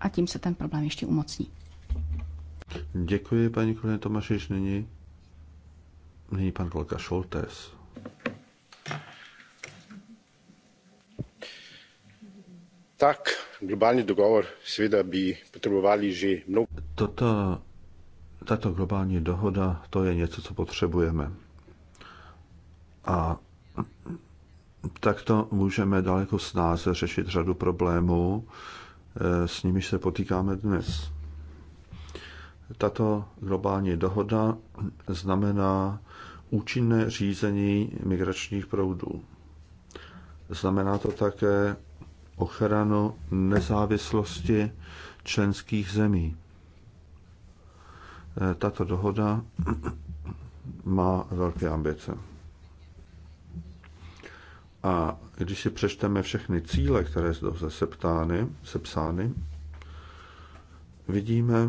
A tím se ten problém ještě umocní. Děkuji, paní kolegyně Tomašiš, nyní Nyní pan kolega Šoltes. Tak, globální dogovor seveda by potřebovali že mnoho... Toto, tato globální dohoda, to je něco, co potřebujeme. A takto můžeme daleko snáze řešit řadu problémů, eh, s nimiž se potýkáme dnes. Tato globální dohoda znamená účinné řízení migračních proudů. Znamená to také ochranu nezávislosti členských zemí. Eh, tato dohoda má velké ambice. A když si přečteme všechny cíle, které jsou zase sepsány, vidíme,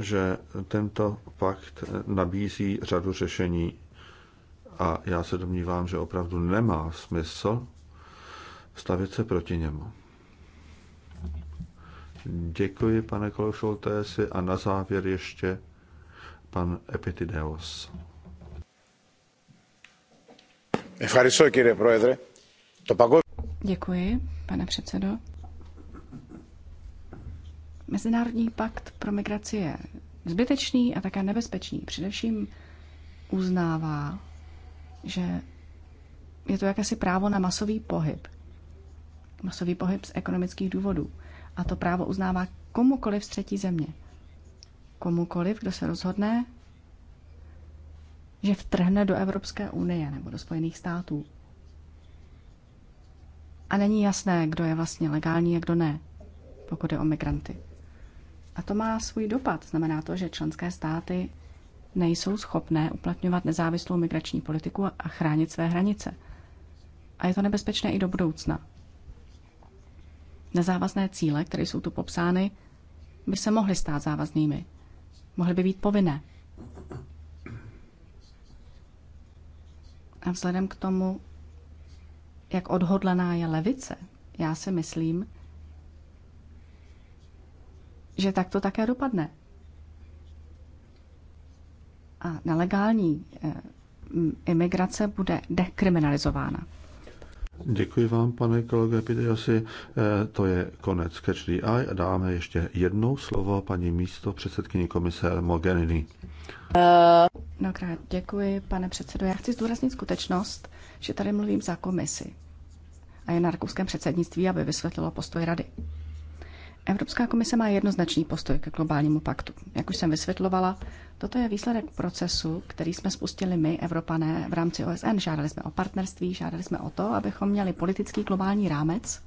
že tento pakt nabízí řadu řešení a já se domnívám, že opravdu nemá smysl stavit se proti němu. Děkuji, pane kolego a na závěr ještě pan Epitideos. Děkuji, pane předsedo. Mezinárodní pakt pro migraci je zbytečný a také nebezpečný. Především uznává, že je to jakési právo na masový pohyb. Masový pohyb z ekonomických důvodů. A to právo uznává komukoliv z třetí země. Komukoliv, kdo se rozhodne, že vtrhne do Evropské unie nebo do Spojených států. A není jasné, kdo je vlastně legální a kdo ne, pokud je o migranty. A to má svůj dopad. Znamená to, že členské státy nejsou schopné uplatňovat nezávislou migrační politiku a chránit své hranice. A je to nebezpečné i do budoucna. Nezávazné cíle, které jsou tu popsány, by se mohly stát závaznými. Mohly by být povinné. A vzhledem k tomu, jak odhodlaná je levice, já si myslím, že tak to také dopadne. A nelegální eh, imigrace bude dekriminalizována. Děkuji vám, pane kolego Epidiasi. Eh, to je konec Catchy Eye a dáme ještě jednou slovo paní místo předsedkyni komise Mogherini. Eh. krát, děkuji, pane předsedo. Já chci zdůraznit skutečnost, že tady mluvím za komisi a je na rakouském předsednictví, aby vysvětlilo postoj rady. Evropská komise má jednoznačný postoj ke globálnímu paktu. Jak už jsem vysvětlovala, toto je výsledek procesu, který jsme spustili my, Evropané, v rámci OSN. Žádali jsme o partnerství, žádali jsme o to, abychom měli politický globální rámec,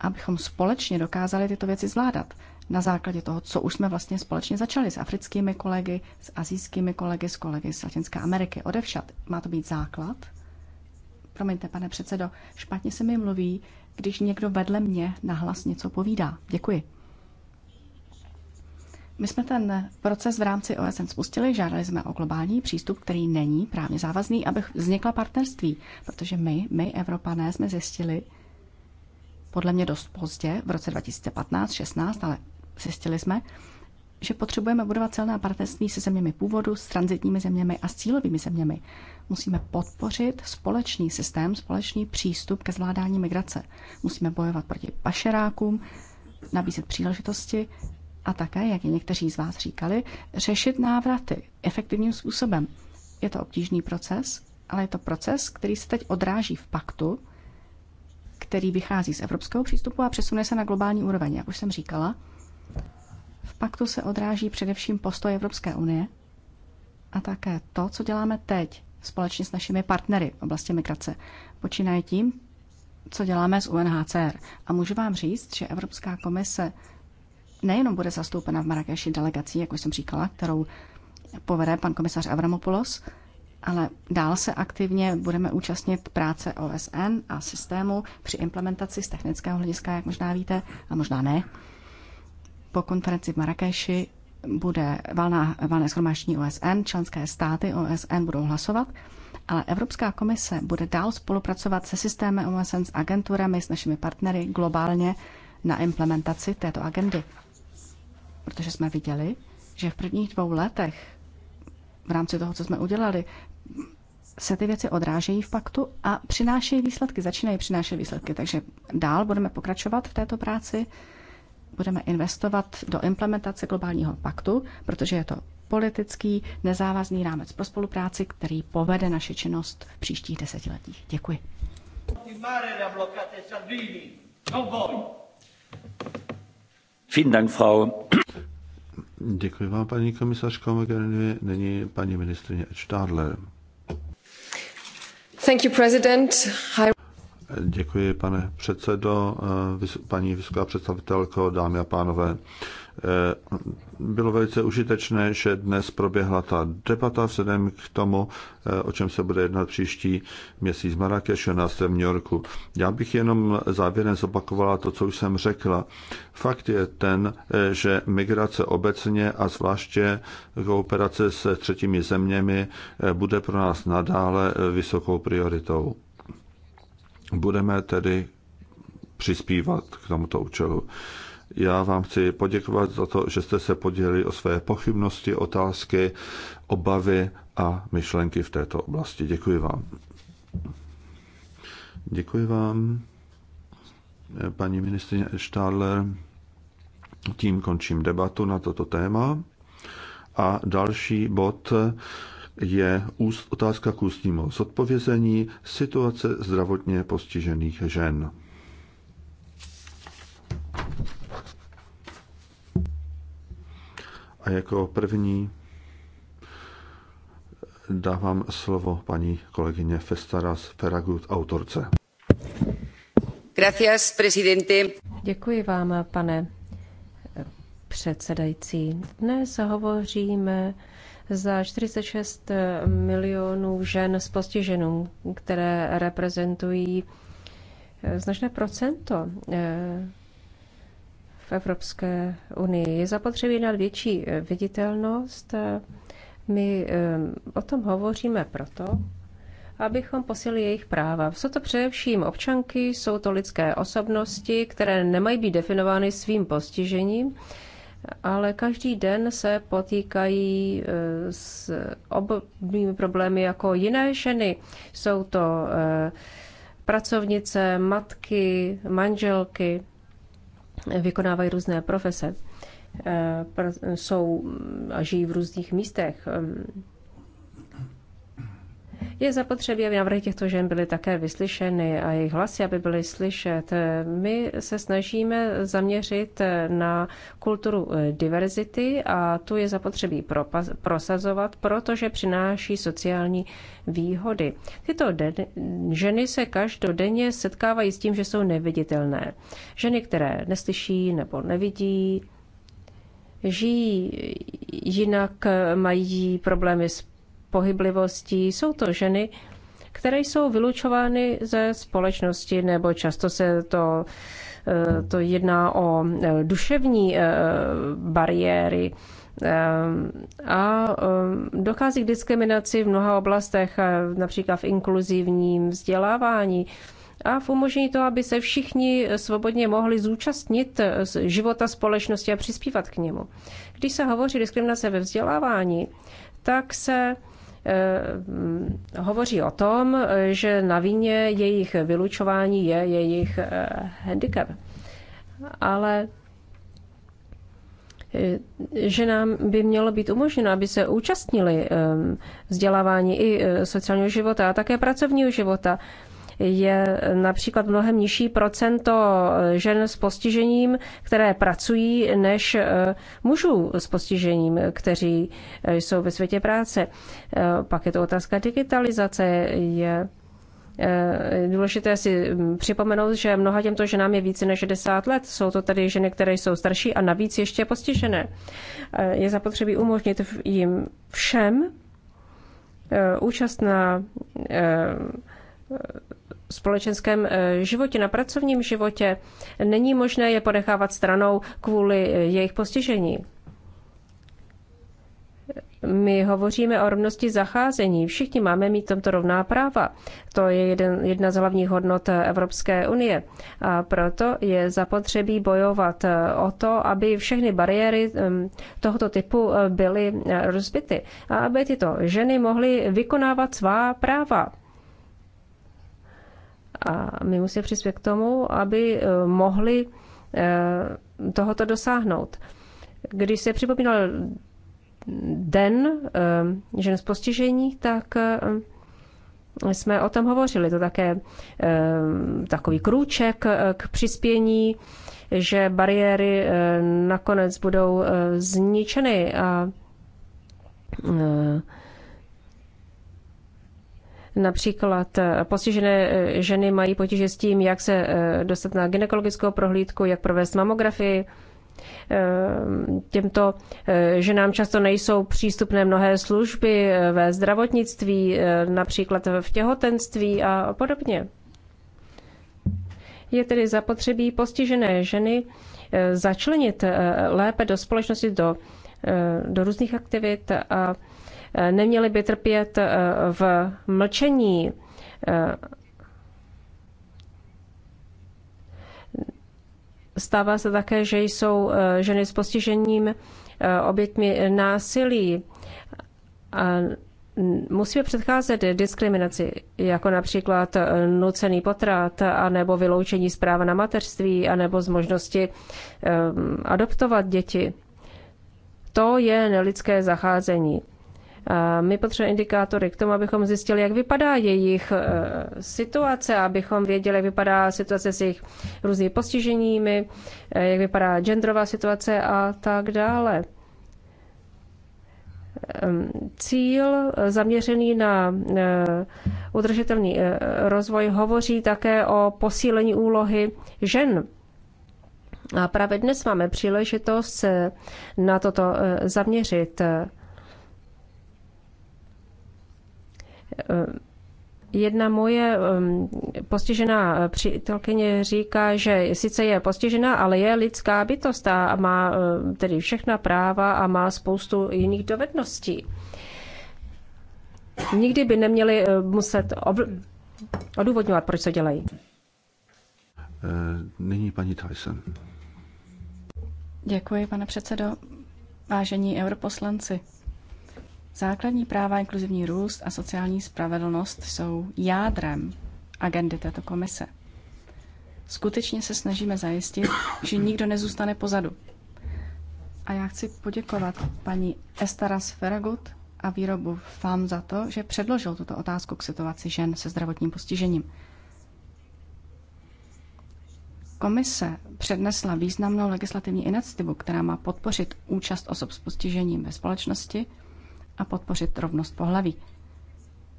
abychom společně dokázali tyto věci zvládat na základě toho, co už jsme vlastně společně začali s africkými kolegy, s azijskými kolegy, s kolegy z Latinské Ameriky. Odevšad má to být základ. Promiňte, pane předsedo, špatně se mi mluví, když někdo vedle mě nahlas něco povídá. Děkuji. My jsme ten proces v rámci OSN spustili, žádali jsme o globální přístup, který není právně závazný, aby vznikla partnerství, protože my, my Evropané, jsme zjistili, podle mě dost pozdě, v roce 2015-16, ale zjistili jsme, že potřebujeme budovat celná partnerství se zeměmi původu, s transitními zeměmi a s cílovými zeměmi. Musíme podpořit společný systém, společný přístup ke zvládání migrace. Musíme bojovat proti pašerákům, nabízet příležitosti a také, jak i někteří z vás říkali, řešit návraty efektivním způsobem. Je to obtížný proces, ale je to proces, který se teď odráží v paktu, který vychází z evropského přístupu a přesune se na globální úroveň. Jak už jsem říkala, v paktu se odráží především postoj Evropské unie a také to, co děláme teď společně s našimi partnery v oblasti migrace. Počínaje tím, co děláme s UNHCR. A můžu vám říct, že Evropská komise nejenom bude zastoupena v Marrakeši delegací, jak jsem říkala, kterou povede pan komisař Avramopoulos, ale dál se aktivně budeme účastnit práce OSN a systému při implementaci z technického hlediska, jak možná víte, a možná ne po konferenci v Marrakeši bude valná, valné schromáždění OSN, členské státy OSN budou hlasovat, ale Evropská komise bude dál spolupracovat se systémem OSN s agenturami, s našimi partnery globálně na implementaci této agendy. Protože jsme viděli, že v prvních dvou letech v rámci toho, co jsme udělali, se ty věci odrážejí v paktu a přinášejí výsledky, začínají přinášet výsledky. Takže dál budeme pokračovat v této práci budeme investovat do implementace globálního paktu, protože je to politický nezávazný rámec pro spolupráci, který povede naši činnost v příštích desetiletích. Děkuji. Děkuji vám, paní komisařko Mogherini. Není paní ministrině Stadler. Thank you, President. Hi. Děkuji, pane předsedo, eh, paní vysoká představitelko, dámy a pánové. Eh, bylo velice užitečné, že dnes proběhla ta debata vzhledem k tomu, eh, o čem se bude jednat příští měsíc Marrakeš a nás v New Yorku. Já bych jenom závěrem zopakovala to, co už jsem řekla. Fakt je ten, že migrace obecně a zvláště kooperace se třetími zeměmi bude pro nás nadále vysokou prioritou budeme tedy přispívat k tomuto účelu. Já vám chci poděkovat za to, že jste se podělili o své pochybnosti, otázky, obavy a myšlenky v této oblasti. Děkuji vám. Děkuji vám, paní ministrině Stadler. Tím končím debatu na toto téma. A další bod je úst, otázka k ústnímu zodpovězení situace zdravotně postižených žen. A jako první dávám slovo paní kolegyně Festaras Feragut, autorce. Gracias, presidente. Děkuji vám, pane předsedající. Dnes hovoříme za 46 milionů žen s postižením, které reprezentují eh, značné procento eh, v Evropské unii. Je zapotřebí na větší eh, viditelnost. My o tom hovoříme proto, abychom posílili jejich práva. Jsou to především občanky, jsou to lidské osobnosti, které nemají být definovány svým postižením, ale každý den se potýkají eh, s obdobnými problémy jako jiné ženy. Jsou to eh, pracovnice, matky, manželky, vykonávají různé profese, eh, jsou a žijí v různých místech. Je zapotřebí, aby návrhy těchto žen byly také vyslyšeny a jejich hlasy, aby byly slyšet. My se snažíme zaměřit na kulturu eh, diverzity a tu je zapotřebí prosazovat, protože přináší sociální výhody. Tyto den, ženy se každodenně setkávají s tím, že jsou neviditelné. Ženy, které neslyší nebo nevidí, žijí jinak, mají problémy s pohyblivostí. Jsou to ženy, které jsou vylučovány ze společnosti, nebo často se to, eh, to jedná o eh, duševní eh, bariéry a dochází k diskriminaci v mnoha oblastech, například v inkluzivním vzdělávání a v umožní to, aby se všichni svobodně mohli zúčastnit života společnosti a přispívat k němu. Když se hovoří diskriminace ve vzdělávání, tak se Eh, hovoří o tom, že na vině jejich vylučování je jejich eh, handicap. Ale eh, že nám by mělo být umožněno, aby se účastnili vzdělávání i sociálního života a také pracovního života je například mnohem nižší procento žen s postižením, které pracují, než eh, mužů s postižením, kteří eh, jsou ve světě práce. Eh, pak je to otázka digitalizace, je důležité si mm, připomenout, že mnoha těmto ženám je více než 60 let. Jsou to tady ženy, které jsou starší a navíc ještě postižené. Je zapotřebí umožnit jim všem účast na společenském eh, životě, na pracovním životě, není možné je ponechávat stranou kvůli eh, jejich postižení. My hovoříme o rovnosti zacházení. Všichni máme mít tomto rovná práva. To je jeden, jedna z hlavních hodnot eh, Evropské unie. A proto je zapotřebí bojovat o to, aby všechny bariéry tohoto typu byly rozbity a aby tyto ženy mohly vykonávat svá práva. A my musíme přispět k tomu, aby eh, mohli eh, tohoto dosáhnout. Když se připomínal den eh, žen z postižení, tak jsme o tom hovořili. To také takový krůček k přispění, že bariéry nakonec budou zničeny. A Například eh, postižené eh, ženy mají potíže s tím, jak se eh, dostat na gynekologickou prohlídku, jak provést mamografii. Těmto ženám často nejsou přístupné mnohé služby ve zdravotnictví, například v těhotenství a podobně. Je tedy zapotřebí postižené ženy začlenit lépe do společnosti, do, do různých aktivit a neměli by trpět eh, v mlčení. Eh, stává se také, že jsou eh, ženy s postižením oběťmi násilí. A musíme předcházet diskriminaci, jako například nucený potrat, anebo vyloučení z práva na mateřství, anebo z možnosti adoptovat děti. To je nelidské zacházení. My potřebujeme indikátory k tomu, abychom zjistili, jak vypadá jejich e, situace, abychom věděli, jak vypadá situace s jejich různými postiženími, e, jak vypadá genderová situace a tak dále. Cíl zaměřený na e, udržitelný rozvoj hovoří také o posílení úlohy žen a právě dnes máme příležitost se na toto zaměřit. Eh, jedna moje postižená eh, přítelkyně říká, že sice je postižená, ale je lidská bytost a má eh, tedy všechna práva a má spoustu jiných dovedností. Nikdy by neměli muset odůvodňovat, proč to dělají. Nyní paní Tyson. Děkuji, pane předsedo. Vážení europoslanci, Základní práva, inkluzivní růst a sociální spravedlnost jsou jádrem agendy této komise. Skutečně se snažíme zajistit, že nikdo nezůstane pozadu. A já chci poděkovat paní Estaras Feragut a výrobu FAM za to, že předložil tuto otázku k situaci žen se zdravotním postižením. Komise přednesla významnou legislativní iniciativu, která má podpořit účast osob s postižením ve společnosti – a podpořit rovnost pohlaví.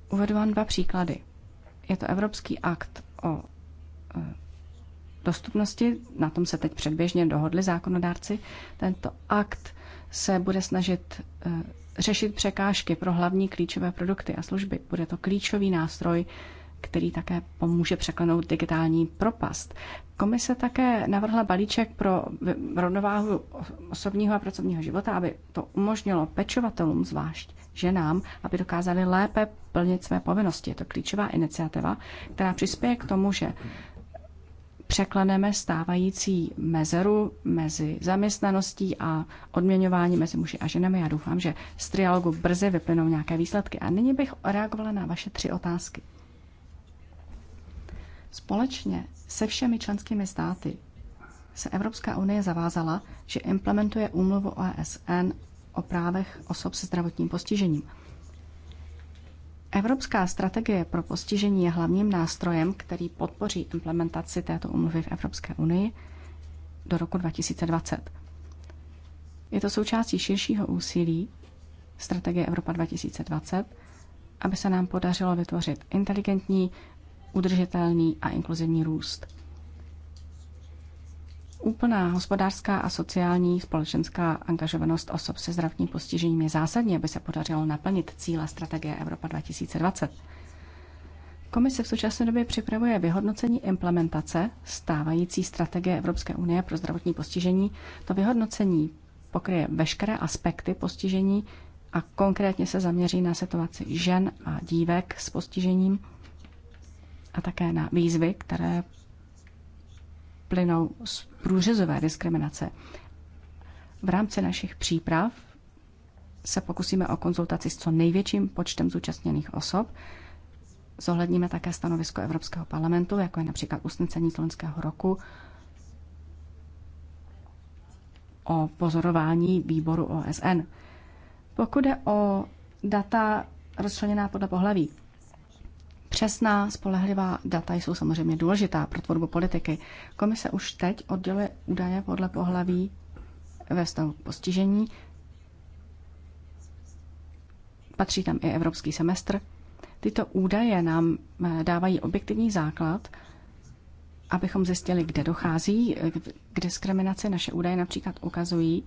Uvedu vám dva příklady. Je to Evropský akt o e, dostupnosti, na tom se teď předběžně dohodli zákonodárci. Tento akt se bude snažit e, řešit překážky pro hlavní klíčové produkty a služby. Bude to klíčový nástroj který také pomůže překlenout digitální propast. Komise také navrhla balíček pro rovnováhu osobního a pracovního života, aby to umožnilo pečovatelům, zvlášť ženám, aby dokázali lépe plnit své povinnosti. Je to klíčová iniciativa, která přispěje k tomu, že překleneme stávající mezeru mezi zaměstnaností a odměňování mezi muži a ženami. Já doufám, že z trialogu brzy vyplynou nějaké výsledky. A nyní bych reagovala na vaše tři otázky. Společně se všemi členskými státy se Evropská unie zavázala, že implementuje úmluvu OSN o právech osob se zdravotním postižením. Evropská strategie pro postižení je hlavním nástrojem, který podpoří implementaci této úmluvy v Evropské unii do roku 2020. Je to součástí širšího úsilí strategie Evropa 2020, aby se nám podařilo vytvořit inteligentní, udržitelný a inkluzivní růst. Úplná hospodářská a sociální společenská angažovanost osob se zdravotním postižením je zásadní, aby se podařilo naplnit cíle strategie Evropa 2020. Komise v současné době připravuje vyhodnocení implementace stávající strategie Evropské unie pro zdravotní postižení. To vyhodnocení pokryje veškeré aspekty postižení a konkrétně se zaměří na situaci žen a dívek s postižením a také na výzvy, které plynou z průřezové diskriminace. V rámci našich příprav se pokusíme o konzultaci s co největším počtem zúčastněných osob. Zohledníme také stanovisko Evropského parlamentu, jako je například usnesení z loňského roku o pozorování výboru OSN. Pokud je o data rozčleněná podle pohlaví, Přesná, spolehlivá data jsou samozřejmě důležitá pro tvorbu politiky. Komise už teď odděluje údaje podle pohlaví ve vztahu k postižení. Patří tam i evropský semestr. Tyto údaje nám eh, dávají objektivní základ, abychom zjistili, kde dochází eh, k diskriminaci. Naše údaje například ukazují,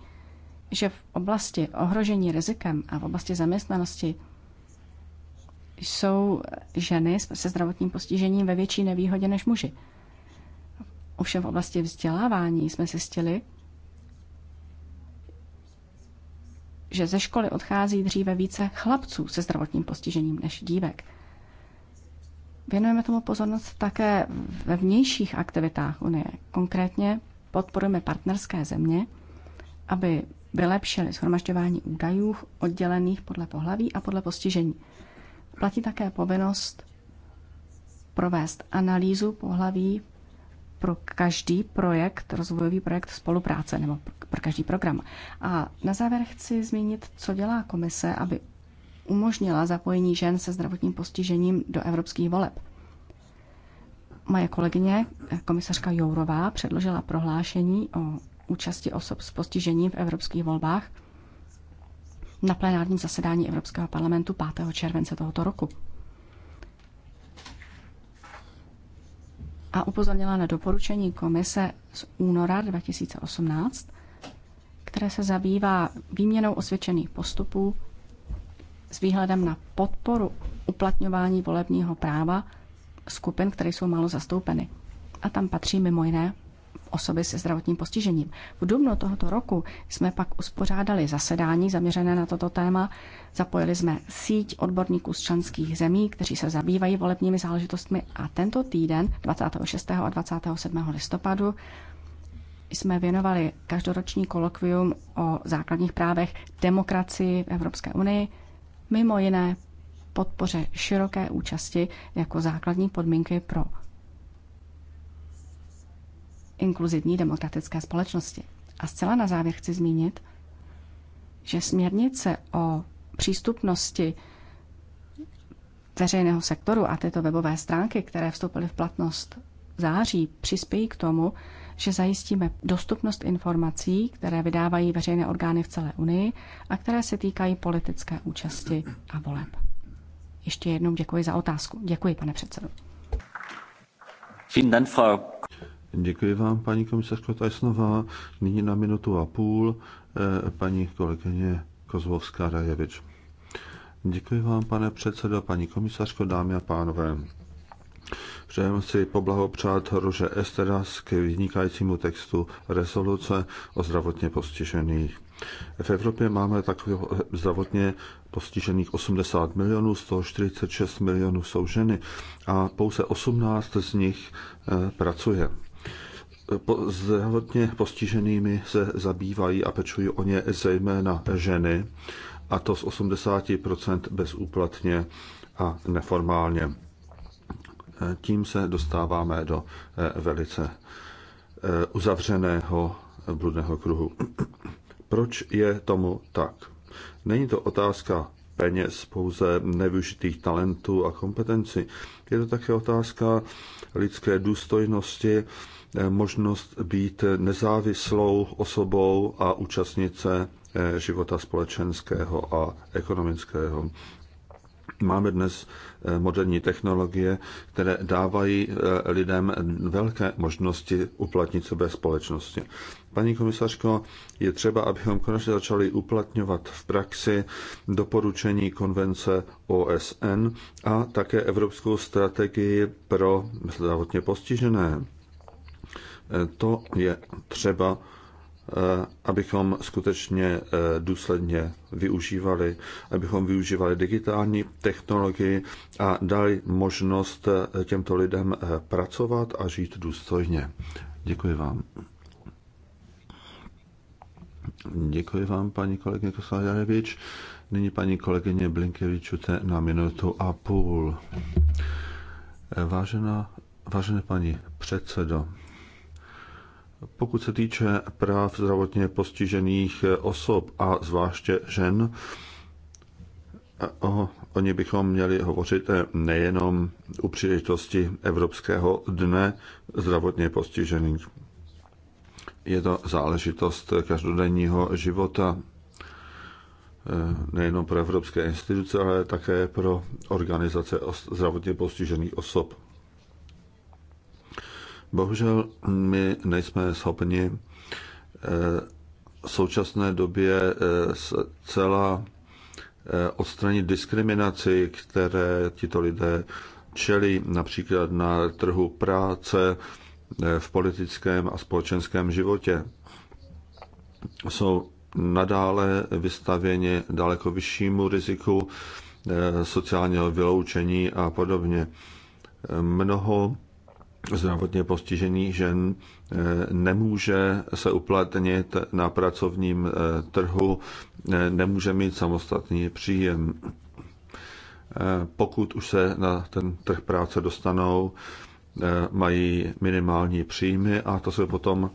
že v oblasti ohrožení rizikem a v oblasti zaměstnanosti jsou ženy se zdravotním postižením ve větší nevýhodě než muži. Ovšem v oblasti vzdělávání jsme zjistili, že ze školy odchází dříve více chlapců se zdravotním postižením než dívek. Věnujeme tomu pozornost také ve vnějších aktivitách Unie. Konkrétně podporujeme partnerské země, aby vylepšili shromažďování údajů oddělených podle pohlaví a podle postižení. Platí také povinnost provést analýzu pohlaví pro každý projekt, rozvojový projekt spolupráce nebo pro každý program. A na závěr chci zmínit, co dělá komise, aby umožnila zapojení žen se zdravotním postižením do evropských voleb. Moje kolegyně, komisařka Jourová, předložila prohlášení o účasti osob s postižením v evropských volbách – na plenárním zasedání Evropského parlamentu 5. července tohoto roku. A upozornila na doporučení komise z února 2018, které se zabývá výměnou osvědčených postupů s výhledem na podporu uplatňování volebního práva skupin, které jsou málo zastoupeny. A tam patří mimo jiné osoby se zdravotním postižením. V dubnu tohoto roku jsme pak uspořádali zasedání zaměřené na toto téma. Zapojili jsme síť odborníků z členských zemí, kteří se zabývají volebními záležitostmi a tento týden 26. a 27. listopadu jsme věnovali každoroční kolokvium o základních právech demokracii v Evropské unii, mimo jiné podpoře široké účasti jako základní podmínky pro inkluzivní demokratické společnosti. A zcela na závěr chci zmínit, že směrnice o přístupnosti veřejného sektoru a tyto webové stránky, které vstoupily v platnost září, přispějí k tomu, že zajistíme dostupnost informací, které vydávají veřejné orgány v celé Unii a které se týkají politické účasti a voleb. Ještě jednou děkuji za otázku. Děkuji, pane předsedo. Děkuji vám, paní komisařko Tajsnová. Nyní na minutu a půl eh, paní kolegyně Kozlovská Rajevič. Děkuji vám, pane předsedo, paní komisařko, dámy a pánové. Přejeme si poblahopřát Rože Esteras k vynikajícímu textu rezoluce o zdravotně postižených. V Evropě máme takových zdravotně postižených 80 milionů, 146 milionů jsou ženy a pouze 18 z nich eh, pracuje zdravotně postiženými se zabývají a pečují o ně zejména ženy, a to z 80% bezúplatně a neformálně. Tím se dostáváme do eh, velice eh, uzavřeného bludného kruhu. Proč je tomu tak? Není to otázka peněz, pouze nevyužitých talentů a kompetenci. Je to také otázka lidské důstojnosti, možnost být nezávislou osobou a účastnit se eh, života společenského a ekonomického. Máme dnes eh, moderní technologie, které dávají eh, lidem velké možnosti uplatnit se ve společnosti. Paní komisařko, je třeba, abychom konečně začali uplatňovat v praxi doporučení konvence OSN a také Evropskou strategii pro zdravotně postižené. Eh, to je třeba, eh, abychom skutečně eh, důsledně využívali, abychom využívali digitální technologii a dali možnost těmto lidem pracovat a žít důstojně. Děkuji vám. Děkuji vám, paní kolegyně Koslajarevič. Nyní paní kolegyně Blinkevičute na minutu a půl. Vážená, vážené paní předsedo, pokud se týče práv zdravotně postižených osob a zvláště žen, o, o ní bychom měli hovořit nejenom u příležitosti Evropského dne zdravotně postižených. Je to záležitost každodenního života nejenom pro evropské instituce, ale také pro organizace zdravotně postižených osob. Bohužel my nejsme schopni eh, v současné době eh, celá eh, odstranit diskriminaci, které tito lidé čelí například na trhu práce, v politickém a společenském životě. Jsou nadále vystavěni daleko vyššímu riziku sociálního vyloučení a podobně. Mnoho zdravotně postižených žen eh, nemůže se uplatnit na pracovním eh, trhu, eh, nemůže mít samostatný příjem. Pokud už se na ten trh práce dostanou, mají minimální příjmy a to se potom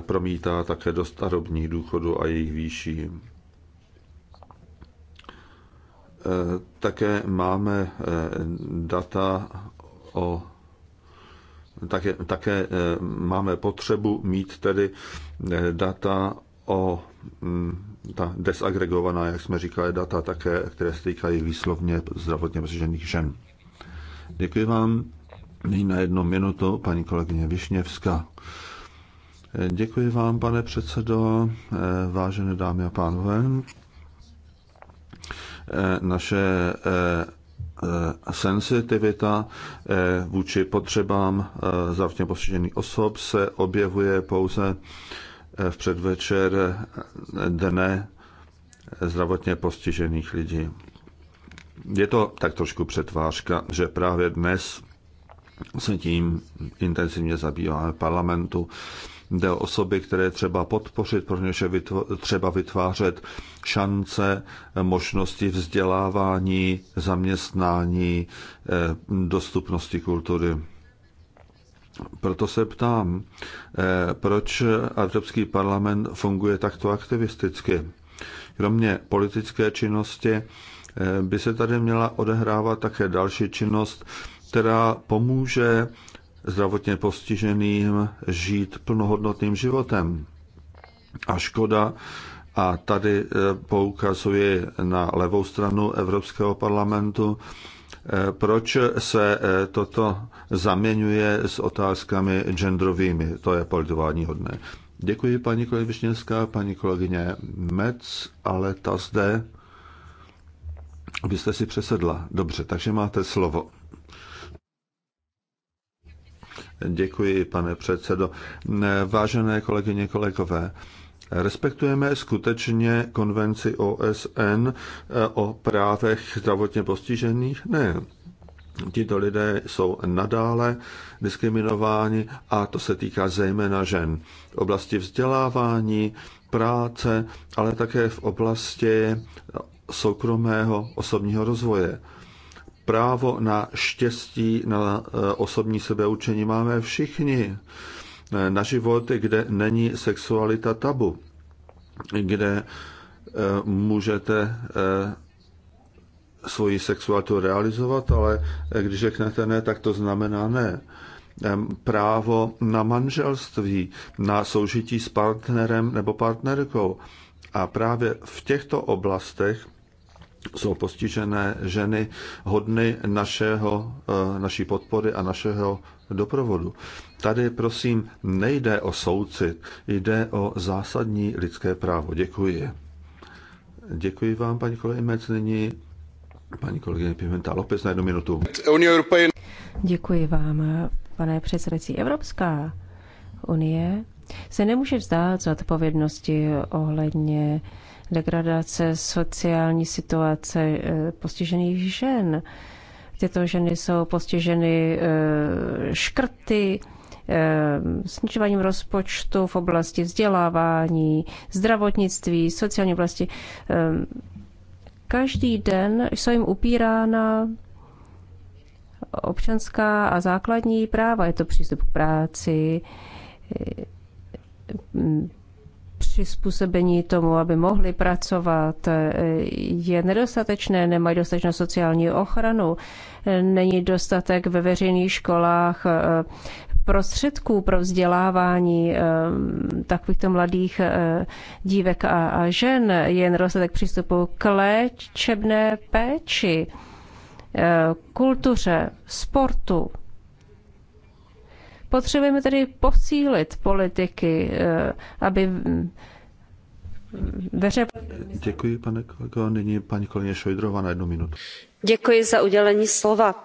promítá také do starobních důchodů a jejich výší. Také máme data o také, také eh, máme potřebu mít tedy eh, data o mm, ta desagregovaná, jak jsme říkali, data také, které se týkají výslovně zdravotně postižených žen. Děkuji vám. Nyní na jednu minutu paní kolegyně Višněvská. Eh, děkuji vám, pane předsedo, vážené dámy a pánové. Naše Eh, sensitivita eh, vůči potřebám eh, zdravotně postižených osob se objevuje pouze v předvečer dne zdravotně postižených lidí. Je to tak trošku přetvářka, že právě dnes se tím intenzivně zabýváme parlamentu. Jde o osoby, které třeba podpořit, pro něž je třeba vytvářet šance, možnosti vzdělávání, zaměstnání, eh, dostupnosti kultury. Proto se ptám, eh, proč Evropský parlament funguje takto aktivisticky? Kromě politické činnosti eh, by se tady měla odehrávat také další činnost, která pomůže zdravotně postiženým žít plnohodnotným životem. A škoda, a tady e, poukazuji na levou stranu Evropského parlamentu, e, proč se e, toto zaměňuje s otázkami genderovými. To je politování hodné. Děkuji paní kolegyně Višněvská, paní kolegyně Mec, ale ta zde, abyste si přesedla. Dobře, takže máte slovo. Děkuji, pane předsedo. Vážené kolegyně, kolegové, Respektujeme skutečně konvenci OSN eh, o právech zdravotně postižených? Ne. Tito lidé jsou nadále diskriminováni a to se týká zejména žen. V oblasti vzdělávání, práce, ale také v oblasti soukromého osobního rozvoje právo na štěstí, na eh, osobní sebeučení máme všichni. Eh, na život, kde není sexualita tabu, kde eh, můžete svoji sexualitu realizovat, ale když řeknete ne, tak to znamená ne. Právo na manželství, na soužití s partnerem nebo partnerkou. A právě v těchto oblastech jsou postižené ženy hodny našeho, e, naší podpory a našeho doprovodu. Tady prosím nejde o soucit, jde o zásadní lidské právo. Děkuji. Děkuji vám, paní Kolejmec. Nyní paní kolegyně Pimenta Lopez na jednu minutu. Děkuji vám, pane předsedající. Evropská unie se nemůže vzdát z odpovědnosti ohledně degradace sociální situace eh, postižených žen. Tyto ženy jsou postiženy eh, škrty, eh, snižováním rozpočtu v oblasti vzdělávání, zdravotnictví, sociální oblasti. Každý den jsou jim upírána občanská a základní práva. Je to přístup k práci, přizpůsobení tomu, aby mohli pracovat, je nedostatečné, nemají dostatečnou sociální ochranu, není dostatek ve veřejných školách eh, prostředků pro vzdělávání eh, takovýchto mladých eh, dívek a žen, je nedostatek přístupu k léčebné péči, kultuře, sportu, Potřebujeme tedy posílit politiky, eh, aby veře... Děkuji, pane kolego. Nyní paní kolegyně Šojdrova na jednu minutu. Děkuji za udělení slova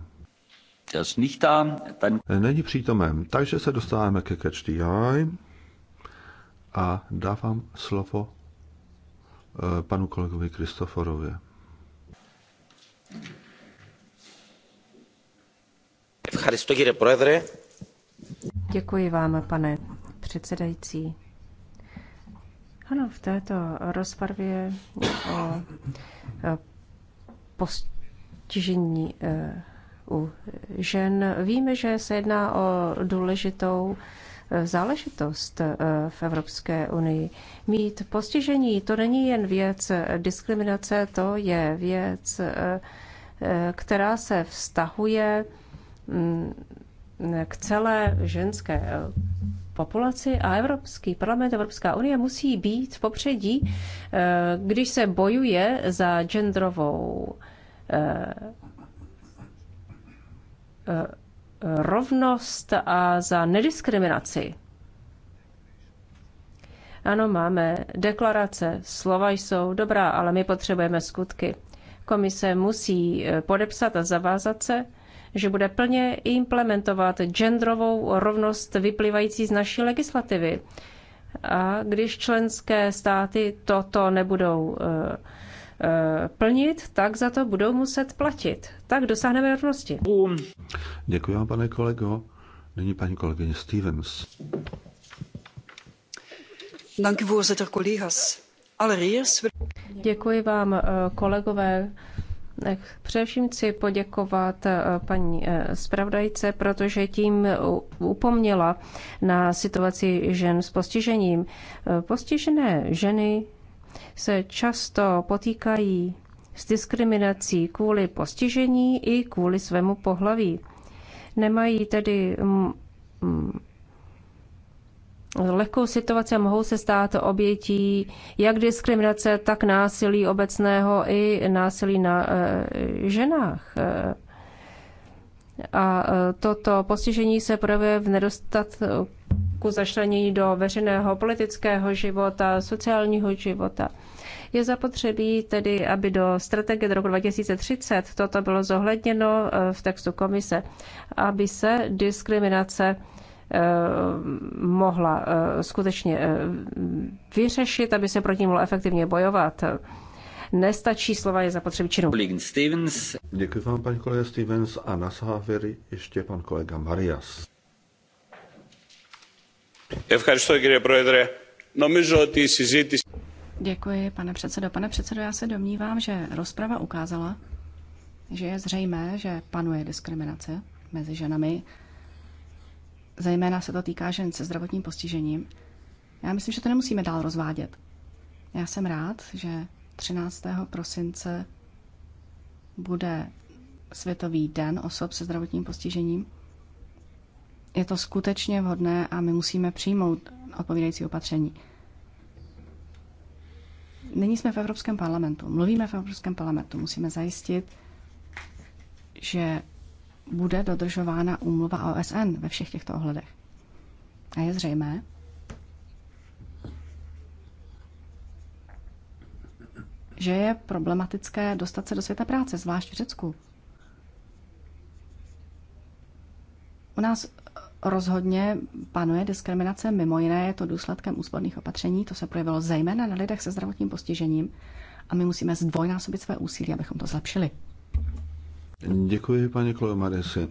Eh, není přítomen, takže se dostáváme ke Catch the Eye a dávám slovo eh, panu kolegovi Kristoforovi. Děkuji vám, pane předsedající. Ano, v této rozpravě o eh, postižení u žen. Víme, že se jedná o důležitou eh, záležitost eh, v Evropské unii. Mít postižení to není jen věc diskriminace, to je věc, eh, která se vztahuje mm, k celé ženské populaci a Evropský parlament, Evropská unie musí být v popředí, když se bojuje za genderovou rovnost a za nediskriminaci. Ano, máme deklarace, slova jsou dobrá, ale my potřebujeme skutky. Komise musí eh, podepsat a zavázat se, že bude plně implementovat genderovou rovnost vyplývající z naší legislativy. A když členské státy toto nebudou eh, Eh, plnit, tak za to budou muset platit. Tak dosáhneme rovnosti. Děkuji vám, pane kolego. Nyní paní kolegyně Stevens. Dank voorzitter, collega's. Děkuji vám, eh, kolegové. Především chci poděkovat eh, paní zpravodajce, protože tím upomněla na situaci žen s postižením. Postižené ženy se často potýkají s diskriminací kvůli postižení i kvůli svému pohlaví. Nemají tedy mm, mm, lehkou situaci a mohou se stát obětí jak diskriminace, tak násilí obecného i násilí na e, ženách. E, a e, toto postižení se projevuje v nedostatku začlenění do veřejného politického života, sociálního života. Je zapotřebí tedy, aby do strategie do roku 2030 toto bylo zohledněno e, v textu komise, aby se diskriminace e, mohla skutečně vyřešit, aby se proti ní mohlo efektivně bojovat. Nestačí slova, je zapotřebí činu. Děkuji vám, paní kolega Stevens. A na závěr ještě pan kolega Marias. No, Děkuji, pane předsedo. Pane předsedo, já se domnívám, že rozprava ukázala, že je zřejmé, že panuje diskriminace mezi ženami. Zejména se to týká žen se zdravotním postižením. Já myslím, že to nemusíme dál rozvádět. Já jsem rád, že 13. prosince bude Světový den osob se zdravotním postižením. Je to skutečně vhodné a my musíme přijmout odpovídající opatření. Nyní jsme v Evropském parlamentu. Mluvíme v Evropském parlamentu. Musíme zajistit, že bude dodržována úmluva OSN ve všech těchto ohledech. A je zřejmé, že je problematické dostat se do světa práce, zvlášť v Řecku. U nás rozhodně panuje diskriminace, mimo jiné je to důsledkem úsporných opatření, to se projevilo zejména na lidech se zdravotním postižením a my musíme zdvojnásobit své úsilí, abychom to zlepšili. Děkuji, paní Klomaresi.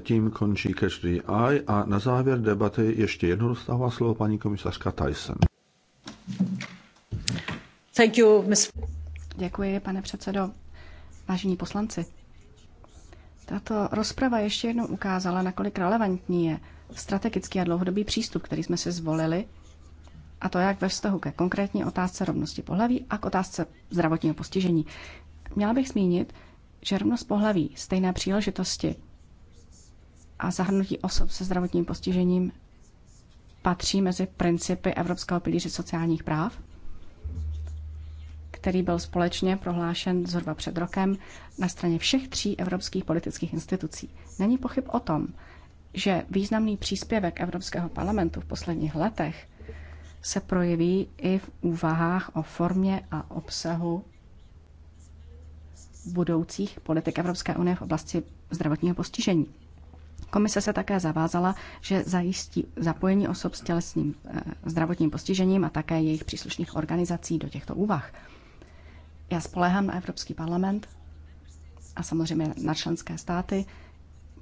Tím končí každý aj a na závěr debaty ještě jednou dostává slovo paní komisařka Tyson. Thank you, Ms. Děkuji, pane předsedo. Vážení poslanci, tato rozprava ještě jednou ukázala, nakolik relevantní je strategický a dlouhodobý přístup, který jsme si zvolili, a to jak ve vztahu ke konkrétní otázce rovnosti pohlaví a k otázce zdravotního postižení. Měla bych zmínit, že rovnost pohlaví, stejné příležitosti a zahrnutí osob se zdravotním postižením patří mezi principy Evropského pilíře sociálních práv který byl společně prohlášen zhruba před rokem na straně všech tří evropských politických institucí. Není pochyb o tom, že významný příspěvek Evropského parlamentu v posledních letech se projeví i v úvahách o formě a obsahu budoucích politik Evropské unie v oblasti zdravotního postižení. Komise se také zavázala, že zajistí zapojení osob s tělesným eh, zdravotním postižením a také jejich příslušných organizací do těchto úvah. Já spolehám na Evropský parlament a samozřejmě na členské státy.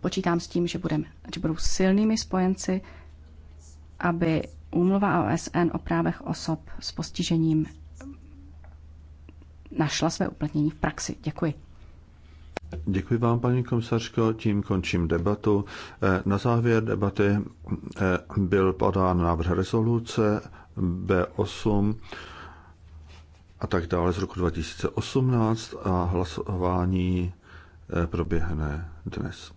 Počítám s tím, že, budeme, že budou silnými spojenci, aby úmluva OSN o právech osob s postižením našla své uplatnění v praxi. Děkuji. Děkuji vám, paní komisařko. Tím končím debatu. Na závěr debaty eh, byl podán návrh rezoluce B8 a tak dále z roku 2018 a hlasování eh, proběhne dnes.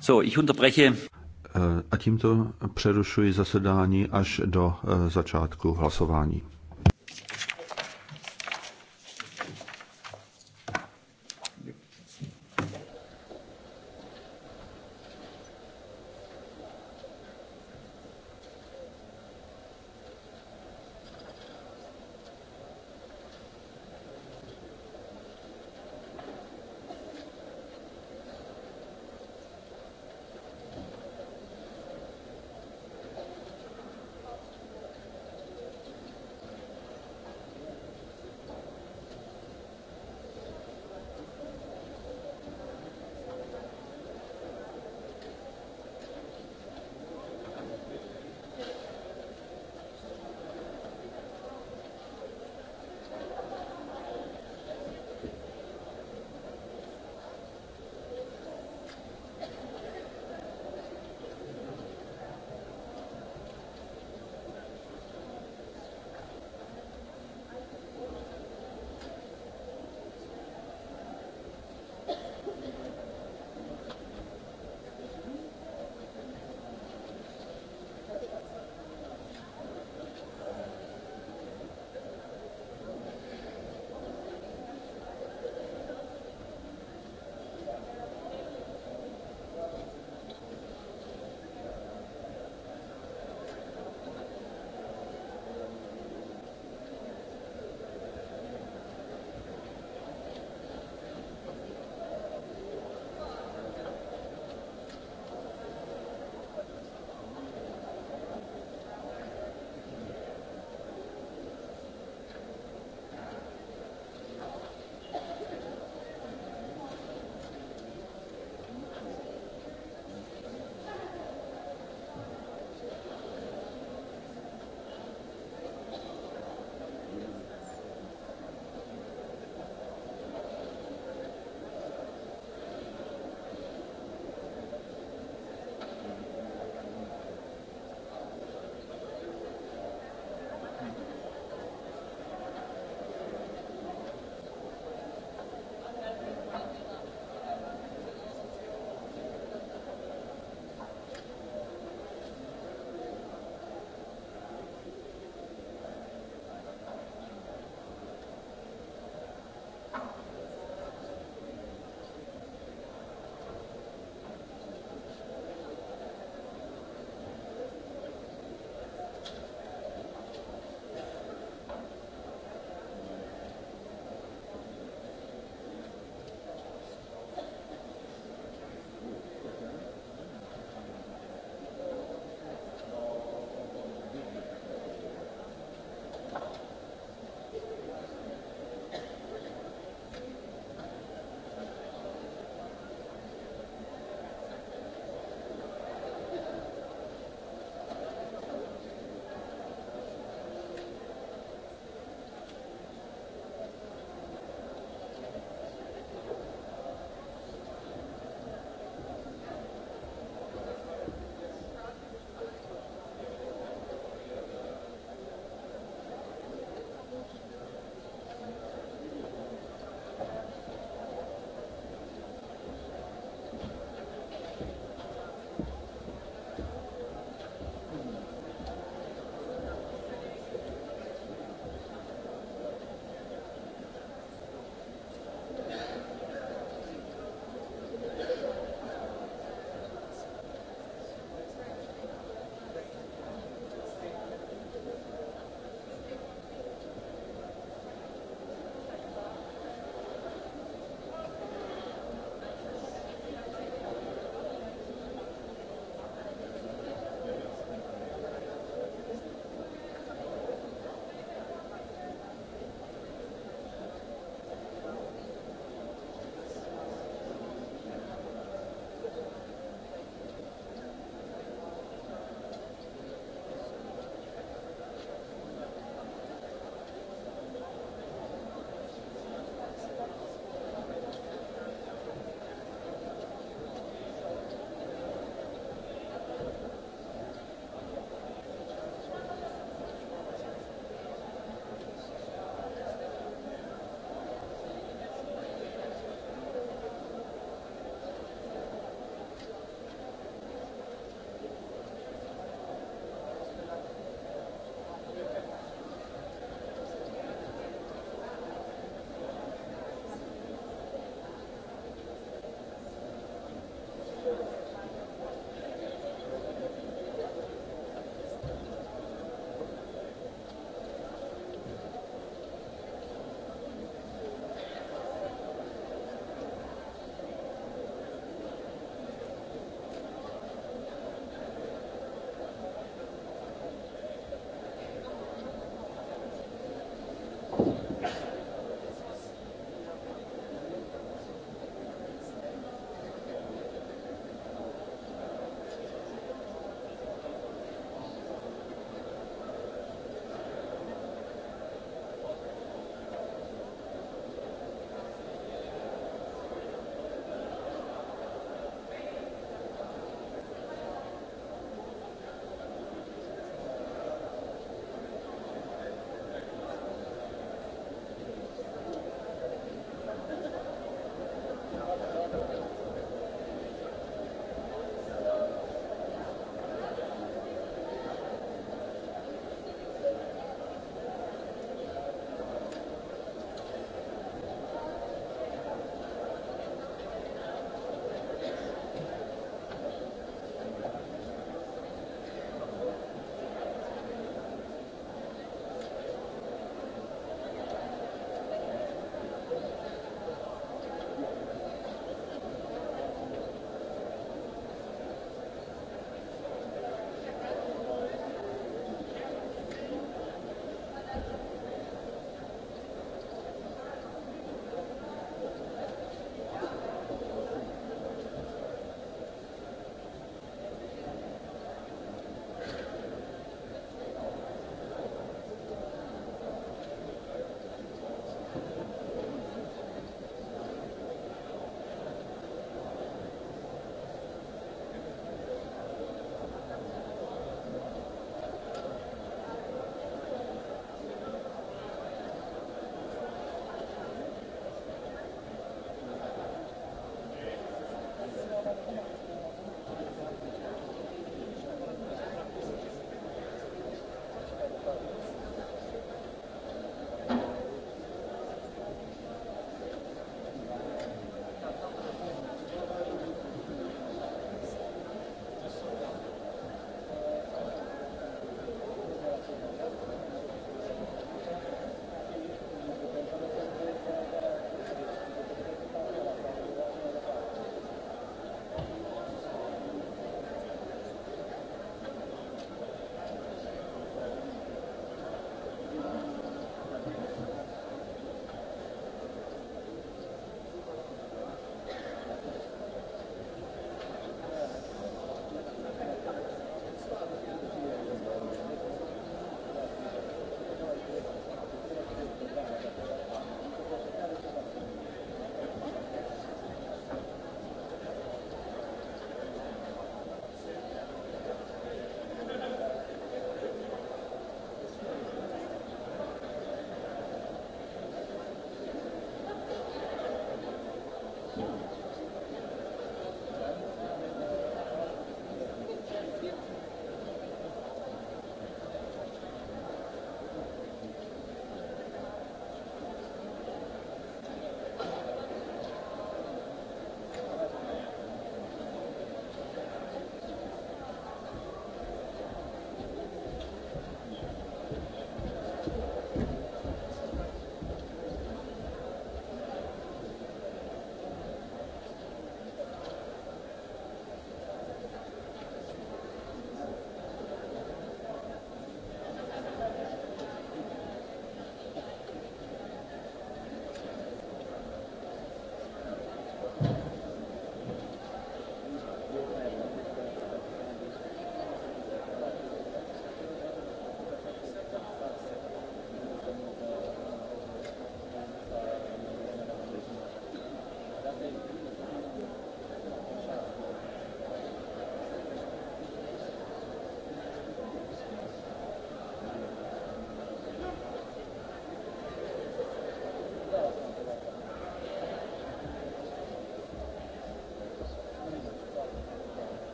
So, ich unterbreche. Eh, a tímto přerušuji zasedání až do eh, začátku hlasování.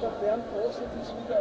Stadt Bern veröffentlicht wieder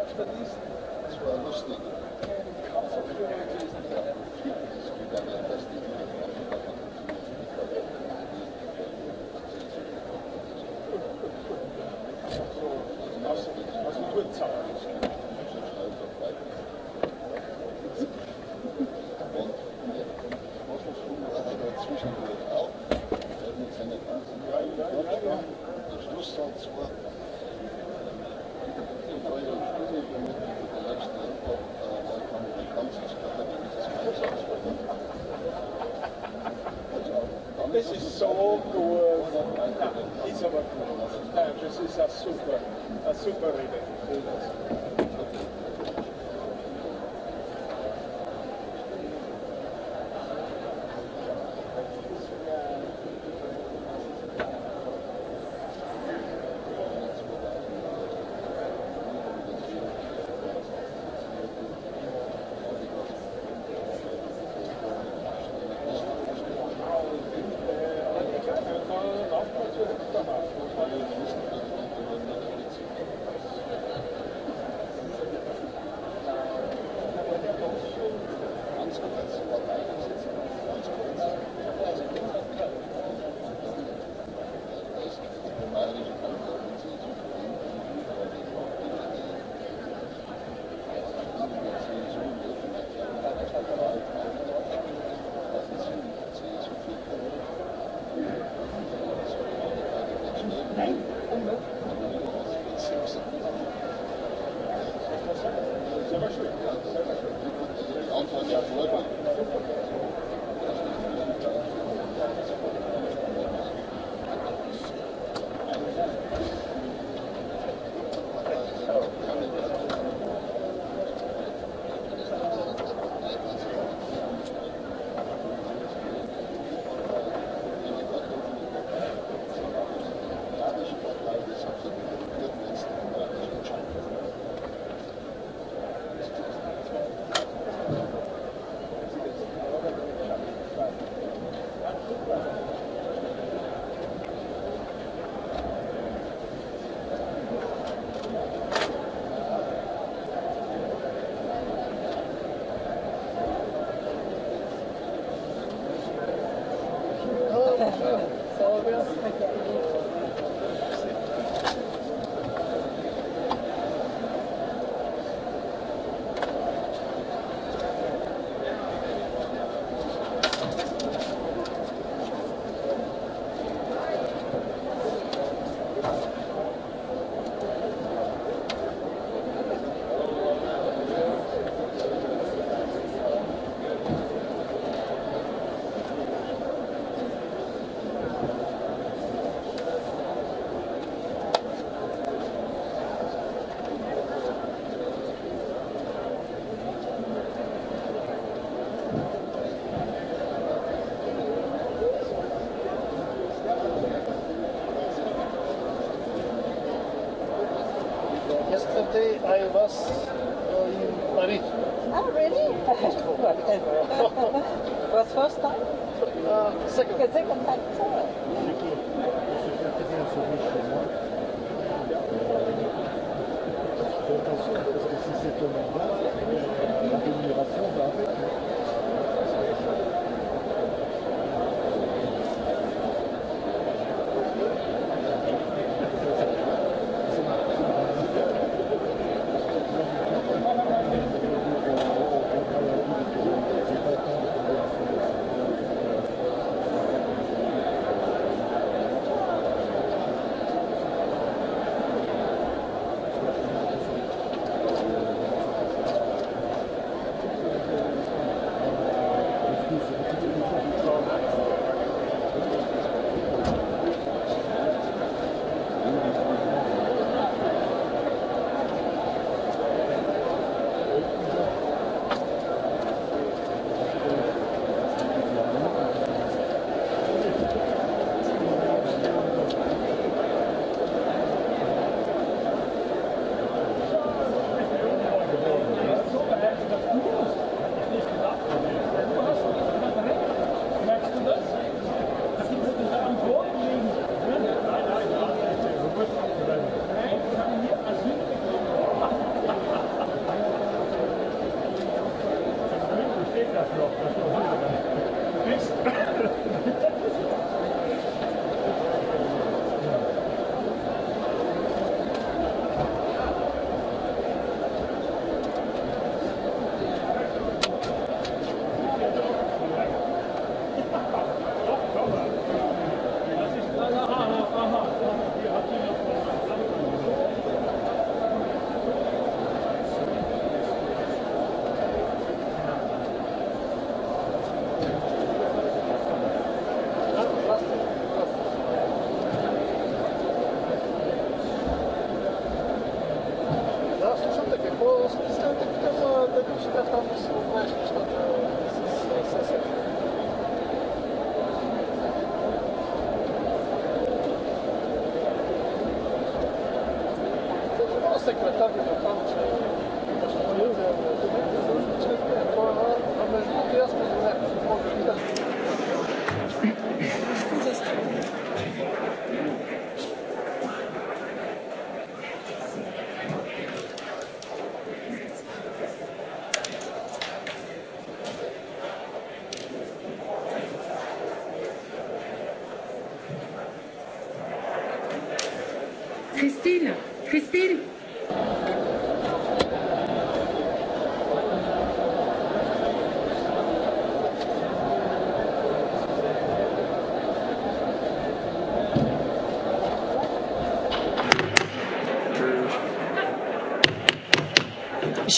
čas.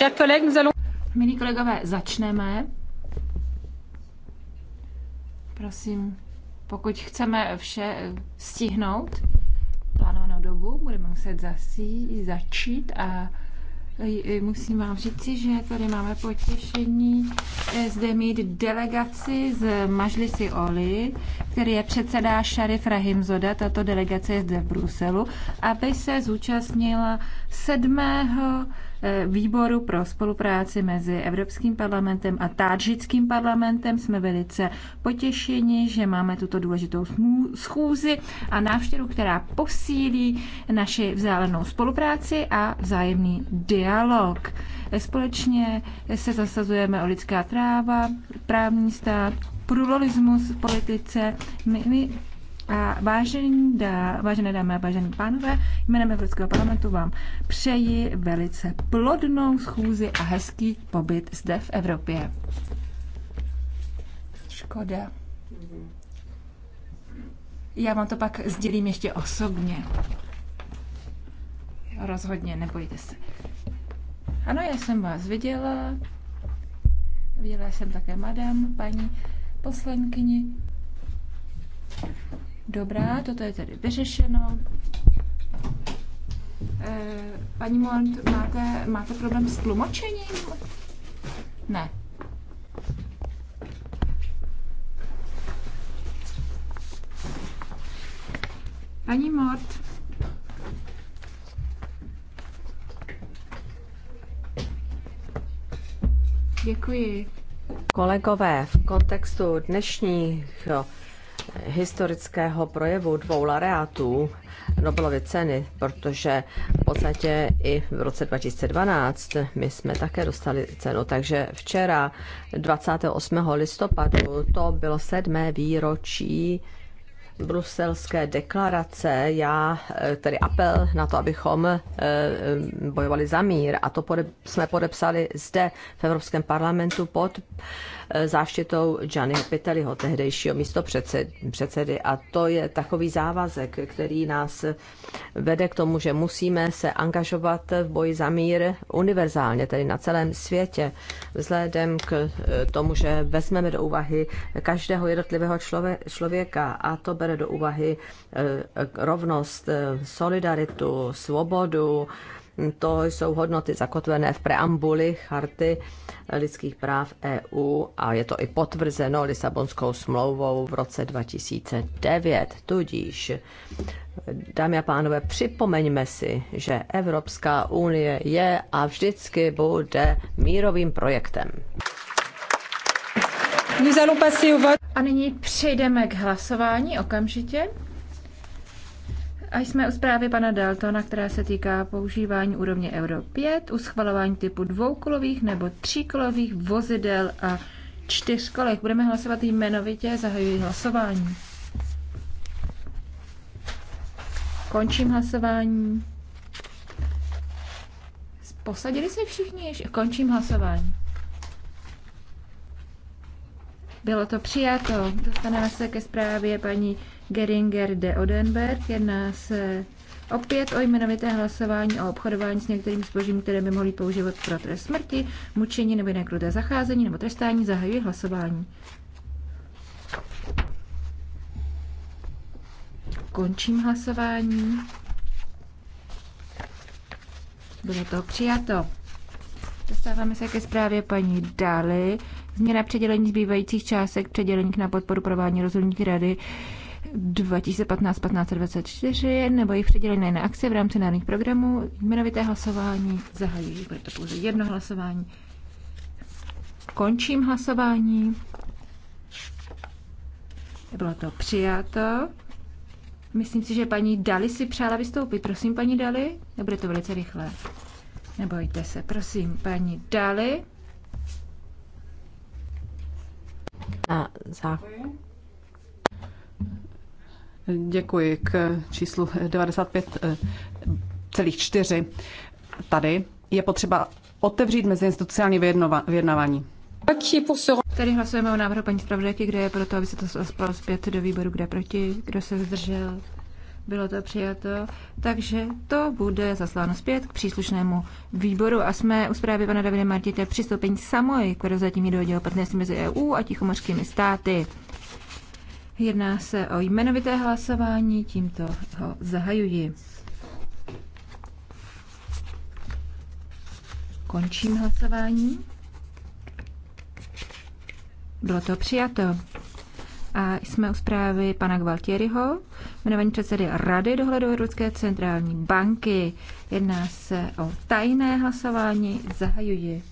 Chers collègues, nous allons... Milí kolegové, začneme. Prosím, pokud chceme vše eh, stihnout plánovanou dobu, budeme muset zasí, začít a eh, eh, musím vám říci, že tady máme potěšení zde mít delegaci z Mažlisy Oli, který je předsedá Šarif Rahim Zoda, tato delegace je zde v Bruselu, aby se zúčastnila sedmého výboru pro spolupráci mezi Evropským parlamentem a Tádžickým parlamentem. Jsme velice potěšeni, že máme tuto důležitou schůzi a návštěvu, která posílí naši vzájemnou spolupráci a vzájemný dialog. Společně se zasazujeme o lidská práva, právní stát, pluralismus v politice. My, my a vážení dá, vážené dámy a vážení pánové, jménem Evropského parlamentu vám přeji velice plodnou schůzi a hezký pobyt zde v Evropě. Škoda. Já vám to pak sdělím ještě osobně. Rozhodně, nebojte se. Ano, já jsem vás viděla. Viděla jsem také madam, paní poslankyni. Dobrá, toto je tedy vyřešeno. Eh, paní Mond, máte, máte problém s tlumočením? Ne. Paní Mort. Děkuji. Kolegové, v kontextu dnešního historického projevu dvou lareátů Nobelovy ceny, protože v podstatě i v roce 2012 my jsme také dostali cenu. Takže včera, 28. listopadu, to bylo sedmé výročí bruselské deklarace, já eh, tedy apel na to, abychom eh, bojovali za mír a to pode, jsme podepsali zde v Evropském parlamentu pod Eh, záštitou Gianniho Piteliho, tehdejšího místo předsedy. A to je takový závazek, který nás vede k tomu, že musíme se angažovat v boji za mír univerzálně, tedy na celém světě, vzhledem k eh, tomu, že vezmeme do úvahy každého jednotlivého člověka a to bere do úvahy eh, rovnost, solidaritu, svobodu, to jsou hodnoty zakotvené v preambuli Charty lidských práv EU a je to i potvrzeno Lisabonskou smlouvou v roce 2009. Tudíž, dámy a pánové, připomeňme si, že Evropská unie je a vždycky bude mírovým projektem. A nyní přejdeme k hlasování okamžitě. A jsme u zprávy pana Daltona, která se týká používání úrovně Euro 5 u schvalování typu dvoukolových nebo tříkolových vozidel a čtyřkolek. Budeme hlasovat jmenovitě, zahajuji hlasování. Končím hlasování. Posadili se všichni? Končím hlasování. Bylo to přijato. Dostaneme se ke zprávě paní Geringer de Odenberg. Jedná se opět o jmenovité hlasování o obchodování s některým zbožím, které by mohly používat pro trest smrti, mučení nebo jiné kruté zacházení nebo trestání. Zahajuji hlasování. Končím hlasování. Bylo to přijato. Dostáváme se ke zprávě paní Dali. Změna předělení zbývajících částek předělení na podporu provádění rozhodnutí rady 2015-1524 nebo jejich předělené na akce v rámci národních programů, jmenovité hlasování, zahají, bude to pouze jedno hlasování. Končím hlasování. Bylo to přijato. Myslím si, že paní Dali si přála vystoupit. Prosím, paní Dali, nebude to velice rychlé. Nebojte se, prosím, paní Dali. Na, zákon. Děkuji k číslu 95,4. Tady je potřeba otevřít meziinstitucionální vyjednávání. Tady hlasujeme o návrhu paní zpravodajky, kde je proto, aby se to zaspalo zpět do výboru, kde proti, kdo se zdržel. Bylo to přijato, takže to bude zasláno zpět k příslušnému výboru a jsme u zprávy pana Davide Martite přistoupení samoj k prozatím dohodě o partnerství mezi EU a tichomořskými státy. Jedná se o jmenovité hlasování, tímto ho zahajuji. Končím hlasování. Bylo to přijato. A jsme u zprávy pana Gvaltieriho, jmenovaní předsedy Rady dohledu Evropské centrální banky. Jedná se o tajné hlasování. Zahajuji.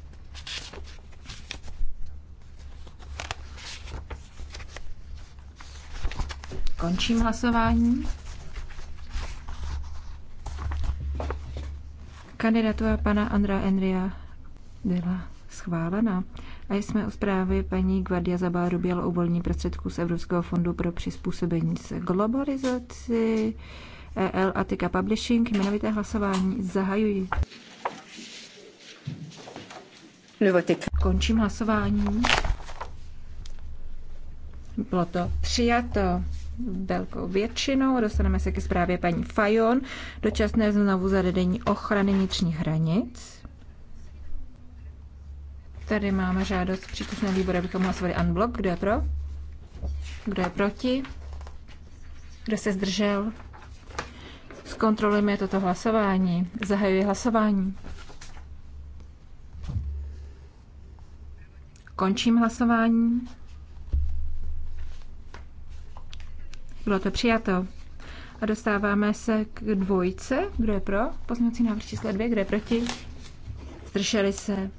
Končím hlasování. Kandidatura pana Andra Enria byla schválena. A jsme u zprávy paní Guardia Zabáru Bělo uvolní volní prostředků z Evropského fondu pro přizpůsobení se globalizaci EL Atika Publishing. Jmenovité hlasování zahajují. Končím hlasování. Bylo to přijato velkou většinou. Dostaneme se ke zprávě paní Fajon. Dočasné znovu zavedení ochrany vnitřních hranic. Tady máme žádost příslušného výbor, abychom hlasovali unblock. Kdo je pro? Kdo je proti? Kdo se zdržel? Zkontrolujeme toto hlasování. Zahajuji hlasování. Končím hlasování. Bylo to přijato. A dostáváme se k dvojce. Kdo je pro? Poznací návrh číslo dvě. Kdo je proti? Zdrželi se.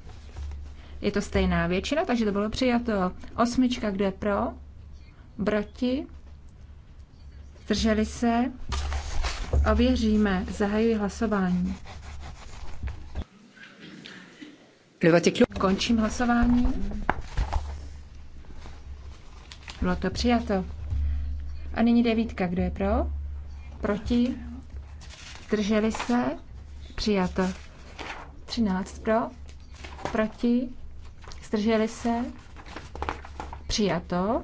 Je to stejná většina, takže to bylo přijato. Osmička, kdo je pro? Proti? Zdrželi se? Ověříme. Zahajuji hlasování. Končím hlasování. Bylo to přijato. A nyní devítka, kdo je pro? Proti? Zdrželi se? Přijato. 13 pro? Proti? Zdrželi se? Přijato.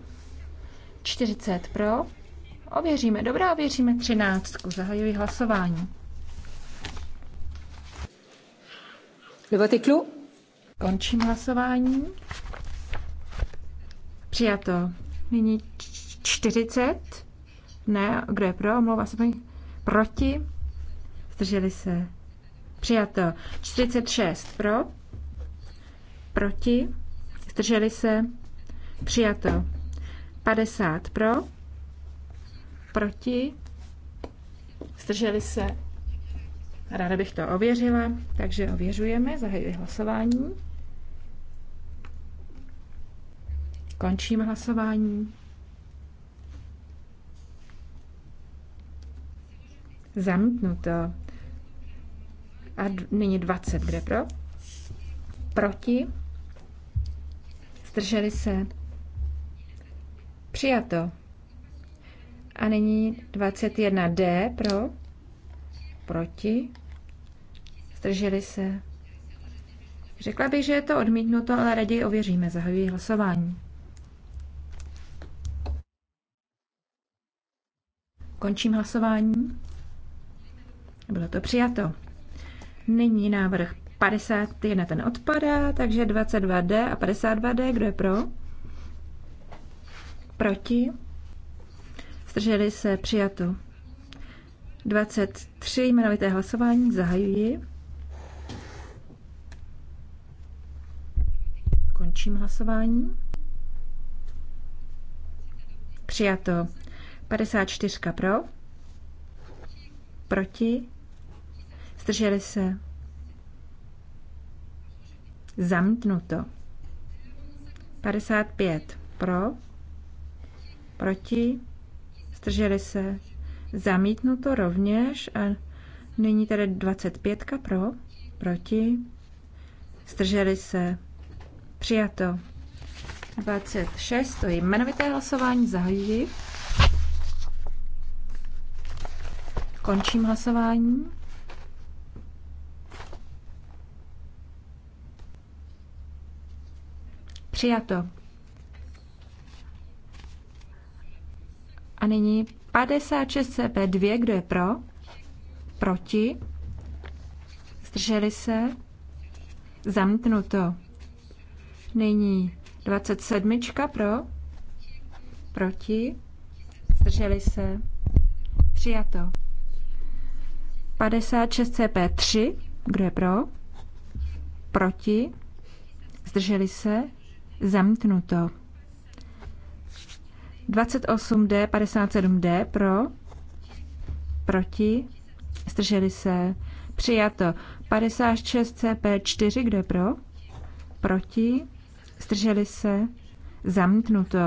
40 pro? Ověříme. Dobrá, ověříme 13. Zahajuji hlasování. Levatiklu. Končím hlasování. Přijato. Nyní 40. Ne, kdo je pro? Omlouvá se paní. Proti? Zdrželi se. Přijato. 46 pro. Proti? Zdrželi se. Přijato. 50 pro. Proti? Zdrželi se. Ráda bych to ověřila, takže ověřujeme, zahajuji hlasování. Končím hlasování. Zamítnuto. A nyní 20, kde pro? Proti? Zdrželi se? Přijato. A nyní 21D pro? Proti? Zdrželi se? Řekla bych, že je to odmítnuto, ale raději ověříme. Zahajuji hlasování. Končím hlasování. Bylo to přijato. Nyní návrh 51, ten odpadá, takže 22D a 52D, kdo je pro? Proti? Zdrželi se, přijato. 23, jmenovité hlasování, zahajuji. Končím hlasování. Přijato. 54 pro. Proti. Zdrželi se? Zamítnuto. 55 pro, proti, zdrželi se, zamítnuto rovněž a nyní tedy 25 pro, proti, zdrželi se, přijato. 26, to je jmenovité hlasování, zahajuji. Končím hlasování. Přijato. A nyní 56 CP2, kdo je pro? Proti? Zdrželi se? Zamknuto. Nyní 27 pro? Proti? Zdrželi se? Přijato. 56 CP3, kdo je pro? Proti? Zdrželi se? Zamknuto. 28D, 57D pro, proti, zdrželi se, přijato. 56 CP4, kdo je pro, proti, zdrželi se, zamknuto.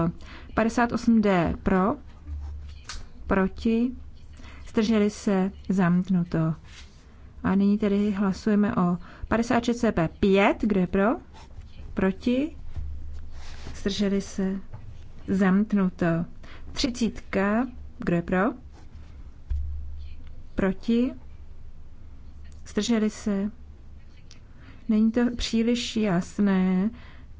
58D pro, proti, zdrželi se, zamknuto. A nyní tedy hlasujeme o 56 CP5, kdo je pro, proti, Zdrželi se? Zamknuto. Třicítka. Kdo je pro? Proti? Zdrželi se? Není to příliš jasné,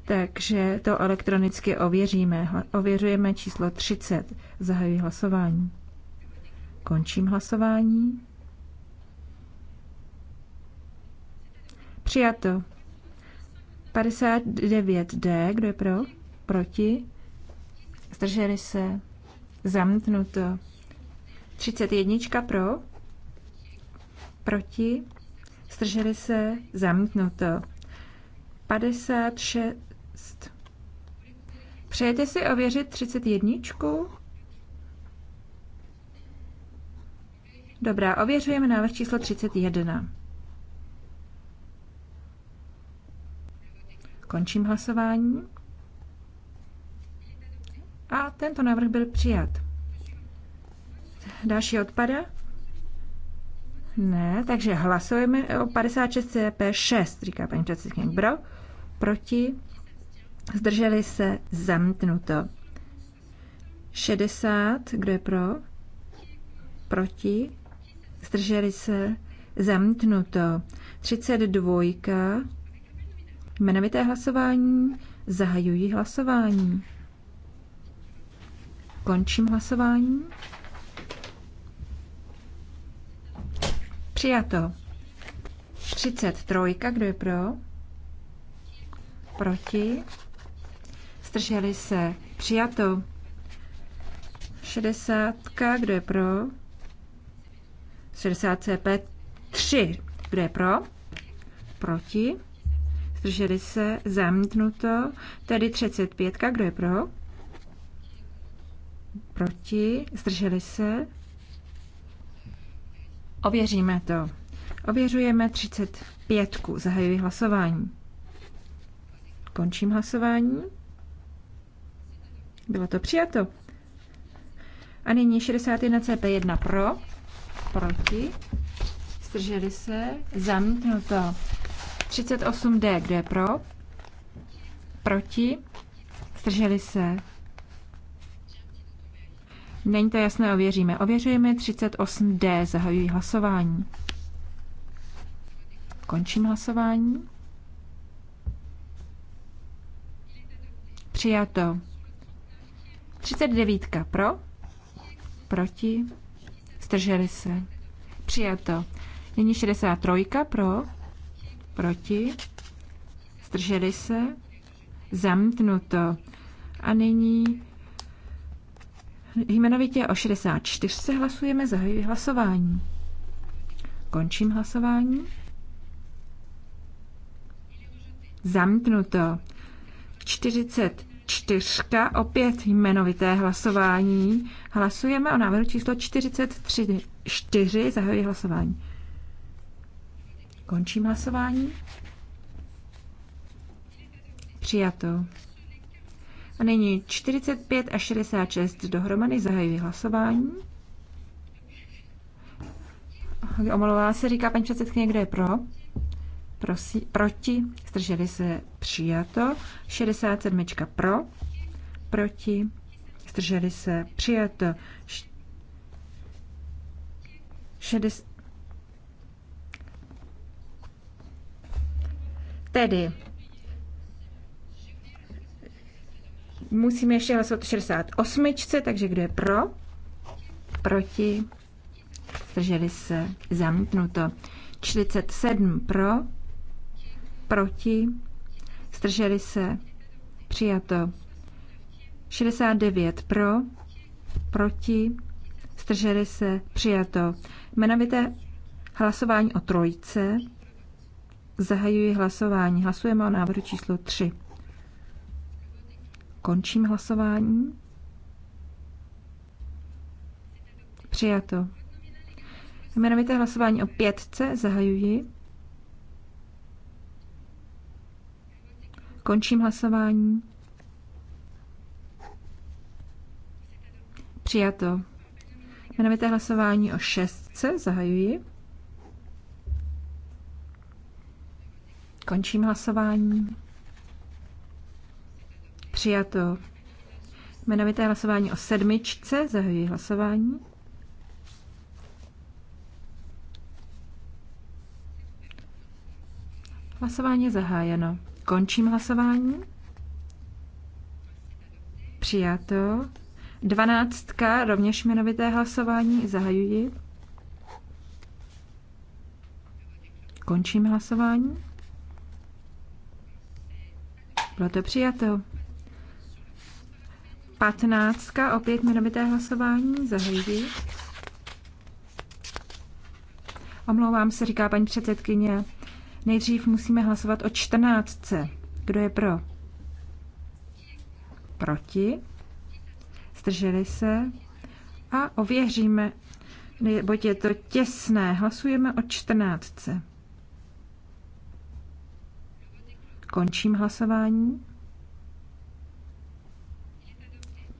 takže to elektronicky ověříme. Ověřujeme číslo 30. Zahajuji hlasování. Končím hlasování. Přijato. 59D, kdo je pro? proti, zdrželi se, zamknuto. 31 pro, proti, zdrželi se, zamknuto. 56. Přejete si ověřit 31? Dobrá, ověřujeme návrh číslo 31. Končím hlasování. A tento návrh byl přijat. Další odpada? Ne, takže hlasujeme o 56 CP6, říká paní předsedkyně. Bro. proti, zdrželi se, zamítnuto. 60, kdo je pro, proti, zdrželi se, zamítnuto. 32, jmenovité hlasování, zahajují hlasování. Končím hlasování. Přijato. 33. Kdo je pro? Proti? Zdrželi se. Přijato. 60. Kdo je pro? 60 CP 3. Kdo je pro? Proti? Zdrželi se. Zamítnuto. Tedy 35. Kdo je pro? Proti? Zdrželi se? Ověříme to. Ověřujeme 35. Zahajuji hlasování. Končím hlasování. Bylo to přijato. A nyní 61 CP1 pro, proti, zdrželi se, zamítnuto. 38D, kdo je pro, proti, zdrželi se, Není to jasné, ověříme. Ověřujeme 38D, zahajují hlasování. Končím hlasování. Přijato. 39 pro, proti, zdrželi se. Přijato. Nyní 63 pro, proti, zdrželi se, zamknuto. A nyní Jmenovitě o 64 se hlasujeme, zahajuji hlasování. Končím hlasování. Zamítnuto. 44. Opět jmenovité hlasování. Hlasujeme o návrhu číslo 43. 4. Zahajuji hlasování. Končím hlasování. Přijato. A nyní 45 a 66 dohromady zahajují hlasování. Omlouvá se, říká paní předsedkyně, kdo je pro? Prosi, proti, zdrželi se přijato. 67 pro, proti, zdrželi se přijato. 60, tedy Musíme ještě hlasovat 68, takže kdo je pro? Proti? Zdrželi se. Zamítnuto. 47 pro? Proti? Zdrželi se. Přijato. 69 pro? Proti? Zdrželi se. Přijato. Jmenovité hlasování o trojce. Zahajuji hlasování. Hlasujeme o návrhu číslo 3. Končím hlasování. Přijato. Jmenovité hlasování o pětce zahajuji. Končím hlasování. Přijato. Jmenovité hlasování o šestce zahajuji. Končím hlasování. Přijato. Jmenovité hlasování o sedmičce. Zahajuji hlasování. Hlasování je zahájeno. Končím hlasování. Přijato. Dvanáctka, rovněž jmenovité hlasování, zahajuji. Končím hlasování. Bylo to přijato. Patnáctka, opět minovité hlasování, zahajuji. Omlouvám se, říká paní předsedkyně. Nejdřív musíme hlasovat o čtrnáctce. Kdo je pro? Proti? Zdrželi se? A ověříme, nebo je to těsné. Hlasujeme o čtrnáctce. Končím hlasování.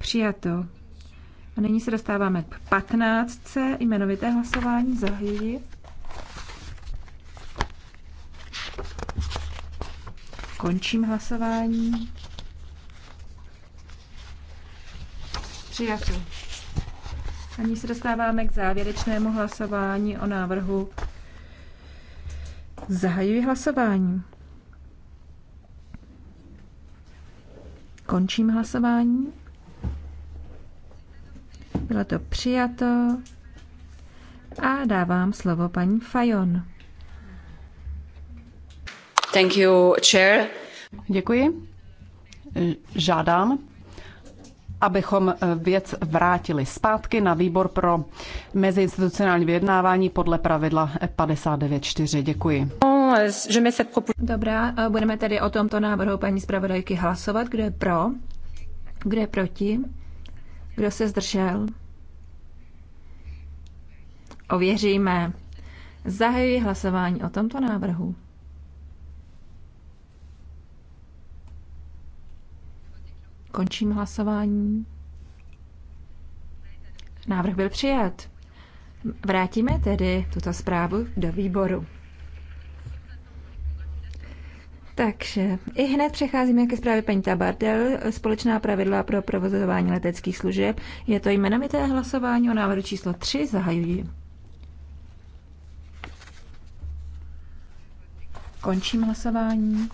Přijato. A nyní se dostáváme k 15. jmenovité hlasování. Zahajuji. Končím hlasování. Přijato. A nyní se dostáváme k závěrečnému hlasování o návrhu. Zahajuji hlasování. Končím hlasování. Bylo to přijato. A dávám slovo paní Fajon. Thank you, chair. Děkuji. Žádám, abychom věc vrátili zpátky na výbor pro meziinstitucionální vyjednávání podle pravidla 59.4. Děkuji. Dobrá, budeme tedy o tomto návrhu paní zpravodajky hlasovat. Kdo je pro? Kdo je proti? Kdo se zdržel? Ověříme. Zahajuji hlasování o tomto návrhu. Končím hlasování. Návrh byl přijat. Vrátíme tedy tuto zprávu do výboru. Takže i hned přecházíme ke zprávě paní Tabardel. Společná pravidla pro provozování leteckých služeb. Je to jmenovité hlasování o návrhu číslo 3. Zahajuji. Končím hlasování.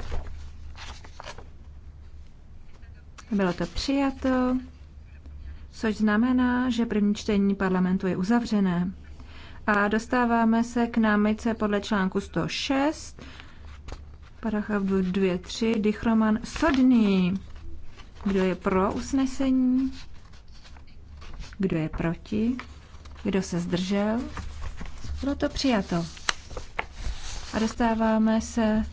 Bylo to přijato, což znamená, že první čtení parlamentu je uzavřené. A dostáváme se k námice podle článku 106, paragraf 3, Dichroman Sodný. Kdo je pro usnesení? Kdo je proti? Kdo se zdržel? Bylo to přijato. A dostáváme se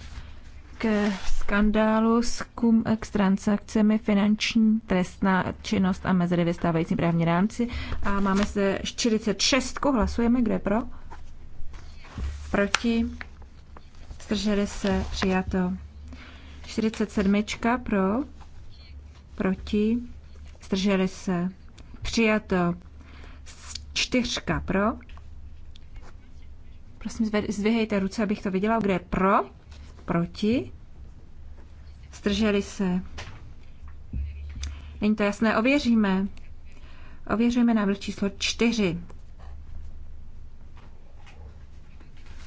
k skandálu s kum s eh, transakcemi finanční trestná činnost a mezery vystávající právní rámci. A máme se 46. Hlasujeme, kde pro? Proti? Zdrželi se, přijato. 47. pro? Proti? Zdrželi se, přijato. Čtyřka pro? Prosím, zvěhejte ruce, abych to viděla. Kdo je pro? Proti? Zdrželi se? Není to jasné, ověříme. Ověřujeme návrh číslo čtyři.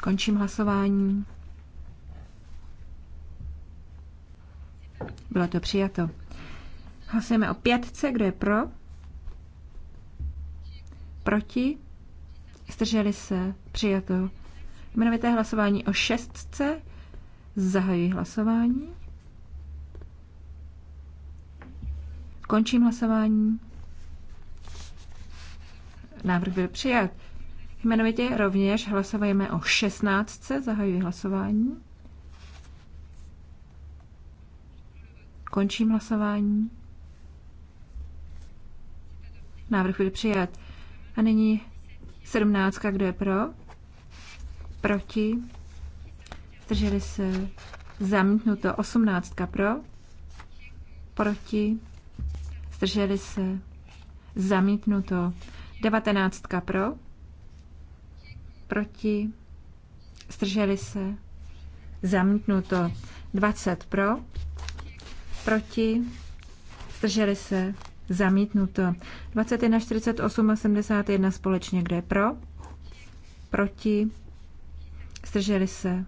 Končím hlasování. Bylo to přijato. Hlasujeme o pětce, kdo je pro? Proti? Zdrželi se? Přijato. Jmenovité hlasování o šestce. Zahajuji hlasování. Končím hlasování. Návrh byl přijat. Jmenovitě rovněž hlasujeme o 16. Zahajuji hlasování. Končím hlasování. Návrh byl přijat. A nyní 17. Kdo je pro? proti, zdrželi se, zamítnuto 18 pro, proti, zdrželi se, zamítnuto 19 pro, proti, zdrželi se, zamítnuto 20 pro, proti, zdrželi se, zamítnuto 21, 48 81 společně, kde je pro, proti, Zdrželi se.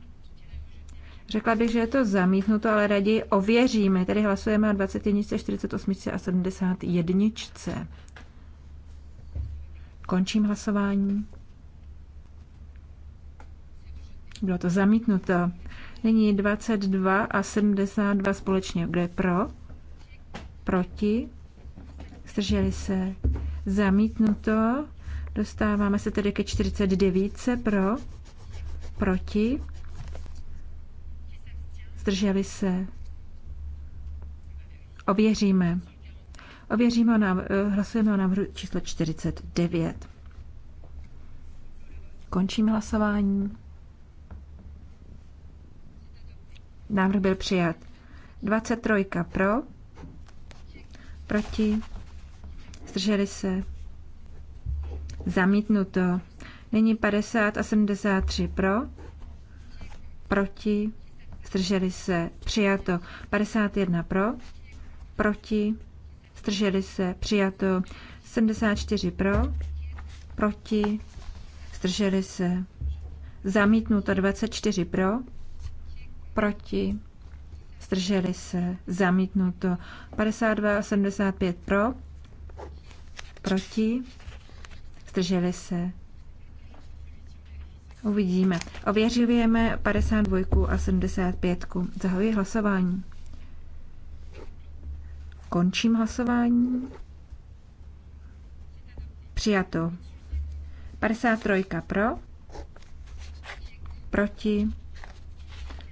Řekla bych, že je to zamítnuto, ale raději ověříme. Tedy hlasujeme o 21, 48 a 71. Končím hlasování. Bylo to zamítnuto. Nyní 22 a 72 společně. Kdo je pro? Proti? Zdrželi se? Zamítnuto. Dostáváme se tedy ke 49 pro Proti? Zdrželi se? Ověříme. Ověříme, nám eh, hlasujeme o návrhu číslo 49. Končím hlasování. Návrh byl přijat. 23 pro, proti, zdrželi se, zamítnuto. Nyní 50 a 73 pro, proti, zdrželi se, přijato. 51 pro, proti, zdrželi se, přijato. 74 pro, proti, zdrželi se. Zamítnuto 24 pro, proti, zdrželi se, zamítnuto 52 a 75 pro, proti, zdrželi se, Uvidíme. Ověřujeme 52 a 75. Zahajuji hlasování. Končím hlasování. Přijato. 53 pro. Proti.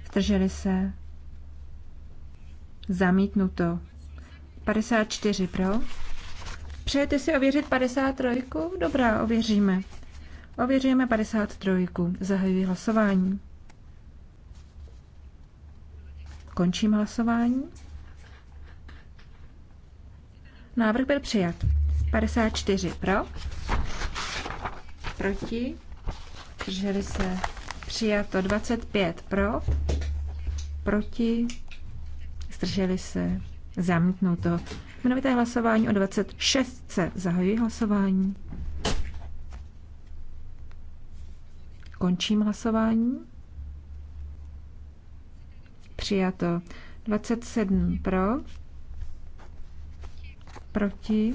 Vtrželi se. Zamítnuto. 54 pro. Přejete si ověřit 53? Dobrá, ověříme. Ověřujeme 53. Zahajuji hlasování. Končím hlasování. Návrh byl přijat. 54 pro, proti, drželi se přijato 25 pro, proti, zdrželi se zamítnuto. Jmenovité hlasování o 26 Zahajuji hlasování. Končím hlasování. Přijato. 27 pro, proti,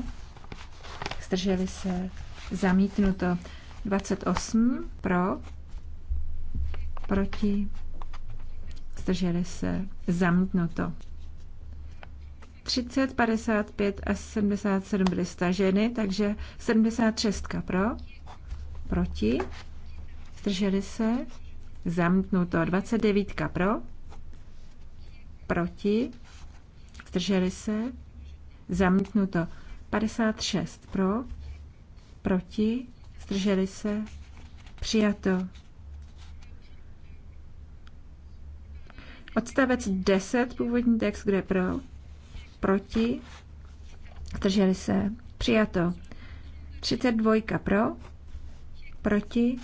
zdrželi se, zamítnuto. 28 pro, proti, zdrželi se, zamítnuto. 30, 55 a 77 byly staženy, takže 76 pro, proti, zdrželi se, zamítnuto 29 pro, proti, zdrželi se, zamítnuto 56 pro, proti, zdrželi se, přijato. Odstavec 10, původní text, kde pro, proti, zdrželi se, přijato. 32 pro, proti,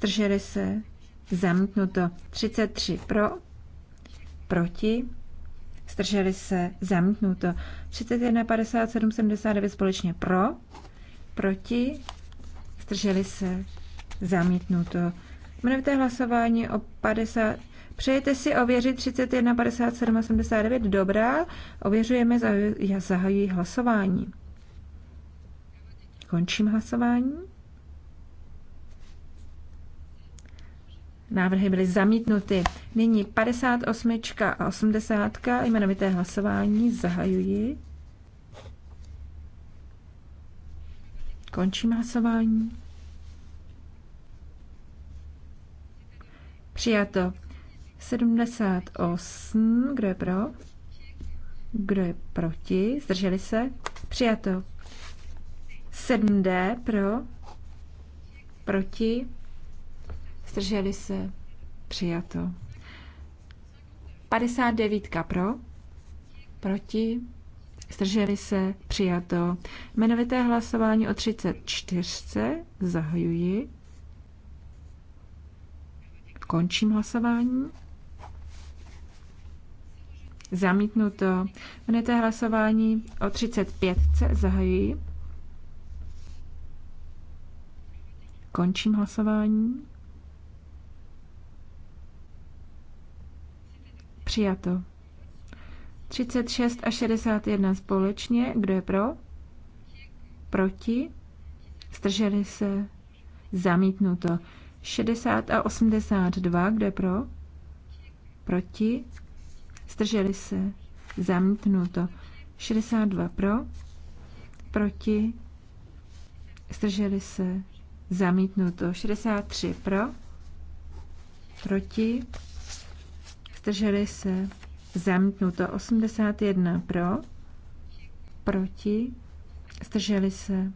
Zdrželi se? Zamítnuto. 33 pro. Proti? Zdrželi se? Zamítnuto. 31, 57, 79 společně pro. Proti? Zdrželi se? Zamítnuto. Jmenujte hlasování o 50... Přejete si ověřit 31, 57, 89? Dobrá. Ověřujeme, za... já zahajuji hlasování. Končím hlasování. Návrhy byly zamítnuty. Nyní 58 a 80 jmenovité hlasování zahajuji. Končím hlasování. Přijato 78. Kdo je pro? Kdo je proti? Zdrželi se? Přijato 7D pro? Proti? Zdrželi se? Přijato. 59 pro? Proti? Zdrželi se? Přijato. Jmenovité hlasování o 34. Zahajuji. Končím hlasování. Zamítnuto. Jmenovité hlasování o 35. Zahajuji. Končím hlasování. Přijato. 36 a 61 společně. Kdo je pro? Proti? Zdrželi se? Zamítnuto. 60 a 82. Kdo je pro? Proti? Zdrželi se? Zamítnuto. 62 pro? Proti? Zdrželi se? Zamítnuto. 63 pro? Proti? Zdrželi se. Zamítnuto 81 pro. Proti. Zdrželi se.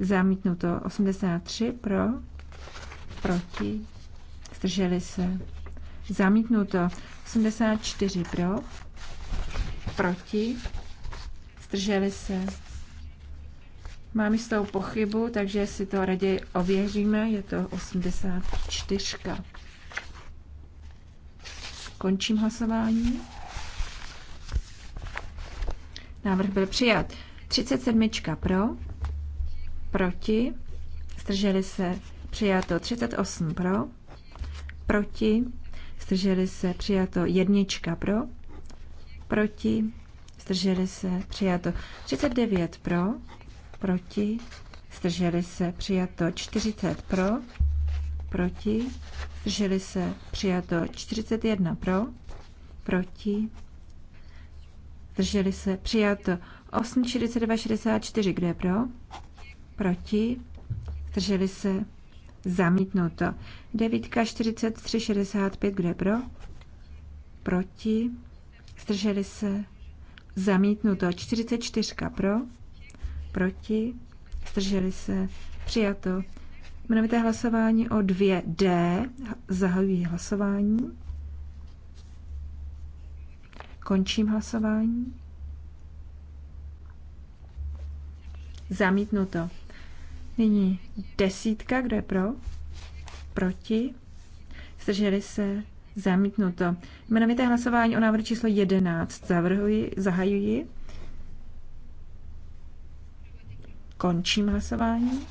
Zamítnuto 83 pro. Proti. Zdrželi se. Zamítnuto 84 pro. Proti. Zdrželi se. Mám jistou pochybu, takže si to raději ověříme. Je to 84. Končím hlasování. Návrh byl přijat. 37 pro, proti, strželi se přijato 38 pro, proti, strželi se přijato jednička pro, proti, strželi se přijato 39 pro, proti, strželi se přijato 40 pro, proti, zdrželi se přijato 41 pro, proti, zdrželi se přijato 8, 42, 64, kde pro, proti, zdrželi se zamítnuto 9, 43, 65, kde pro, proti, zdrželi se zamítnuto 44 pro, proti, zdrželi se přijato Jmenovité hlasování o 2D. Zahajuji hlasování. Končím hlasování. Zamítnuto. Nyní desítka, kdo je pro? Proti? Zdrželi se? Zamítnuto. Jmenovité hlasování o návrhu číslo 11. Zavrhuji, zahajuji. Končím hlasování.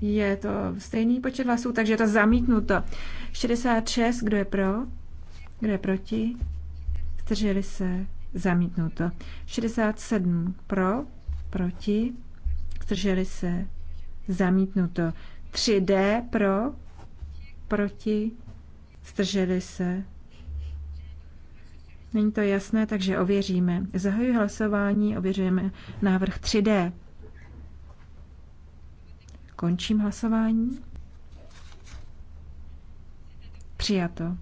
Je to stejný počet hlasů, takže je to zamítnuto. 66, kdo je pro? Kdo je proti? Zdrželi se. Zamítnuto. 67 pro, proti, zdrželi se. Zamítnuto. 3D pro, proti, zdrželi se. Není to jasné, takže ověříme. Zahajuji hlasování, ověřujeme návrh 3D. Končím hlasování. Přijato.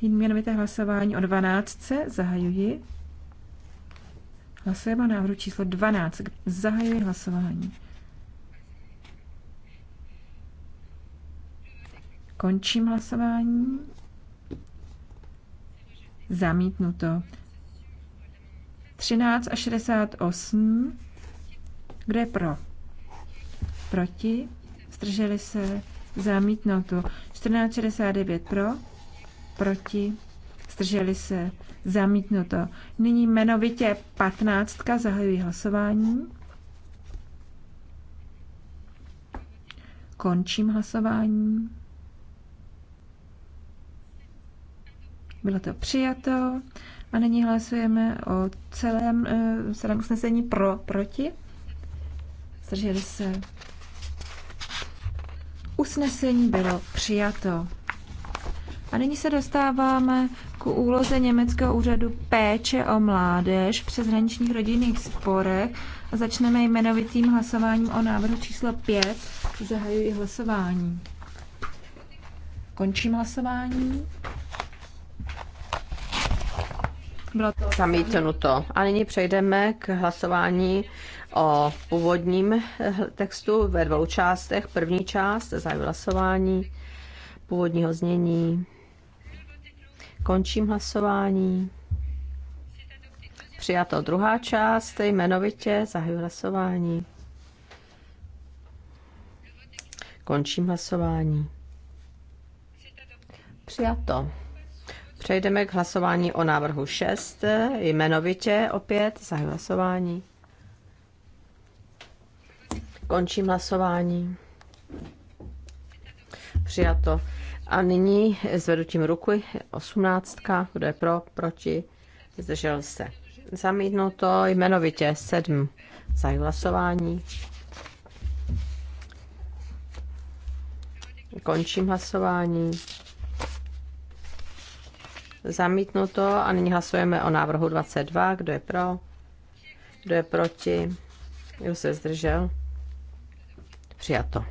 Jmenovité hlasování o 12. Zahajuji. Hlasujeme o návrhu číslo 12. Zahajuji hlasování. Končím hlasování. Zamítnuto. 13 a 68. Kdo je pro? proti, zdrželi se, zamítnuto. 1469 pro, proti, zdrželi se, zamítnuto. Nyní jmenovitě 15. zahajují hlasování. Končím hlasování. Bylo to přijato. A nyní hlasujeme o celém, eh, celém usnesení pro, proti. Zdrželi se Usnesení bylo přijato. A nyní se dostáváme k úloze Německého úřadu péče o mládež v přeshraničních rodinných sporech. A začneme jmenovitým hlasováním o návrhu číslo 5. Zahajuji hlasování. Končím hlasování. Bylo to zamítnuto. A nyní přejdeme k hlasování o původním eh, textu ve dvou částech. První část zahajuji hlasování původního znění. Končím hlasování. Přijato druhá část, jmenovitě zahajuji hlasování. Končím hlasování. Přijato. Přejdeme k hlasování o návrhu 6. Jmenovitě opět zahlasování. hlasování. Končím hlasování. Přijato. A nyní zvednutím ruky osmnáctka, Kdo je pro, proti? Zdržel se. Zamítnuto jmenovitě sedm za hlasování. Končím hlasování. Zamítnuto a nyní hlasujeme o návrhu 22. Kdo je pro? Kdo je proti? Kdo se zdržel? Přijato.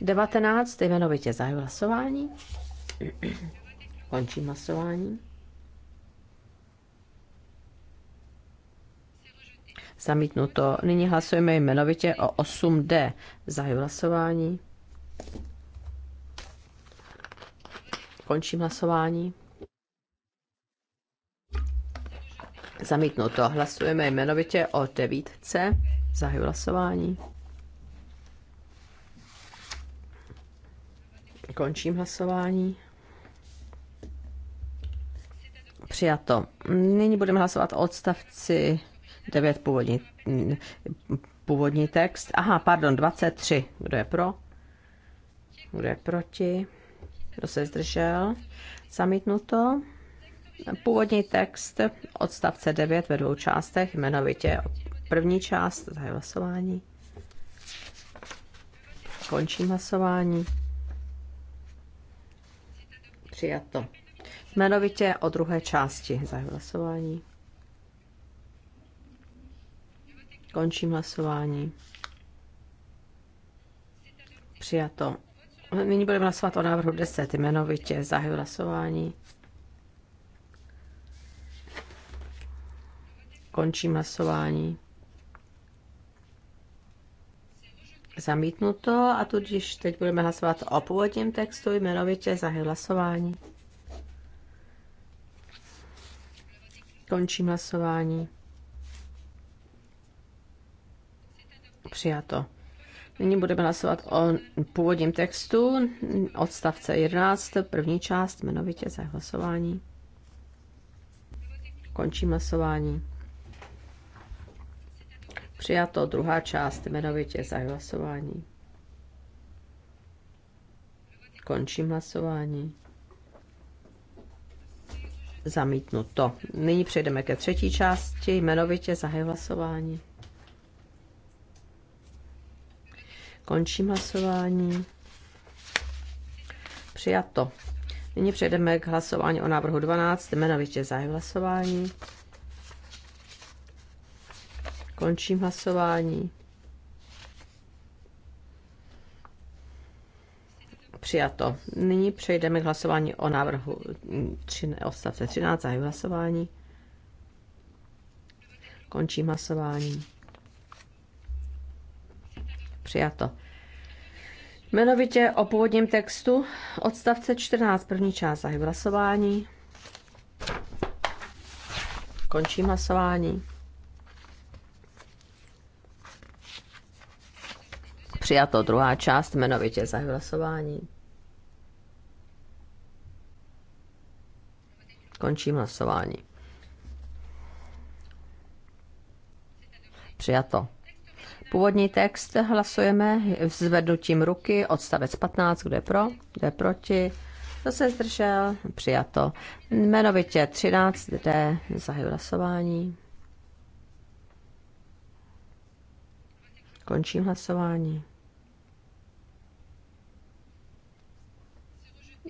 19. Jmenovitě zahajuji hlasování. Končím hlasování. Zamítnuto. Nyní hlasujeme jmenovitě o 8D. Zahajuji hlasování. Končím hlasování. Zamítnuto. Hlasujeme jmenovitě o c. Zahaju hlasování. Končím hlasování. Přijato. Nyní budeme hlasovat o odstavci 9 původní, původní text. Aha, pardon, 23. Kdo je pro? Kdo je proti? Kdo se zdržel? Zamítnuto. Původní text odstavce 9 ve dvou částech, jmenovitě První část, je hlasování. Končím hlasování. Přijato. Jmenovitě o druhé části zahajuji hlasování. Končím hlasování. Přijato. Nyní budeme hlasovat o návrhu 10, jmenovitě zahajuji hlasování. Končím hlasování. zamítnuto a tudíž teď budeme hlasovat o původním textu jmenovitě za hlasování. Končím hlasování. Přijato. Nyní budeme hlasovat o původním textu odstavce 11, první část, jmenovitě za hlasování. Končím hlasování. Přijato druhá část jmenovitě za hlasování. Končím hlasování. to. Nyní přejdeme ke třetí části, jmenovitě za hlasování. Končím hlasování. Přijato. Nyní přejdeme k hlasování o návrhu 12, jmenovitě za hlasování. Končím hlasování. Přijato. Nyní přejdeme k hlasování o návrhu odstavce 13 a hlasování. Končím hlasování. Přijato. Jmenovitě o původním textu odstavce 14, první část zahy hlasování. Končím hlasování. Přijato druhá část, jmenovitě za hlasování. Končím hlasování. Přijato. Původní text hlasujeme zvednutím ruky, odstavec 15, kde pro, kde proti. Kdo se zdržel? Přijato. Jmenovitě 13, kde zahajuji hlasování. Končím hlasování.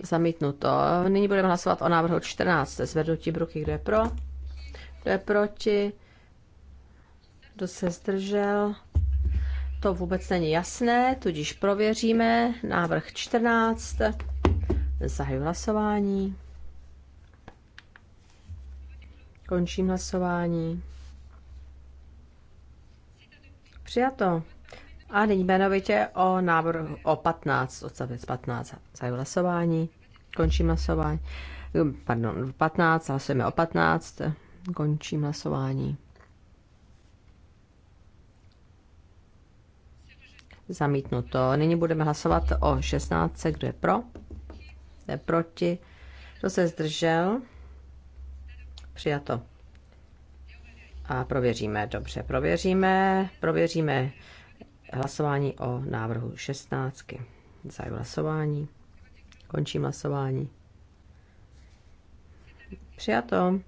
Zamítnuto. Nyní budeme hlasovat o návrhu 14. Zvednutí ruky, kdo je pro? Kdo je proti? Kdo se zdržel? To vůbec není jasné, tudíž prověříme. Návrh 14. Zahajuji hlasování. Končím hlasování. Přijato. A nyní jmenovitě o návrhu o 15, odstavec 15. Zahajuji hlasování, končím hlasování. Pardon, 15, hlasujeme o 15, končím hlasování. Zamítnuto. Nyní budeme hlasovat o 16. Kdo je pro? Kdo je proti? Kdo se zdržel? Přijato. A prověříme, dobře, prověříme, prověříme hlasování o návrhu 16. Zajím hlasování. Končím hlasování. Přijato.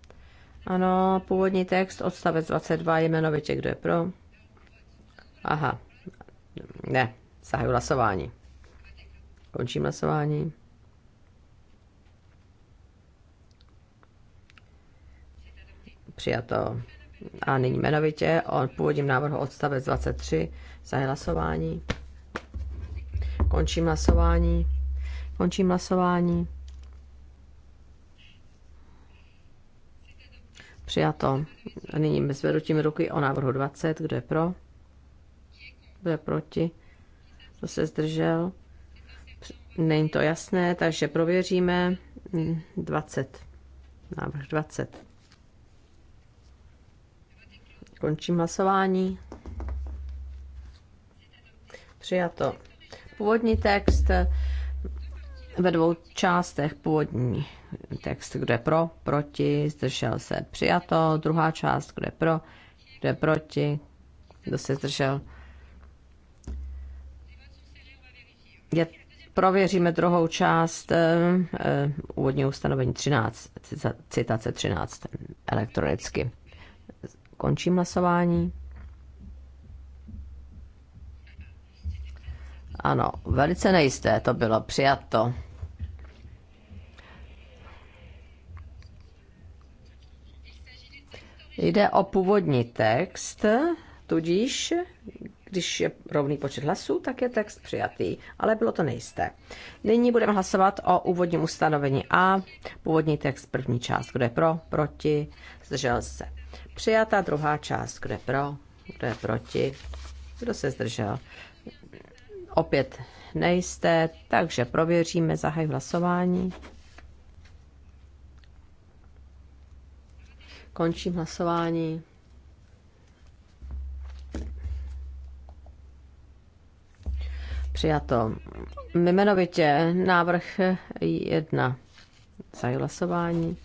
Ano, původní text, odstavec 22, jmenovitě, kdo je pro? Aha, ne, zahaju hlasování. Končím hlasování. Přijato. A nyní jmenovitě o původním návrhu odstavec 23, Zahajuji hlasování. Končím hlasování. Končím hlasování. Přijato. Nyní bez vedutím ruky o návrhu 20. Kdo je pro? Kdo je proti? Kdo se zdržel? Není to jasné, takže prověříme 20. Návrh 20. Končím hlasování. Přijato. Původní text ve dvou částech. Původní text, kdo je pro, proti, zdržel se. Přijato. Druhá část, kdo je pro, kdo je proti, kdo se zdržel. Je, prověříme druhou část uh, uh, ustanovení 13, citace 13 elektronicky. Končím hlasování. Ano, velice nejisté to bylo přijato. Jde o původní text, tudíž když je rovný počet hlasů, tak je text přijatý, ale bylo to nejisté. Nyní budeme hlasovat o úvodním ustanovení A, původní text první část, kdo je pro, proti, zdržel se. Přijata druhá část, kdo je pro, kdo je proti, kdo se zdržel opět nejisté, takže prověříme, zahaj hlasování. Končím hlasování. Přijato. Jmenovitě návrh 1. Zahaj hlasování.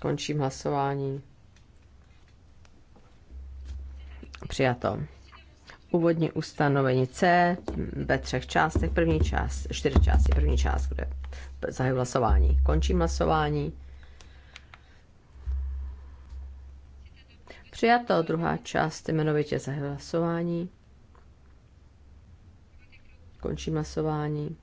Končím hlasování. Přijato. Úvodní ustanovení C ve třech částech. První část, čtyři části. První část, kde zahajuji hlasování. Končím hlasování. Přijato druhá část, jmenovitě zahajuji hlasování. Končím hlasování.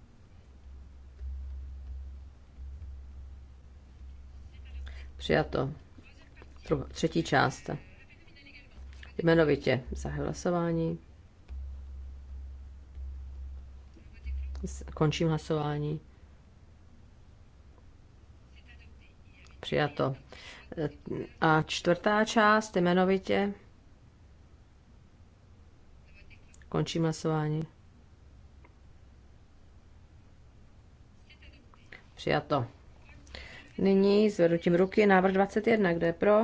Přijato. Třetí část. Jmenovitě za hlasování. Končím hlasování. Přijato. A čtvrtá část jmenovitě. Končím hlasování. Přijato. Nyní zvedu tím ruky návrh 21. Kdo je pro?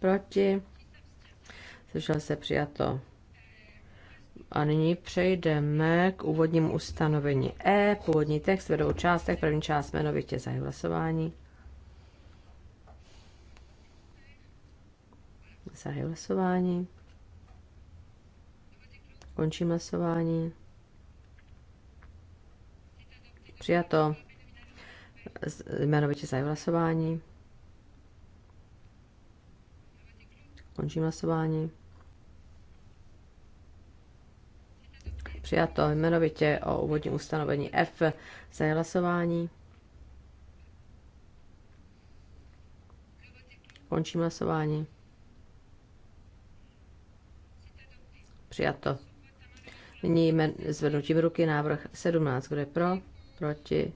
Proti? Slyšel se přijato. A nyní přejdeme k úvodnímu ustanovení E, původní text, vedou částek, první část jmenovitě zahy hlasování. Zahy hlasování. Končím hlasování. Přijato. Jmenovitě zahy hlasování. Končím hlasování. Přijato jmenovitě o úvodním ustanovení F. Zahajuji hlasování. Končím hlasování. Přijato. Nyní zvednutím ruky návrh 17. Kdo je pro? Proti?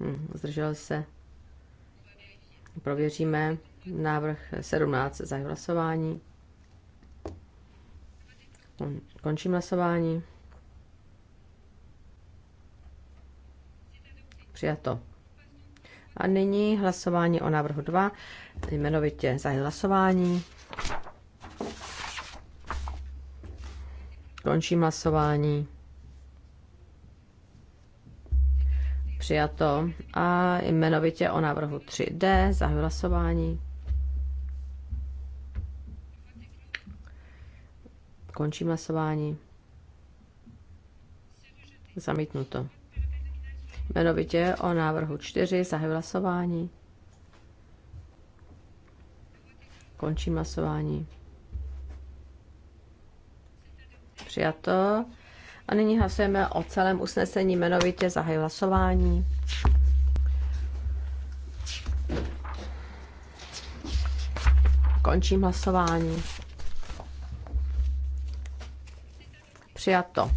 Hm, zdržel se. Prověříme návrh 17 za hlasování. Končím hlasování. Přijato. A nyní hlasování o návrhu 2, jmenovitě za hlasování. Končím hlasování. Přijato. A jmenovitě o návrhu 3D, zahlasování. hlasování. Končím hlasování. Zamítnuto. Jmenovitě o návrhu 4 zahajuji hlasování. Končím hlasování. Přijato. A nyní hlasujeme o celém usnesení jmenovitě zahajuji hlasování. Končím hlasování. Přijato.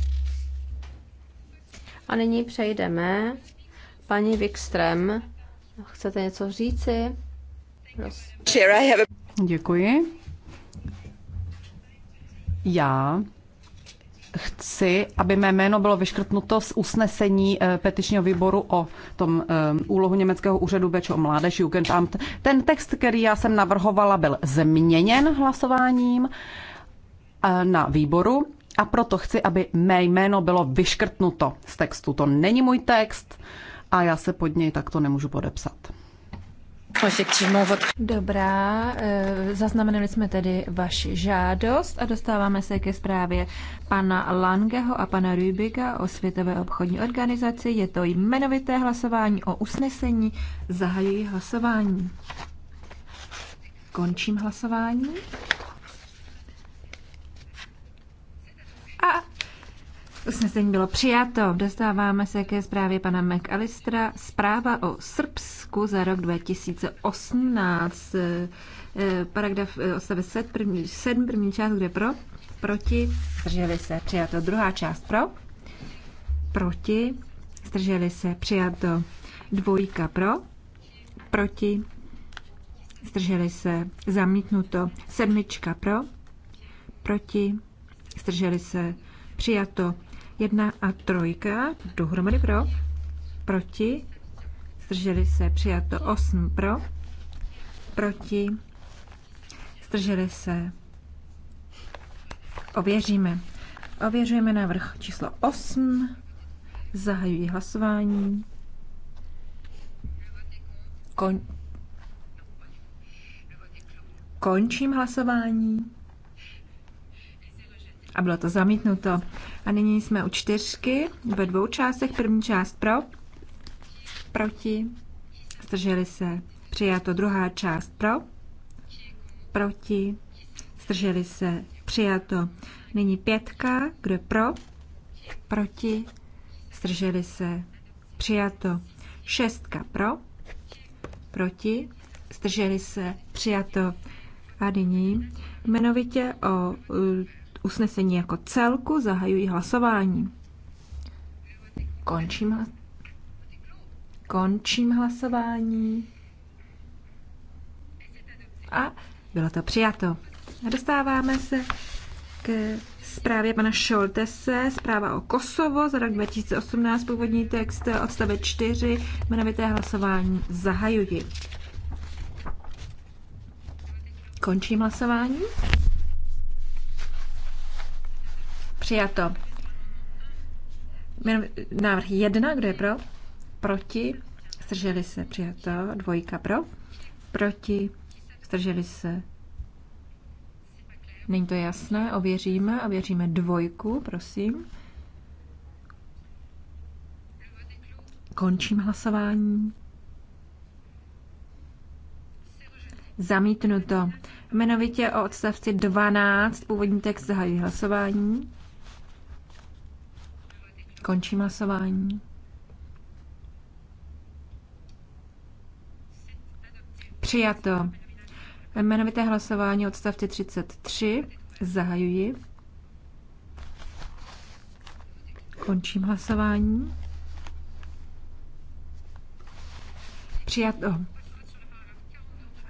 A nyní přejdeme. Paní Wikström, chcete něco říci? Prosím. Děkuji. Já chci, aby mé jméno bylo vyškrtnuto z usnesení eh, petičního výboru o tom eh, úlohu německého úřadu Bečo mládež Jugendamt. Ten text, který já jsem navrhovala, byl změněn hlasováním eh, na výboru a proto chci, aby mé jméno bylo vyškrtnuto z textu. To není můj text a já se pod něj takto nemůžu podepsat. Dobrá, eh, zaznamenali jsme tedy vaši žádost a dostáváme se ke zprávě pana Langeho a pana Rubiga o Světové obchodní organizaci. Je to jmenovité hlasování o usnesení. Zahajuji hlasování. Končím hlasování. Usnesení bylo přijato. Dostáváme se ke zprávě pana McAllistera. Zpráva o Srbsku za rok 2018. Eh, eh, paragraf eh, odstavec 7, první, první část, kde pro? Proti. Zdrželi se. Přijato. Druhá část pro? Proti. Zdrželi se. Přijato. Dvojka pro? Proti. Zdrželi se. Zamítnuto. Sedmička pro? Proti. Zdrželi se. Přijato Jedna a trojka dohromady pro, proti, zdrželi se přijato 8 pro, proti, zdrželi se. Ověříme. Ověřujeme návrh číslo 8. Zahajuji hlasování. Kon... Končím hlasování a bylo to zamítnuto. A nyní jsme u čtyřky ve dvou částech. První část pro, proti, zdrželi se. Přijato druhá část pro, proti, zdrželi se. Přijato. Nyní pětka, kdo pro, proti, zdrželi se. Přijato. Šestka pro, proti, zdrželi se. Přijato. A nyní jmenovitě o usnesení jako celku, zahajuji hlasování. Končím, končím hlasování. A bylo to přijato. Dostáváme se k zprávě pana Šoltese, zpráva o Kosovo za rok 2018, původní text, odstavec 4, jmenovité hlasování zahajuji. Končím hlasování. Přijato. Návrh jedna, kdo je pro? Proti. strželi se. Přijato. Dvojka pro. Proti. strželi se. Není to jasné, ověříme, ověříme dvojku, prosím. Končím hlasování. Zamítnuto. Jmenovitě o odstavci 12 původní text zahajuji hlasování. Končím hlasování. Přijato. Jmenovité hlasování odstavte 33. Zahajuji. Končím hlasování. Přijato.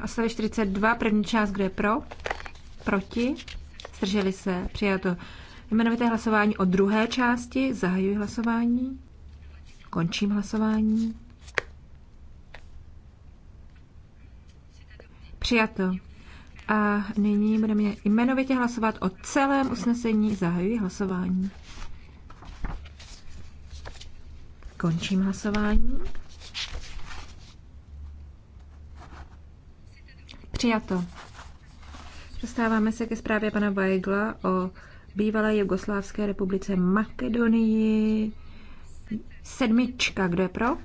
Odstavec 42, první část, kdo je pro? Proti? Zdrželi se. Přijato. Jmenovité hlasování o druhé části. Zahajuji hlasování. Končím hlasování. Přijato. A nyní budeme jmenovitě hlasovat o celém usnesení. Zahajuji hlasování. Končím hlasování. Přijato. Dostáváme se ke zprávě pana Weigla o bývalé Jugoslávské republice Makedonii. Sedmička, kdo je pro?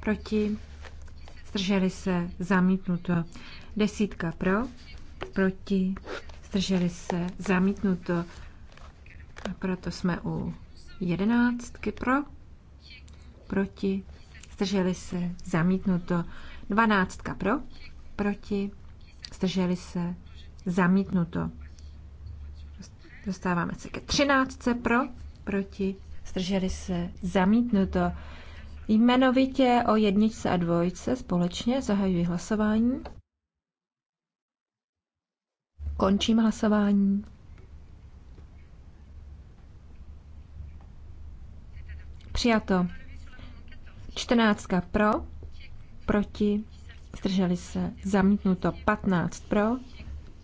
Proti? Zdrželi se? Zamítnuto. Desítka pro? Proti? Zdrželi se? Zamítnuto. A proto jsme u jedenáctky pro? Proti? Zdrželi se? Zamítnuto. Dvanáctka pro? Proti? Zdrželi se? Zamítnuto. Dostáváme se ke třináctce Pro, proti, zdrželi se, zamítnuto. Jmenovitě o jedničce a dvojce společně zahajuji hlasování. Končím hlasování. Přijato. čtrnáctka pro, proti, zdrželi se, zamítnuto patnáct pro,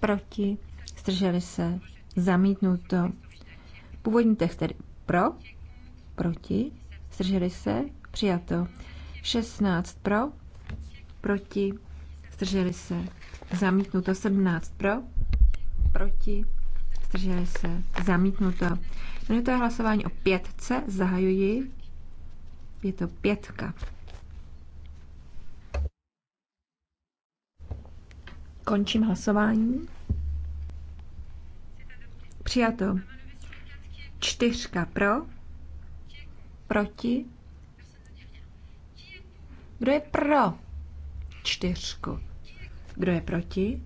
proti, zdrželi se, to Původní text tedy pro, proti, strželi se, přijato. 16 pro, proti, strželi se, zamítnuto. 17 pro, proti, strželi se, zamítnuto. No to je hlasování o pětce, zahajuji. Je to pětka. Končím hlasování. Přijato. Čtyřka pro. Proti. Kdo je pro? Čtyřku. Kdo je proti?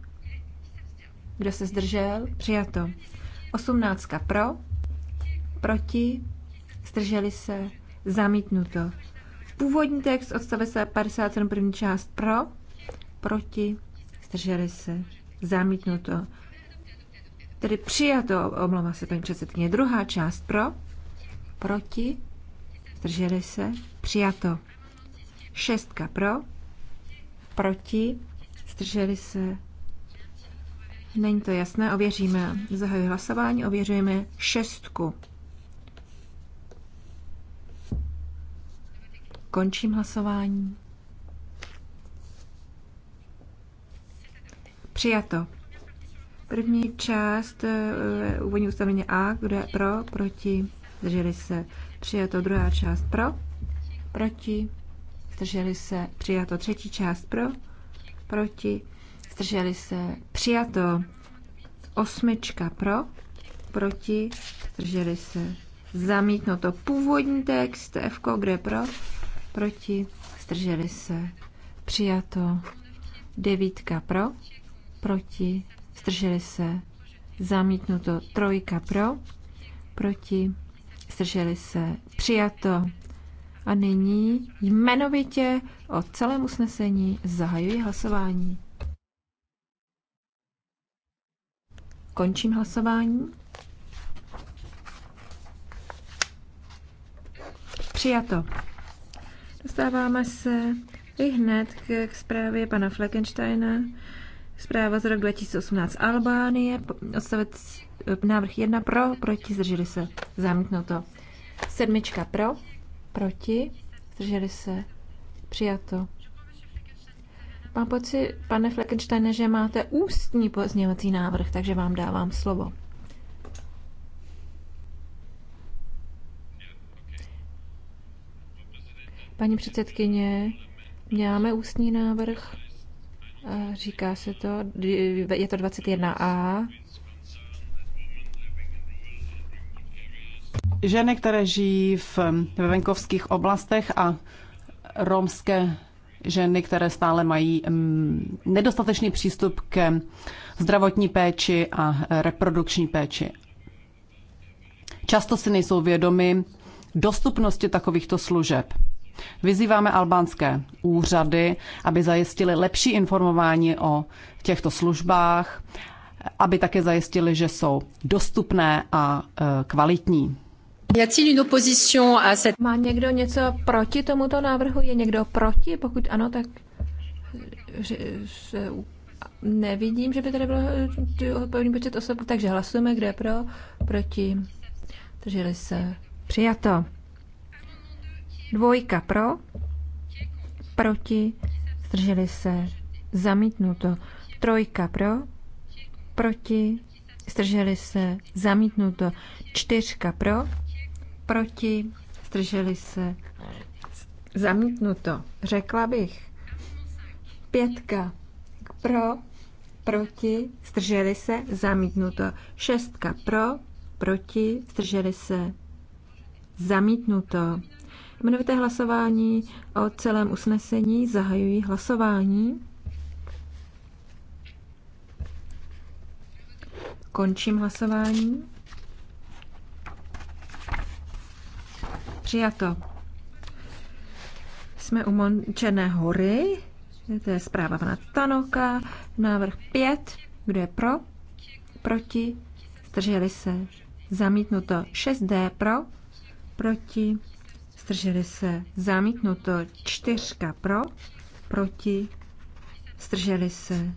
Kdo se zdržel? Přijato. Osmnáctka pro. Proti. Zdrželi se. Zamítnuto. Původní text odstavec 57 první část pro. Proti. Zdrželi se. Zamítnuto. Tedy přijato, omlouvám se paní předsedkyně. Druhá část pro, proti, zdrželi se, přijato. Šestka pro, proti, zdrželi se. Není to jasné, ověříme. Zahajuji hlasování, ověřujeme šestku. Končím hlasování. Přijato. První část eh, úvodní ustavení A, kde je pro, proti, zdrželi se, přijato druhá část pro, proti, zdrželi se, přijato třetí část pro, proti, zdrželi se, přijato osmička pro, proti, zdrželi se, zamítnuto původní text, F, kde pro, proti, zdrželi se, přijato devítka pro, proti, zdrželi se, zamítnuto. Trojka pro, proti, zdrželi se, přijato. A nyní jmenovitě o celém usnesení zahajuji hlasování. Končím hlasování. Přijato. Dostáváme se i hned k, zprávě pana Fleckensteina Zpráva z roku 2018 Albánie, odstavec eh, návrh 1 pro, proti, zdrželi se, to. Sedmička pro, proti, zdrželi se, přijato. Mám pocit, pane Fleckensteine, že máte ústní pozněvací návrh, takže vám dávám slovo. Paní předsedkyně, máme ústní návrh. Říká se to, je to 21a. Ženy, které žijí v, ve venkovských oblastech a romské ženy, které stále mají mm, nedostatečný přístup ke zdravotní péči a reprodukční péči. Často si nejsou vědomy dostupnosti takovýchto služeb. Vyzýváme albánské úřady, aby zajistili lepší informování o těchto službách, aby také zajistili, že jsou dostupné a e, kvalitní. Má někdo něco proti tomuto návrhu? Je někdo proti? Pokud ano, tak nevidím, že by tady bylo e, odpovědný počet osob. Takže hlasujeme, kde pro, proti. Drželi se. Přijato. Dvojka pro, proti, zdrželi se, zamítnuto. Trojka pro, proti, zdrželi se, zamítnuto. Čtyřka pro, proti, zdrželi se, zamítnuto. Řekla bych. Pětka pro, proti, zdrželi se, zamítnuto. Šestka pro, proti, zdrželi se, zamítnuto. Jmenovité hlasování o celém usnesení zahajují hlasování. Končím hlasování. Přijato. Jsme u Mončené hory. To je zpráva pana Tanoka. Návrh 5. Kdo je pro? Proti? Zdrželi se. Zamítnuto 6D pro. Proti? Zdrželi se. Zamítnuto. Čtyřka pro. Proti. Zdrželi se.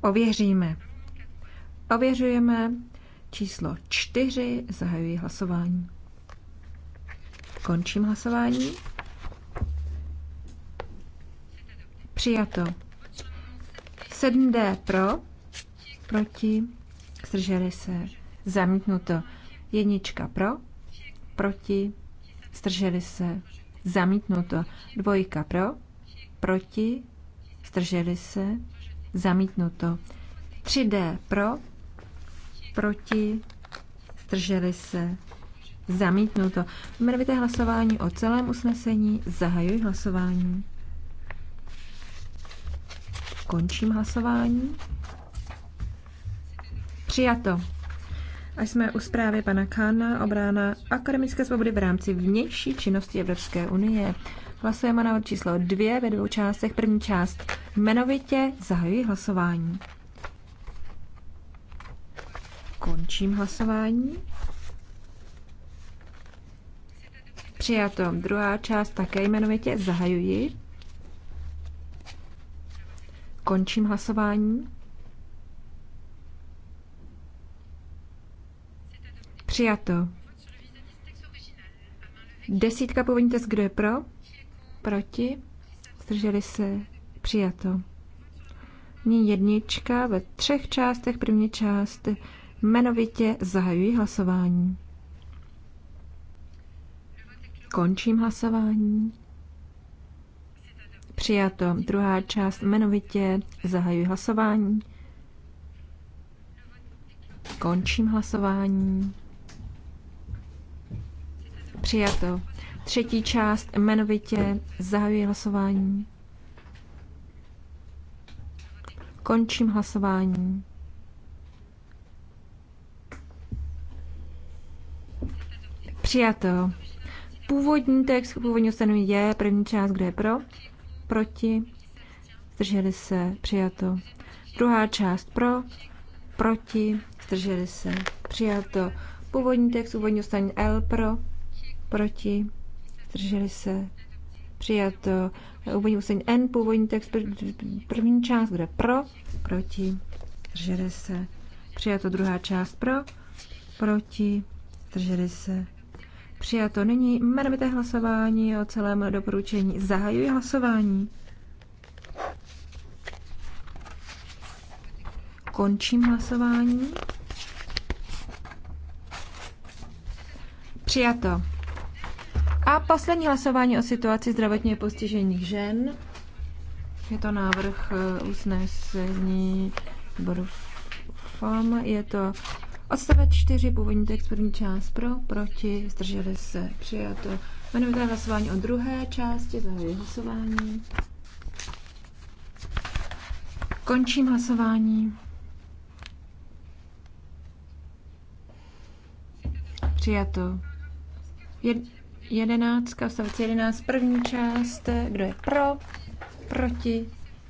Ověříme. Ověřujeme číslo čtyři. Zahajuji hlasování. Končím hlasování. Přijato. 7D pro, proti, zdrželi se, zamítnuto. Jednička pro, proti, zdrželi se, zamítnuto. Dvojka pro, proti, zdrželi se, zamítnuto. 3D pro, proti, zdrželi se, zamítnuto. Jmenovité hlasování o celém usnesení, zahajuji hlasování. Končím hlasování. Přijato. A jsme u zprávy pana Kána obrána akademické svobody v rámci vnější činnosti Evropské unie. Hlasujeme na číslo dvě ve dvou částech. První část jmenovitě zahajuji hlasování. Končím hlasování. Přijato. Druhá část také jmenovitě zahajuji. Končím hlasování. Přijato. Desítka původní test, kdo je pro? Proti? Zdrželi se? Přijato. Nyní jednička ve třech částech. První část jmenovitě zahajují hlasování. Končím hlasování. Přijato. Druhá část jmenovitě zahajují hlasování. Končím hlasování. Přijato. Třetí část jmenovitě zahajuji hlasování. Končím hlasování. Přijato. Původní text původního ustanovení je první část, kde je pro, proti, zdrželi se, přijato. Druhá část pro, proti, zdrželi se, přijato. Původní text původního ustanovení L pro, proti, zdrželi se, přijato úvodní úsení N, původní text, první část, bude pro, proti, zdrželi se, přijato druhá část pro, proti, zdrželi se, přijato. Nyní jmenovité hlasování o celém doporučení. Zahajuji hlasování. Končím hlasování. Přijato. A poslední hlasování o situaci zdravotně postižených žen. Je to návrh eh, usnesení výboru FAM. Je to odstavec 4, původní text, první část pro, proti, zdrželi se, přijato. Jmenujeme hlasování o druhé části, zahajuji hlasování. Končím hlasování. Přijato. Jed... 11, odstavec 11, první část, kdo je pro, proti,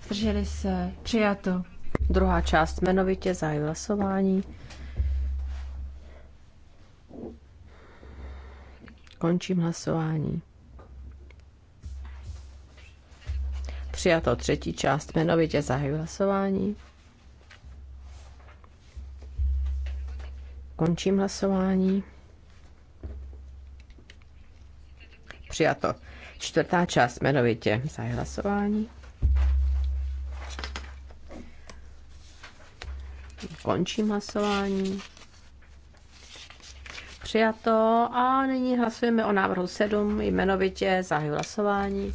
zdrželi se, přijato. Druhá část jmenovitě, zahájí hlasování. Končím hlasování. Přijato třetí část jmenovitě, zahájí hlasování. Končím hlasování. přijato. Čtvrtá část jmenovitě. za hlasování. Končím hlasování. Přijato a nyní hlasujeme o návrhu 7 jmenovitě. za hlasování.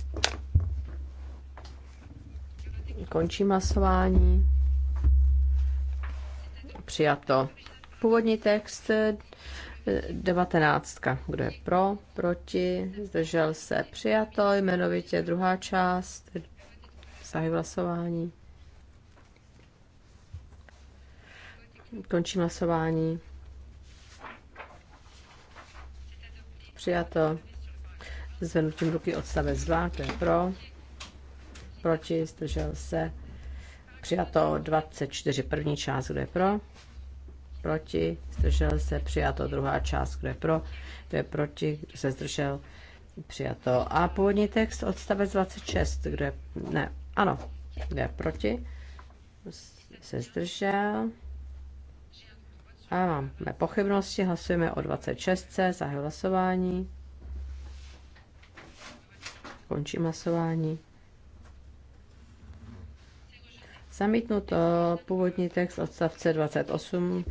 Končím hlasování. Přijato. Původní text 19. Kdo je pro, proti, zdržel se, přijato, jmenovitě druhá část, zahy hlasování. Končím hlasování. Přijato. Zvednutím ruky odstavec 2, to je pro. Proti, zdržel se. Přijato 24, první část, kdo je pro proti, zdržel se, přijato. Druhá část, kdo je pro, kdo je proti, kdo se zdržel, přijato. A původní text odstavec 26, kdo je, ne, ano, kdo je proti, se zdržel. A máme pochybnosti, hlasujeme o 26, za hlasování. Končím hlasování. Zamítnuto původní text odstavce 28.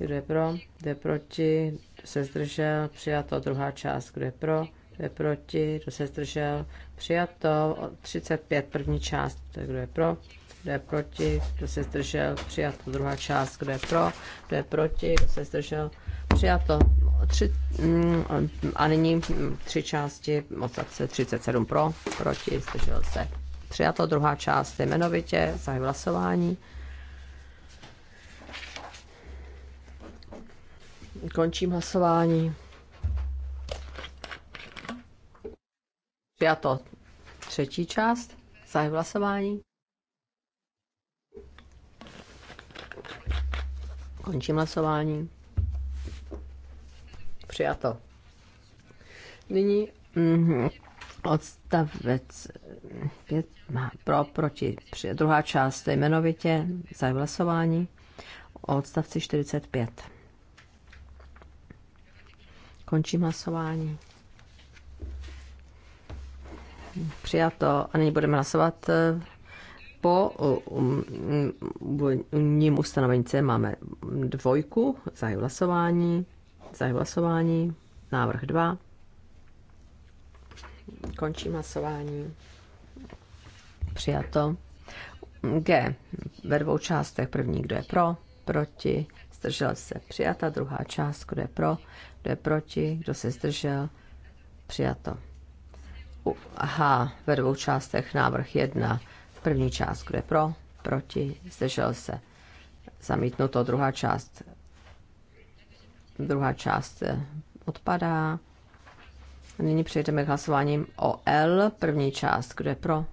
Kdo je pro? Kdo je proti? Kdo se zdržel? Přijato. Druhá část. Kdo je pro? Kdo je proti? Kdo se zdržel? Přijato. 35. První část. Kdo je pro? Kdo je proti? Kdo se zdržel? Přijato. Druhá část. Kdo je pro? Kdo je proti? Kdo se zdržel? Přijato. Tři, mm, a nyní mm, tři části. Odstavce 37 pro, proti, zdržel se. Přijato. Druhá část je jmenovitě. zahy hlasování. Končím hlasování. Přijato třetí část. Zahajuji hlasování. Končím hlasování. Přijato. Nyní mm, odstavec 5 pro, proti. Při, druhá část jmenovitě za hlasování o odstavci 45. Končím hlasování. Přijato a nyní budeme hlasovat eh, po ním ustanovení C máme dvojku, zahy hlasování, zahy hlasování, návrh 2. Končím hlasování. Přijato. G. Ve dvou částech. První, kdo je pro, proti, zdržel se, přijata. Druhá část, kdo je pro, kdo je proti, kdo se zdržel, přijato. H ve dvou částech návrh 1, první část, kdo je pro, proti, zdržel se, zamítnuto, druhá část, druhá část eh, odpadá. Nyní přejdeme k hlasováním o L, první část, kdo je pro,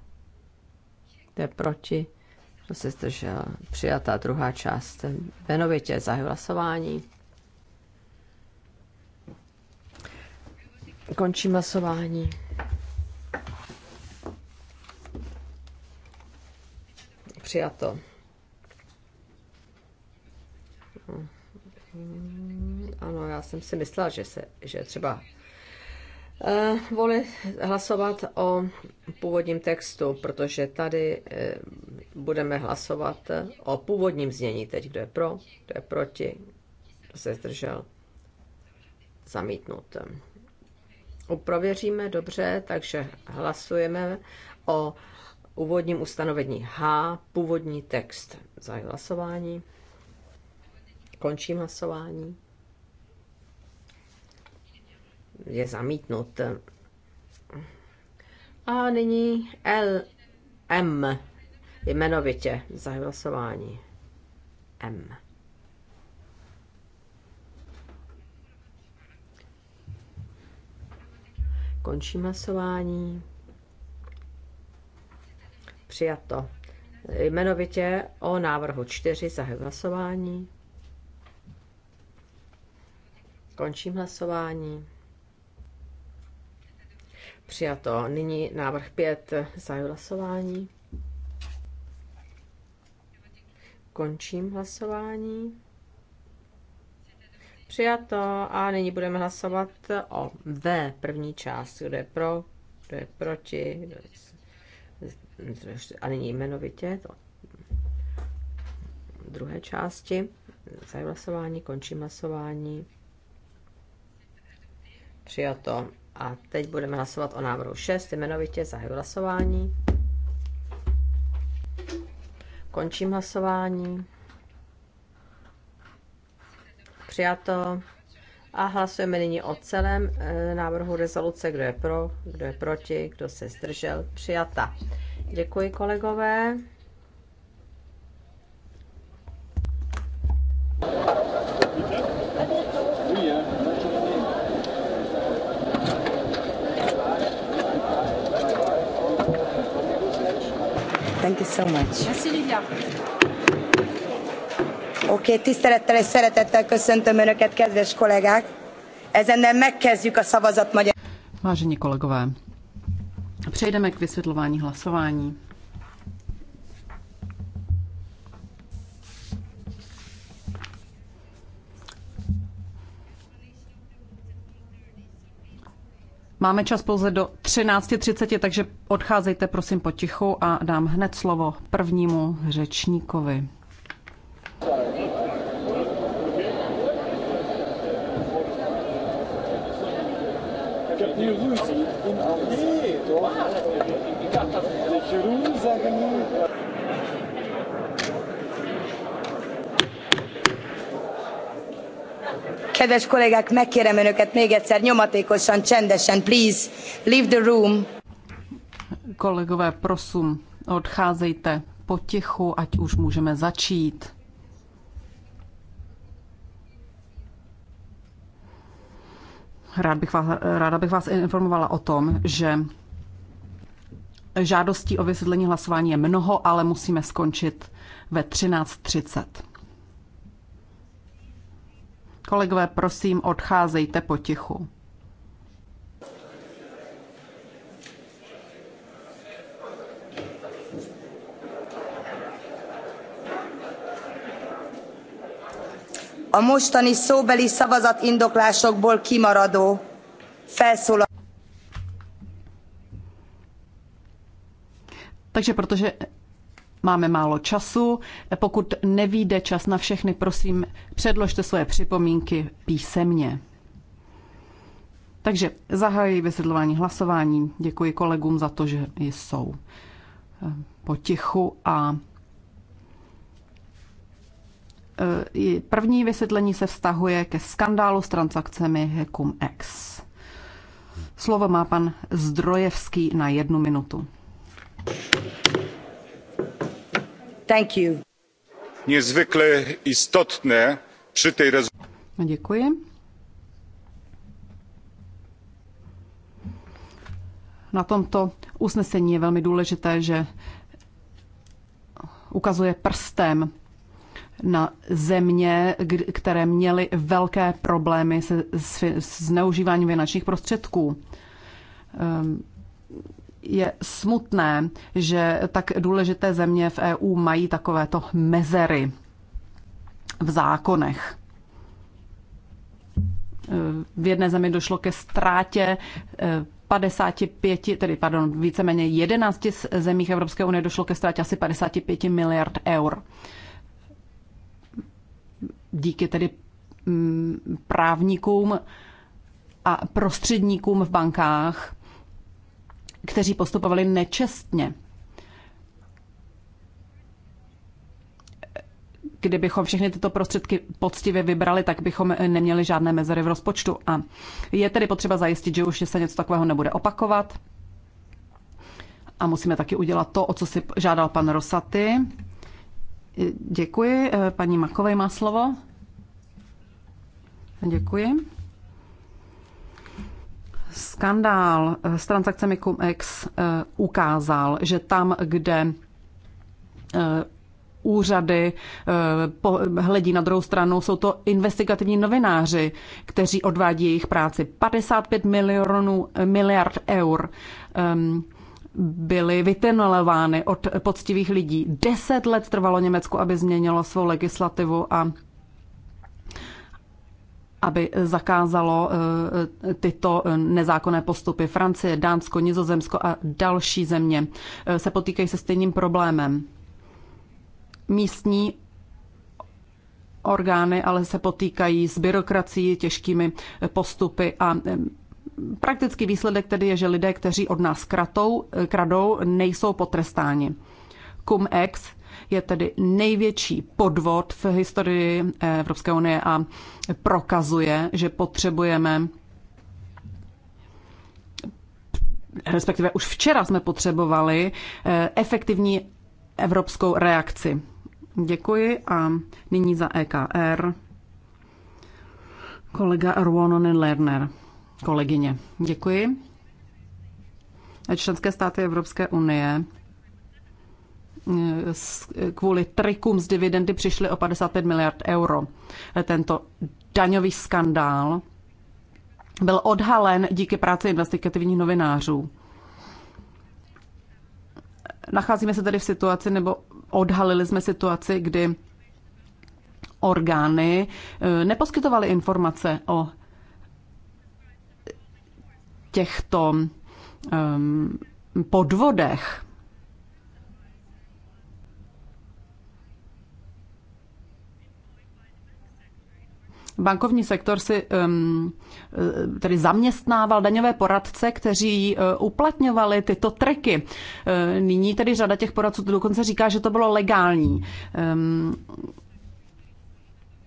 kdo je proti, to se zdržel, přijatá druhá část, jmenovitě zahy hlasování. Končím hlasování. Přijato. Ano, já jsem si myslela, že, se, že třeba eh, voli hlasovat o původním textu, protože tady eh, budeme hlasovat o původním znění. Teď kdo je pro, kdo je proti, kdo se zdržel, zamítnut. Prověříme dobře, takže hlasujeme o úvodním ustanovení H, původní text. Zahajuji hlasování. Končím hlasování. Je zamítnut. A nyní L, M. Jmenovitě zahlasování hlasování. M. Končím hlasování. Přijato. Jmenovitě o návrhu 4 zahajuji hlasování. Končím hlasování. Přijato. Nyní návrh 5 zahajuji hlasování. Končím hlasování. Přijato a nyní budeme hlasovat o V první část. Kdo je pro, kdo je proti, kdo je... a nyní jmenovitě to druhé části. Zahajuji hlasování, končím hlasování. Přijato. A teď budeme hlasovat o návrhu 6, jmenovitě zahajuji hlasování. Končím hlasování přijato. A hlasujeme nyní o celém e, návrhu rezoluce, kdo je pro, kdo je proti, kdo se zdržel, přijata. Děkuji kolegové. Thank you so much. Merci Livia. Oké, okay, tisztelettel és szeretettel köszöntöm Önöket, kedves kollégák! Ezennel megkezdjük a szavazat magyar... Vážení kolegové, přejdeme k vysvětlování hlasování. Máme čas pouze do 13.30, takže odcházejte prosím potichu a dám hned slovo prvnímu řečníkovi. Kedves kollégák, megkérem önöket még egyszer nyomatékosan, csendesen, please, leave the room. Kolegové, prosím, odcházejte potichu, ať už můžeme začít. Rád bych vás, ráda bych vás informovala o tom, že žádostí o vysvětlení hlasování je mnoho, ale musíme skončit ve 13.30. Kolegové, prosím, odcházejte potichu. a mostani szóbeli szavazatindoklásokból kimaradó felszólal. Takže protože máme málo času, pokud nevíde čas na všechny, prosím, předložte své připomínky písemně. Takže zahajuji vysvětlování hlasování. Děkuji kolegům za to, že jsou eh, potichu a Eh, první vysvětlení se vztahuje ke skandálu s transakcemi Hekum-X. Slovo má pan Zdrojevský na jednu minutu. Thank you. Niezwykle istotne przy tej no, Děkuji. Na tomto usnesení je velmi důležité, že ukazuje prstem na země, které měly velké problémy se, s, zneužíváním finančních prostředků. Ehm, je smutné, že tak důležité země v EU mají takovéto mezery v zákonech. Ehm, v jedné zemi došlo ke ztrátě 55, eh, tedy pardon, víceméně 11 zemích Evropské unie došlo ke ztrátě asi 55 miliard eur díky tedy mm, právníkům a prostředníkům v bankách, kteří postupovali nečestně. Kdybychom všechny tyto prostředky poctivě vybrali, tak bychom neměli žádné mezery v rozpočtu. A je tedy potřeba zajistit, že už se něco takového nebude opakovat. A musíme taky udělat to, o co si žádal pan Rosaty. Děkuji. Eh, paní Makové má slovo. Děkuji. Skandál eh, s transakcemi CumEx eh, ukázal, že tam, kde úřady hledí na druhou stranu, jsou to investigativní novináři, kteří odvádí jejich práci. 55 milionů, miliard eur ehm, byly vytenolovány od poctivých lidí. Deset let trvalo Německu, aby změnilo svou legislativu a aby zakázalo eh, tyto eh, nezákonné postupy. Francie, Dánsko, Nizozemsko a další země eh, se potýkají se stejným problémem. Místní orgány ale se potýkají s byrokracií, těžkými postupy a praktický výsledek tedy je, že lidé, kteří od nás kratou, eh, kradou, nejsou potrestáni. Cum-ex je tedy největší podvod v historii eh, Evropské unie a prokazuje, že potřebujeme respektive už včera jsme potřebovali eh, efektivní evropskou reakci. Děkuji a nyní za EKR kolega Ruononen Lerner kolegyně. Děkuji. Členské státy Evropské unie eh, eh, kvůli trikům z dividendy přišly o 55 miliard euro. Tento daňový skandál byl odhalen díky práci investigativních novinářů. Nacházíme se tady v situaci, nebo odhalili jsme situaci, kdy orgány eh, neposkytovaly informace o těchto um, podvodech. Bankovní sektor si um, tedy zaměstnával daňové poradce, kteří uh, uplatňovali tyto triky. Uh, nyní tedy řada těch poradců dokonce říká, že to bylo legální. Um,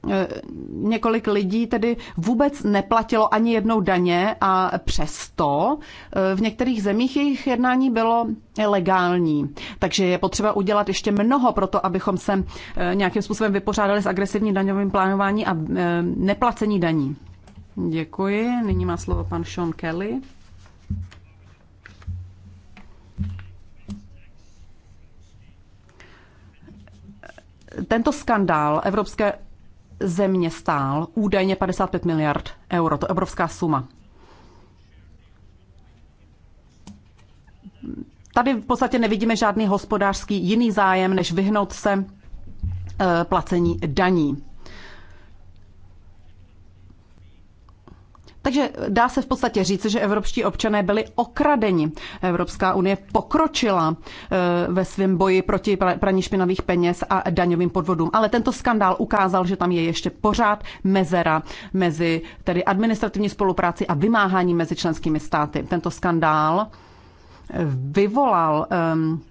Eh, několik lidí tedy vůbec neplatilo ani jednou daně a přesto eh, v některých zemích jejich jednání bylo legální. Takže je potřeba udělat ještě mnoho pro to, abychom se eh, nějakým způsobem vypořádali s agresivním daňovým plánováním a neplacení daní. Děkuji. Nyní má slovo pan Sean Kelly. Tento skandál Evropské země stál údajně 55 miliard euro. To je obrovská suma. Tady v podstatě nevidíme žádný hospodářský jiný zájem, než vyhnout se eh, placení daní. Takže dá se v podstatě říct, že evropští občané byli okradeni. Evropská unie pokročila eh, ve svém boji proti praní špinavých peněz a daňovým podvodům. Ale tento skandál ukázal, že tam je ještě pořád mezera mezi tedy administrativní spolupráci a vymáhání mezi členskými státy. Tento skandál eh, vyvolal um,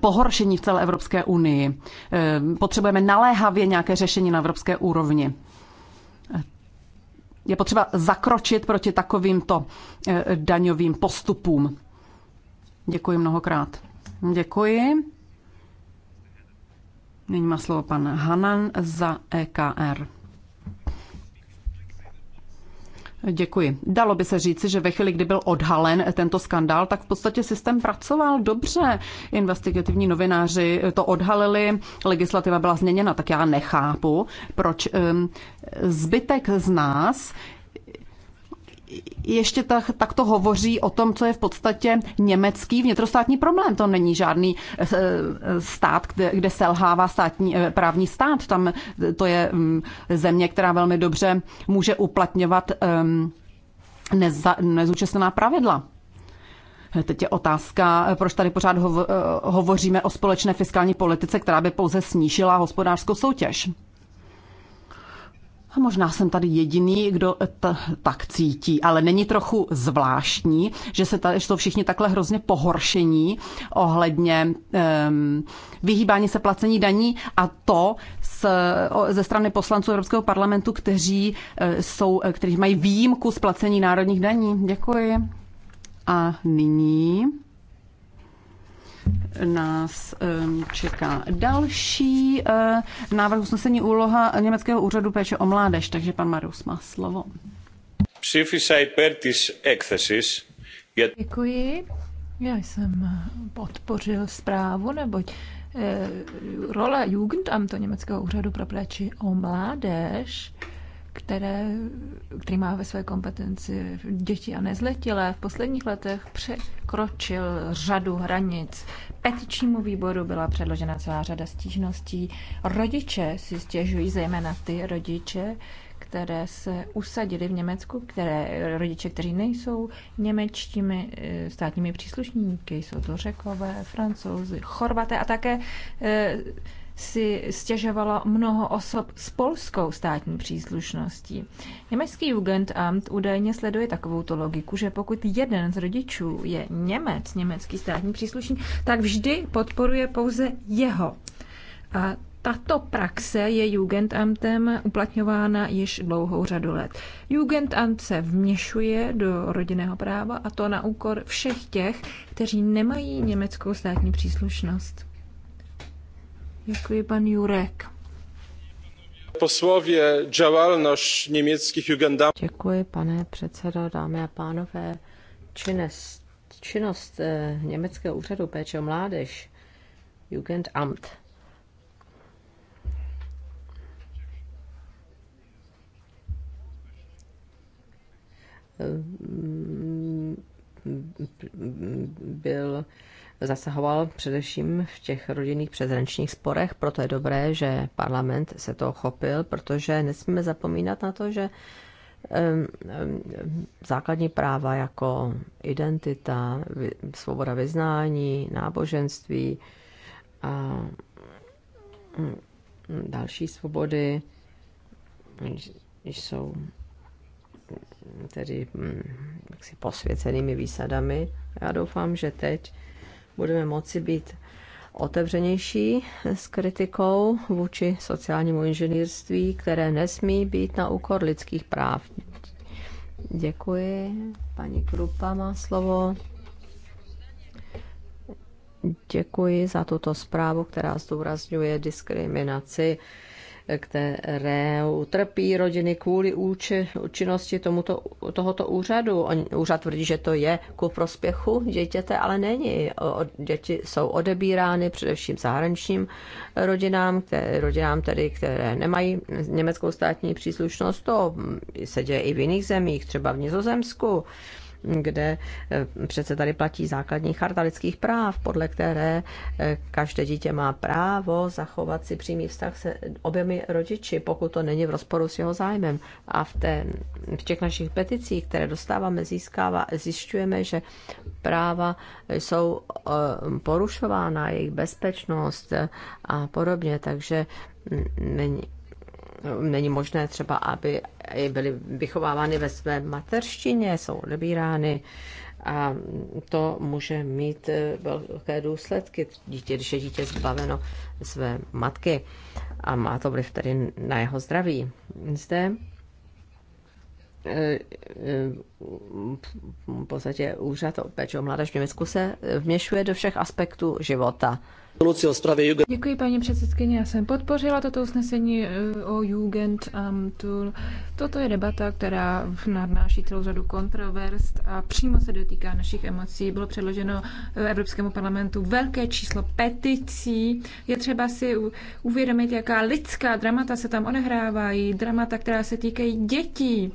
pohoršení v celé Evropské unii. Ehm, potřebujeme naléhavě nějaké řešení na evropské úrovni je potřeba zakročit proti takovýmto e, daňovým postupům. Děkuji mnohokrát. Děkuji. Nyní má slovo pan Hanan za EKR. Děkuji. Dalo by se říci, že ve chvíli, kdy byl odhalen tento skandál, tak v podstatě systém pracoval dobře. Investigativní novináři to odhalili, legislativa byla změněna, tak já nechápu, proč ehm, zbytek z nás ještě tak, to hovoří o tom, co je v podstatě německý vnitrostátní problém. To není žádný eh, stát, kde, kde selhává státní, eh, právní stát. Tam eh, to je mm, země, která velmi dobře může uplatňovat ehm, neza, nezúčastněná pravidla. Teď je otázka, proč tady pořád hovoříme o společné fiskální politice, která by pouze snížila hospodářskou soutěž. A možná jsem tady jediný, kdo tak cítí, ale není trochu zvláštní, že se tady, jsou všichni takhle hrozně pohoršení ohledně um, vyhýbání se placení daní a to s, ze strany poslanců Evropského parlamentu, kteří, e, jsou, e, kteří mají výjimku z placení národních daní. Děkuji. A nyní nás ehm, čeká další eh, návrh usnesení úloha Německého úřadu péče o mládež, takže pan Marus má slovo. Děkuji. Já jsem podpořil zprávu, neboť eh, role Jugendamtu Německého úřadu pro péči o mládež které, který má ve své kompetenci děti a nezletilé, v posledních letech překročil řadu hranic. Petičnímu výboru byla předložena celá řada stížností. Rodiče si stěžují, zejména ty rodiče, které se usadili v Německu, které rodiče, kteří nejsou němečtími eh, státními příslušníky, jsou to řekové, francouzi, chorvaté a také eh, si stěžovalo mnoho osob s polskou státní příslušností. Německý Jugendamt údajně sleduje takovou logiku, že pokud jeden z rodičů je Němec, německý státní příslušník, tak vždy podporuje pouze jeho. A tato praxe je Jugendamtem uplatňována již dlouhou řadu let. Jugendamt se vměšuje do rodinného práva a to na úkor všech těch, kteří nemají německou státní příslušnost. Děkuji, pan Jurek. Poslově, działalność německých Jugendamtů. Děkuji, pane předsedo, dámy a pánové. Činnost, činnost eh, Německého úřadu péče o mládež, Jugendamt, byl zasahoval především v těch rodinných přezrančních sporech, proto je dobré, že parlament se toho chopil, protože nesmíme zapomínat na to, že základní práva jako identita, svoboda vyznání, náboženství a mm, další svobody jsou tedy mm, jaksi posvěcenými výsadami. Já doufám, že teď budeme moci být otevřenější s kritikou vůči sociálnímu inženýrství, které nesmí být na úkor lidských práv. Děkuji. Paní Krupa má slovo. Děkuji za tuto zprávu, která zdůrazňuje diskriminaci které utrpí rodiny kvůli úči, činnosti tomuto, tohoto úřadu. On, úřad tvrdí, že to je ku prospěchu dítěte, ale není. O, děti jsou odebírány především zahraničním rodinám, které, rodinám tedy, které nemají německou státní příslušnost. To se děje i v jiných zemích, třeba v Nizozemsku kde eh, přece tady platí základní charta lidských práv, podle které eh, každé dítě má právo zachovat si přímý vztah se oběmi rodiči, pokud to není v rozporu s jeho zájmem. A v, té, v těch našich peticích, které dostáváme, získává, zjišťujeme, že práva jsou eh, porušována, jejich bezpečnost a podobně, takže mm, není není možné třeba, aby byly vychovávány ve své mateřštině, jsou odebírány a to může mít eh, velké důsledky dítě, když je dítě zbaveno své matky a má to vliv tedy na jeho zdraví. Zde eh, eh, v podstatě úřad o péči o mládež v Německu se vměšuje do všech aspektů života Děkuji, paní předsedkyně. Já jsem podpořila toto usnesení eh, o Jugendamtu. Toto je debata, která nadnáší celou řadu kontrovers a přímo se dotýká našich emocí. Bylo předloženo eh, Evropskému parlamentu velké číslo peticí. Je třeba si uvědomit, jaká lidská dramata se tam odehrávají, dramata, která se týkají dětí.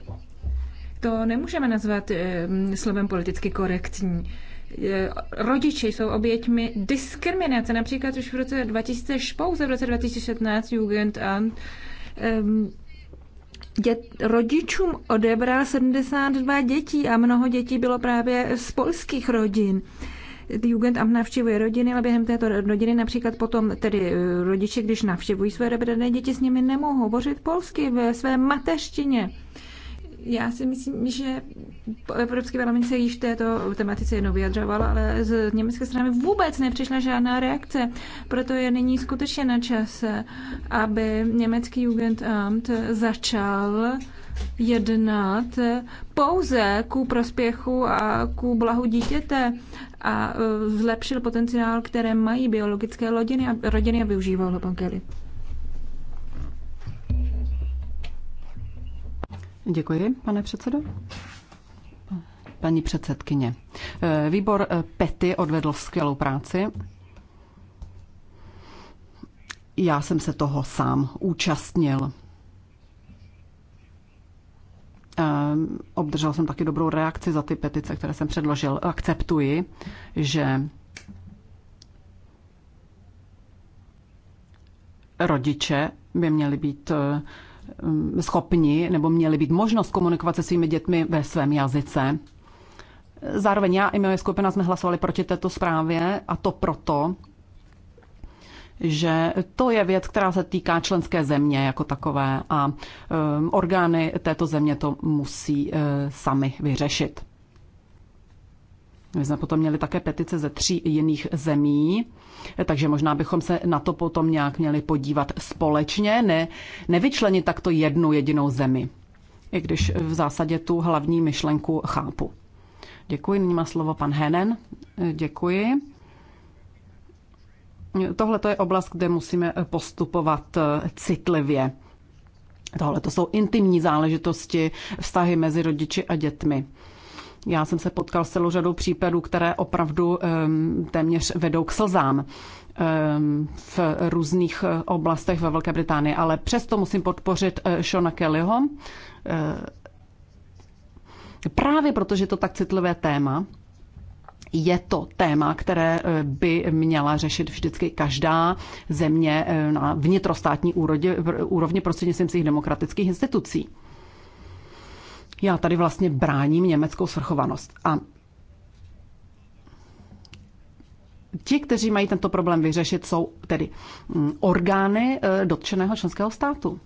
To nemůžeme nazvat eh, slovem politicky korektní rodiče jsou oběťmi diskriminace. Například už v roce 2000, pouze v roce 2016 jugend um, dět, rodičům odebral 72 dětí a mnoho dětí bylo právě z polských rodin. Jugendamt navštěvuje rodiny, ale během této rodiny například potom tedy eh, rodiče, když navštěvují své dobrané děti, s nimi nemohou hovořit polsky ve své mateřštině já si myslím, že Evropský parlament se již této tematice jednou vyjadřoval, ale z německé strany vůbec nepřišla žádná reakce. Proto je nyní skutečně na čase, aby německý Jugendamt začal jednat pouze ku prospěchu a ku blahu dítěte a e, zlepšil potenciál, které mají biologické rodiny a, rodiny a využíval ho, pan Kelly. Děkuji, pane předsedo. Paní předsedkyně, eh, výbor eh, Pety odvedl skvělou práci. Já jsem se toho sám účastnil. Eh, obdržel jsem taky dobrou reakci za ty petice, které jsem předložil. Akceptuji, že rodiče by měli být Mm, schopni nebo měli být možnost komunikovat se svými dětmi ve svém jazyce. Zároveň já i moje skupina jsme hlasovali proti této zprávě a to proto, že to je věc, která se týká členské země jako takové a um, orgány této země to musí uh, sami vyřešit. My jsme potom měli také petice ze tří jiných zemí, takže možná bychom se na to potom nějak měli podívat společně, ne, nevyčlenit takto jednu jedinou zemi. I když v zásadě tu hlavní myšlenku chápu. Děkuji, nyní má slovo pan Henen. Děkuji. Tohle je oblast, kde musíme postupovat citlivě. Tohle to jsou intimní záležitosti, vztahy mezi rodiči a dětmi. Já jsem se potkal s celou řadou případů, které opravdu ehm, téměř vedou k slzám ehm, v různých eh, oblastech ve Velké Británii, ale přesto musím podpořit eh, Shona Kellyho, eh, právě protože je to tak citlivé téma, je to téma, které by měla řešit vždycky každá země na vnitrostátní úrovni, úrovni prostřednictvím svých demokratických institucí já tady vlastně bráním německou svrchovanost. A ti, kteří mají tento problém vyřešit, jsou tedy mm, orgány eh, dotčeného členského státu.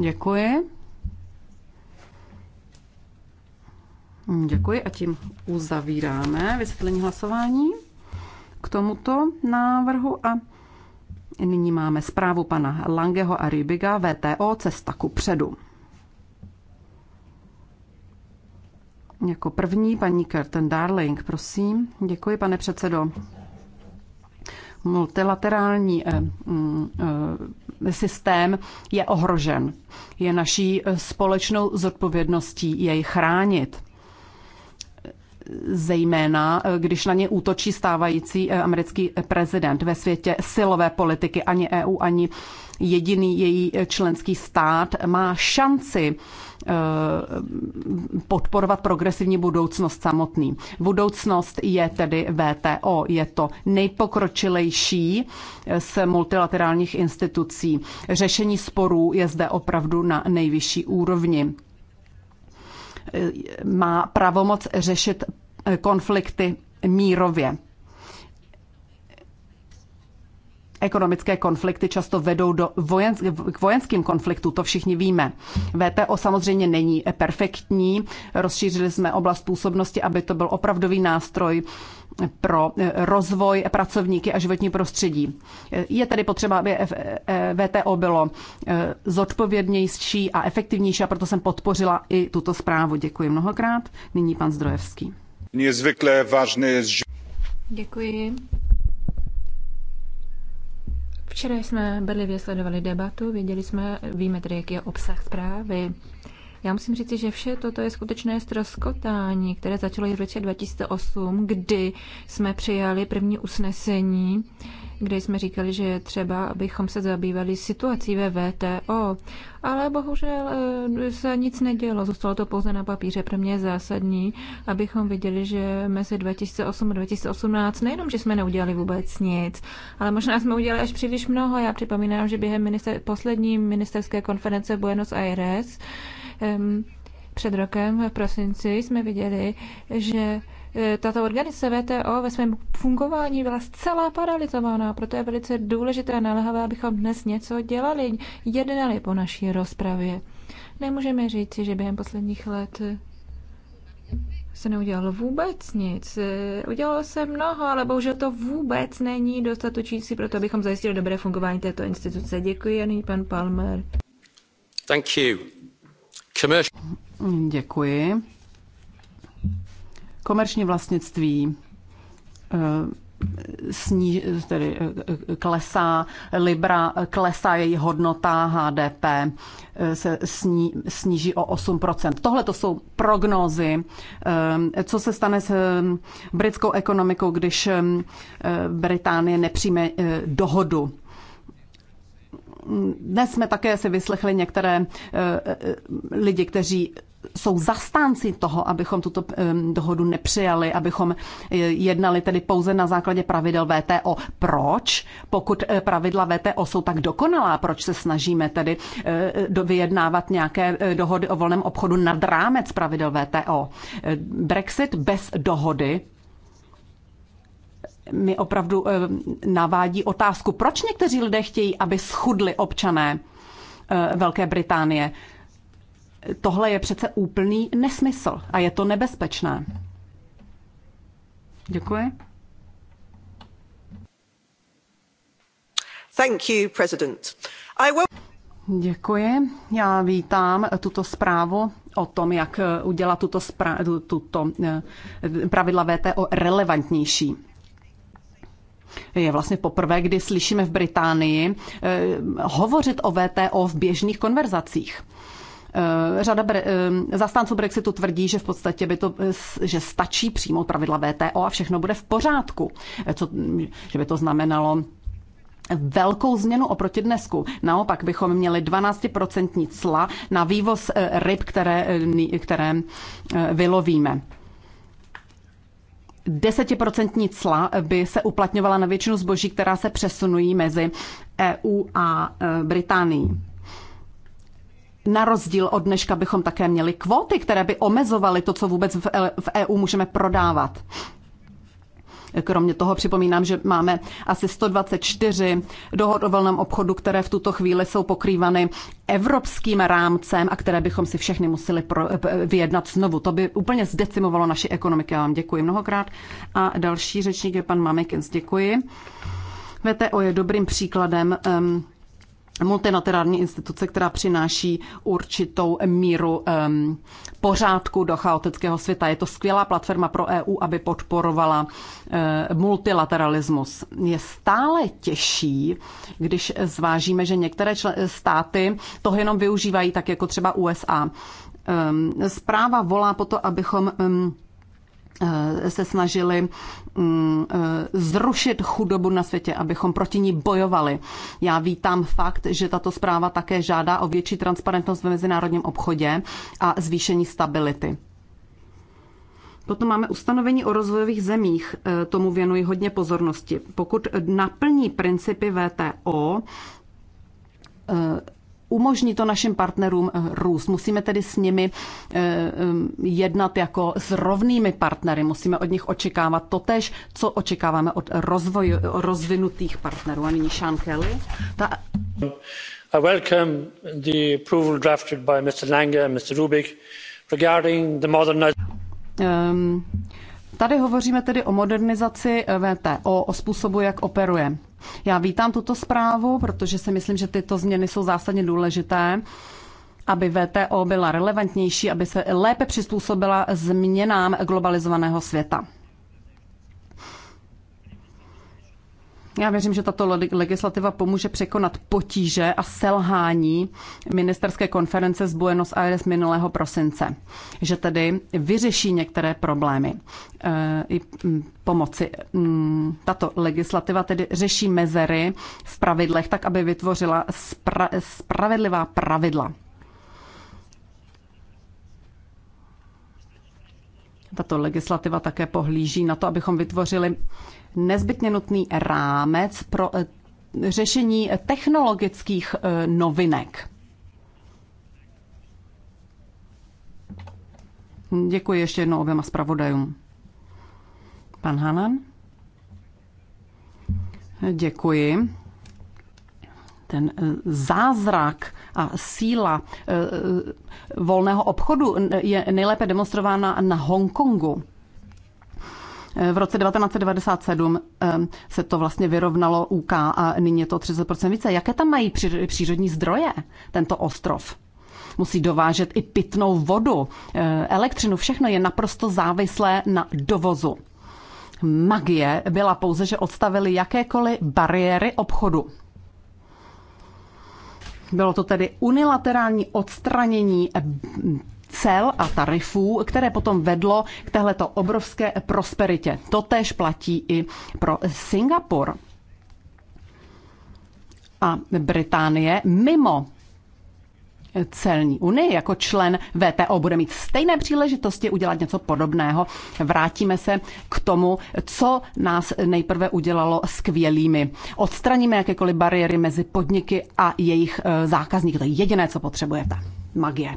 Děkuji. Děkuji a tím uzavíráme vysvětlení hlasování k tomuto návrhu a nyní máme zprávu pana Langeho a Rybiga VTO Cesta ku předu. Jako první paní Curtin Darling, prosím. Děkuji, pane předsedo. Multilaterální eh, mm, eh, systém je ohrožen. Je naší eh, společnou zodpovědností jej chránit zejména když na ně útočí stávající americký prezident ve světě silové politiky. Ani EU, ani jediný její členský stát má šanci Eh, podporovat progresivní budoucnost samotný. Budoucnost je tedy VTO, je to nejpokročilejší eh, z multilaterálních institucí. Řešení sporů je zde opravdu na nejvyšší úrovni. Eh, má pravomoc řešit konflikty mírově. Ekonomické konflikty často vedou do vojens- k vojenským konfliktům, to všichni víme. VTO samozřejmě není perfektní, rozšířili jsme oblast působnosti, aby to byl opravdový nástroj pro eh, rozvoj pracovníky a životní prostředí. Eh, je tedy potřeba, aby eh, VTO bylo zodpovědnější a efektivnější a proto jsem podpořila i tuto zprávu. Děkuji mnohokrát. Nyní pan Zdrojevský. Niezwykle Děkuji. Včera jsme bedlivě sledovali debatu, věděli jsme, víme tedy, jaký je obsah zprávy. Já musím říct, že vše toto je skutečné stroskotání, které začalo v roce 2008, kdy jsme přijali první usnesení, kde jsme říkali, že je třeba, abychom se zabývali situací ve VTO. Ale bohužel eh, se nic nedělo, zůstalo to pouze na papíře. Pro mě je zásadní, abychom viděli, že mezi 2008 a 2018 nejenom, že jsme neudělali vůbec nic, ale možná jsme udělali až příliš mnoho. Já připomínám, že během minister- poslední ministerské konference v Buenos Aires um, před rokem v prosinci jsme viděli, že tato organizace VTO ve svém fungování byla zcela paralizovaná, proto je velice důležité a naléhavé, abychom dnes něco dělali, jednali po naší rozpravě. Nemůžeme říct, že během posledních let se neudělalo vůbec nic. Udělalo se mnoho, ale bohužel to vůbec není dostatečný. pro to, abychom zajistili dobré fungování této instituce. Děkuji Janý pan Palmer. Thank you. Commercial. Děkuji komerční vlastnictví eh, sní, tedy eh, eh, klesá, Libra klesá její hodnota, HDP se sní, sníží o 8%. Tohle to jsou prognózy, co se stane s britskou ekonomikou, když Británie nepřijme dohodu dnes jsme také si vyslechli některé lidi, kteří jsou zastánci toho, abychom tuto dohodu nepřijali, abychom e, jednali tedy pouze na základě pravidel VTO. Proč? Pokud e, pravidla VTO jsou tak dokonalá, proč se snažíme tedy e, vyjednávat nějaké dohody o volném obchodu nad rámec pravidel VTO? Brexit bez dohody mi opravdu navádí otázku, proč někteří lidé chtějí, aby schudli občané Velké Británie. Tohle je přece úplný nesmysl a je to nebezpečné. Děkuji. Thank you, President. I will... Děkuji. Já vítám tuto zprávu o tom, jak udělat tuto, spra- tuto eh, pravidla VTO relevantnější. Je vlastně poprvé, kdy slyšíme v Británii eh, hovořit o VTO v běžných konverzacích. Eh, řada bre- eh, zastánců Brexitu tvrdí, že v podstatě by to, eh, že stačí přijmout pravidla VTO a všechno bude v pořádku. Co, hm, že by to znamenalo velkou změnu oproti dnesku. Naopak bychom měli 12% cla na vývoz ryb, které, které vylovíme. 10% cla by se uplatňovala na většinu zboží, která se přesunují mezi EU a Británií. Na rozdíl od dneška bychom také měli kvóty, které by omezovaly to, co vůbec v EU můžeme prodávat. Kromě toho připomínám, že máme asi 124 dohod o volném obchodu, které v tuto chvíli jsou pokrývány evropským rámcem a které bychom si všechny museli pro, vyjednat znovu. To by úplně zdecimovalo naši ekonomiku. Já vám děkuji mnohokrát. A další řečník je pan Mamekins. Děkuji. VTO je dobrým příkladem um, multilaterální instituce, která přináší určitou míru um, pořádku do chaotického světa. Je to skvělá platforma pro EU, aby podporovala uh, multilateralismus. Je stále těžší, když zvážíme, že některé státy toho jenom využívají, tak jako třeba USA. Um, zpráva volá po to, abychom um, Eh, se snažili mm, eh, zrušit chudobu na světě, abychom proti ní bojovali. Já vítám fakt, že tato zpráva také žádá o větší transparentnost ve mezinárodním obchodě a zvýšení stability. Potom máme ustanovení o rozvojových zemích, eh, tomu věnuji hodně pozornosti. Pokud naplní principy VTO, umožní to našim partnerům eh, růst. Musíme tedy s nimi eh, eh, jednat jako s rovnými partnery. Musíme od nich očekávat totež, co očekáváme od rozvoj, rozvinutých partnerů. A nyní Sean Kelly. Ta... I welcome the approval drafted by Mr. Lange and Mr. Rubik regarding the modernization. Um, tady hovoříme tedy o modernizaci VTO, o způsobu, jak operuje. Já vítám tuto zprávu, protože si myslím, že tyto změny jsou zásadně důležité aby VTO byla relevantnější, aby se lépe přizpůsobila změnám globalizovaného světa. Já věřím, že tato legislativa pomůže překonat potíže a selhání ministerské konference z Buenos Aires minulého prosince, že tedy vyřeší některé problémy eh, i mm, pomoci. Mm, tato legislativa tedy řeší mezery v pravidlech tak, aby vytvořila spra- spravedlivá pravidla. Tato legislativa také pohlíží na to, abychom vytvořili nezbytně nutný rámec pro eh, řešení technologických eh, novinek. Děkuji ještě jednou oběma zpravodajům. Pan Hanan? Děkuji. Ten eh, zázrak a síla volného obchodu je nejlépe demonstrována na Hongkongu. V roce 1997 ehm, se to vlastně vyrovnalo UK a nyní je to 30% více. Jaké tam mají přírodní zdroje tento ostrov? Musí dovážet i pitnou vodu, ehm, elektřinu, všechno je naprosto závislé na dovozu. Magie byla pouze, že odstavili jakékoliv bariéry obchodu. Bylo to tedy unilaterální odstranění ehm, cel a tarifů, které potom vedlo k této obrovské prosperitě. To též platí i pro Singapur a Británie mimo celní unii jako člen VTO bude mít stejné příležitosti udělat něco podobného. Vrátíme se k tomu, co nás nejprve udělalo skvělými. Odstraníme jakékoliv bariéry mezi podniky a jejich e, zákazníky. To je jediné, co potřebujete. Magie.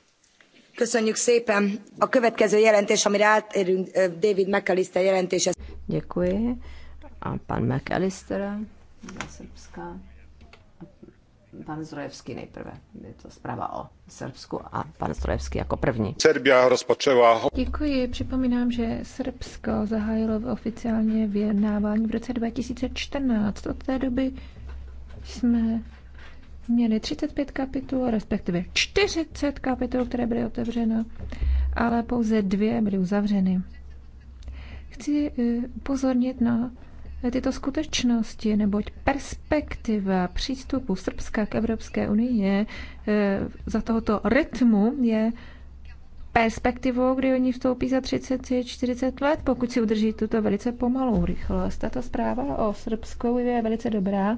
Köszönjük szépen. A következő jelentés, amire átérünk, David McAllister jelentése. Děkuji. A pan McAllister Pan nejprve. Je to zpráva o Srbsku a pan jako první. Serbia rozpočela... Děkuji. Připomínám, že Srbsko zahájilo oficiálně vyjednávání v roce 2014. Od té doby jsme měli 35 kapitol, respektive 40 kapitol, které byly otevřeno, ale pouze dvě byly uzavřeny. Chci eh, upozornit na tyto skutečnosti, neboť perspektiva přístupu Srbska k Evropské unii eh, za tohoto rytmu je perspektivou, kdy oni vstoupí za 30-40 let, pokud si udrží tuto velice pomalou rychlost. Tato zpráva o Srbsku je velice dobrá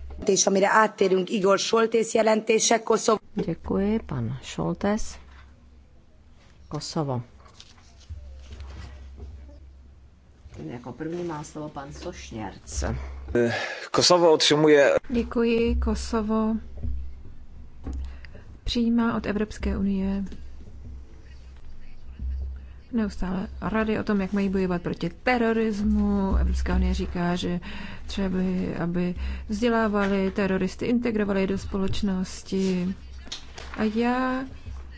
Děkuji, pan Šoltes. Kosovo. Jako první má slovo pan Sošněrc. Kosovo otřimuje... Děkuji, Kosovo přijímá od Evropské unie neustále rady o tom, jak mají bojovat proti terorismu. Evropská unie říká, že třeba, aby vzdělávali teroristy, integrovali je do společnosti. A já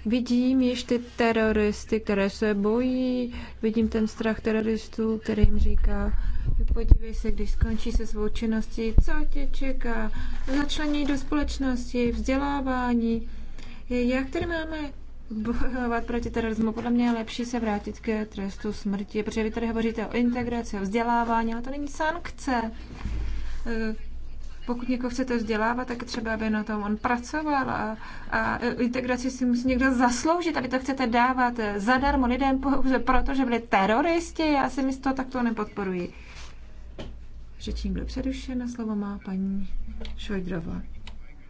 vidím již ty teroristy, které se bojí, vidím ten strach teroristů, který jim říká, podívej se, když skončí se svou činností, co tě čeká, začlení do společnosti, vzdělávání. Jak tady máme bojovat proti terorismu, podle mě je lepší se vrátit k trestu smrti, protože vy tady hovoříte o integraci, o vzdělávání, ale to není sankce. Eh, pokud někoho chcete vzdělávat, tak třeba aby na tom on pracoval a, a integraci si musí někdo zasloužit aby to chcete dávat eh, zadarmo lidem pouze proto, že byli teroristi. Já si místo tak to nepodporuji. Řečím byl přerušen a slovo má paní Šojdrova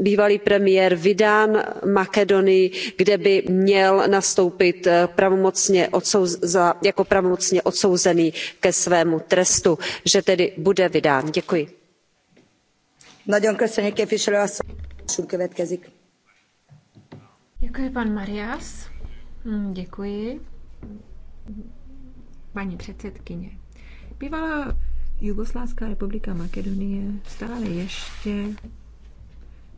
bývalý premiér vydán makedonii kde by měl nastoupit eh, pravomocně odsouzen, jako pravomocně odsouzený ke svému trestu že tedy bude vydán. děkuji. Děkuji, pan Marias. Hmm, děkuji. Paní předsedkyně. Bývalá Jugoslávská republika Makedonie stále ještě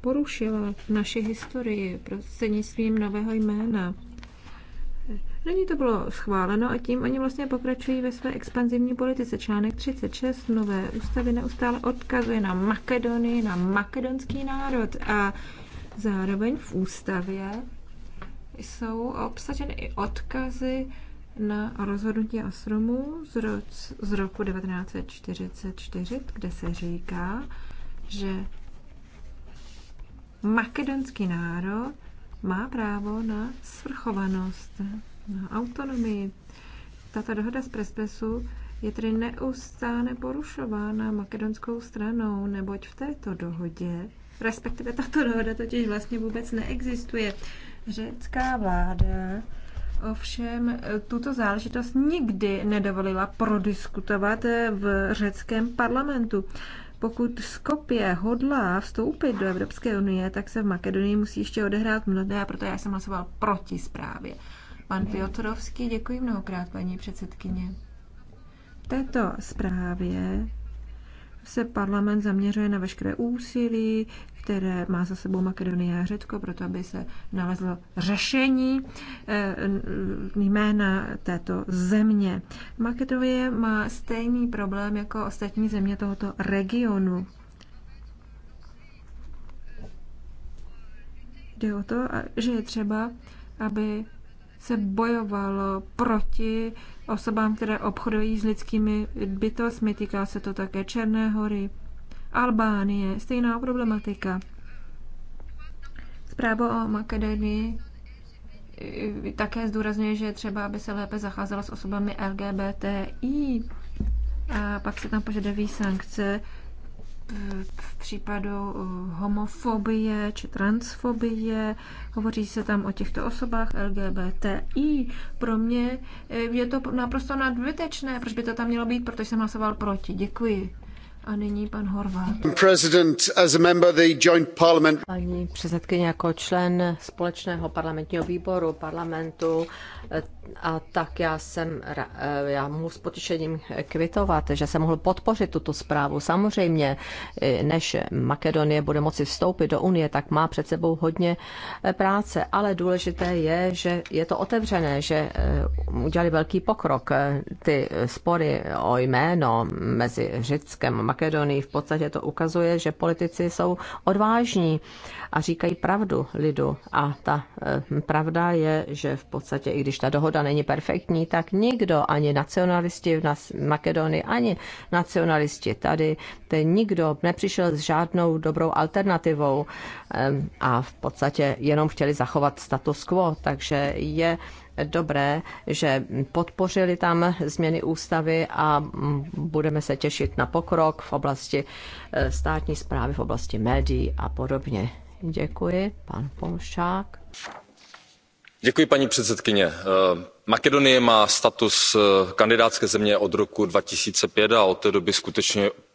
porušila naši historii prostřednictvím nového jména. Není to bylo schváleno a tím oni vlastně pokračují ve své expanzivní politice. Článek 36 nové ústavy neustále odkazuje na Makedonii, na makedonský národ a zároveň v ústavě jsou obsaženy i odkazy na rozhodnutí Asromu z, roc, z roku 1944, kde se říká, že makedonský národ má právo na svrchovanost, na autonomii. Tato dohoda z Prespesu je tedy neustále porušována makedonskou stranou, neboť v této dohodě, respektive tato dohoda totiž vlastně vůbec neexistuje. Řecká vláda ovšem tuto záležitost nikdy nedovolila prodiskutovat v řeckém parlamentu. Pokud Skopje hodlá vstoupit do Evropské unie, tak se v Makedonii musí ještě odehrát mnohé a proto já jsem hlasoval proti zprávě. Pan Piotrovský, děkuji mnohokrát, paní předsedkyně. V této zprávě se parlament zaměřuje na veškeré úsilí, které má za sebou Makedonie a Řecko, proto aby se nalezlo řešení eh, jména této země. Makedonie má stejný problém jako ostatní země tohoto regionu. Jde o to, že je třeba, aby se bojovalo proti osobám, které obchodují s lidskými bytostmi. Týká se to také Černé hory, Albánie, stejná problematika. Zpráva o Makedonii eh, také zdůrazňuje, že je třeba, aby se lépe zacházelo s osobami LGBTI. A pak se tam požadují sankce v případu eh, homofobie či transfobie. Hovoří se tam o těchto osobách LGBTI. Pro mě eh, je to naprosto nadbytečné. Proč by to tam mělo být? Protože jsem hlasoval proti. Děkuji. A nyní pan Horvát. Paní předsedkyně jako člen společného parlamentního výboru parlamentu a tak já jsem, já mohu s potěšením kvitovat, že jsem mohl podpořit tuto zprávu. Samozřejmě, než Makedonie bude moci vstoupit do Unie, tak má před sebou hodně práce, ale důležité je, že je to otevřené, že eh, udělali velký pokrok. Ty spory o jméno mezi Řickem a Makedonii. V podstatě to ukazuje, že politici jsou odvážní a říkají pravdu lidu. A ta eh, pravda je, že v podstatě, i když ta dohoda není perfektní, tak nikdo, ani nacionalisti v Makedonii, ani nacionalisti tady, ten nikdo nepřišel s žádnou dobrou alternativou a v podstatě jenom chtěli zachovat status quo. Takže je dobré, že podpořili tam změny ústavy a budeme se těšit na pokrok v oblasti eh, státní zprávy, v oblasti médií a podobně. Děkuji, pan Polšák. Děkuji, paní předsedkyně. Eh, Makedonie má status eh, kandidátské země od roku 2005 a od té doby skutečně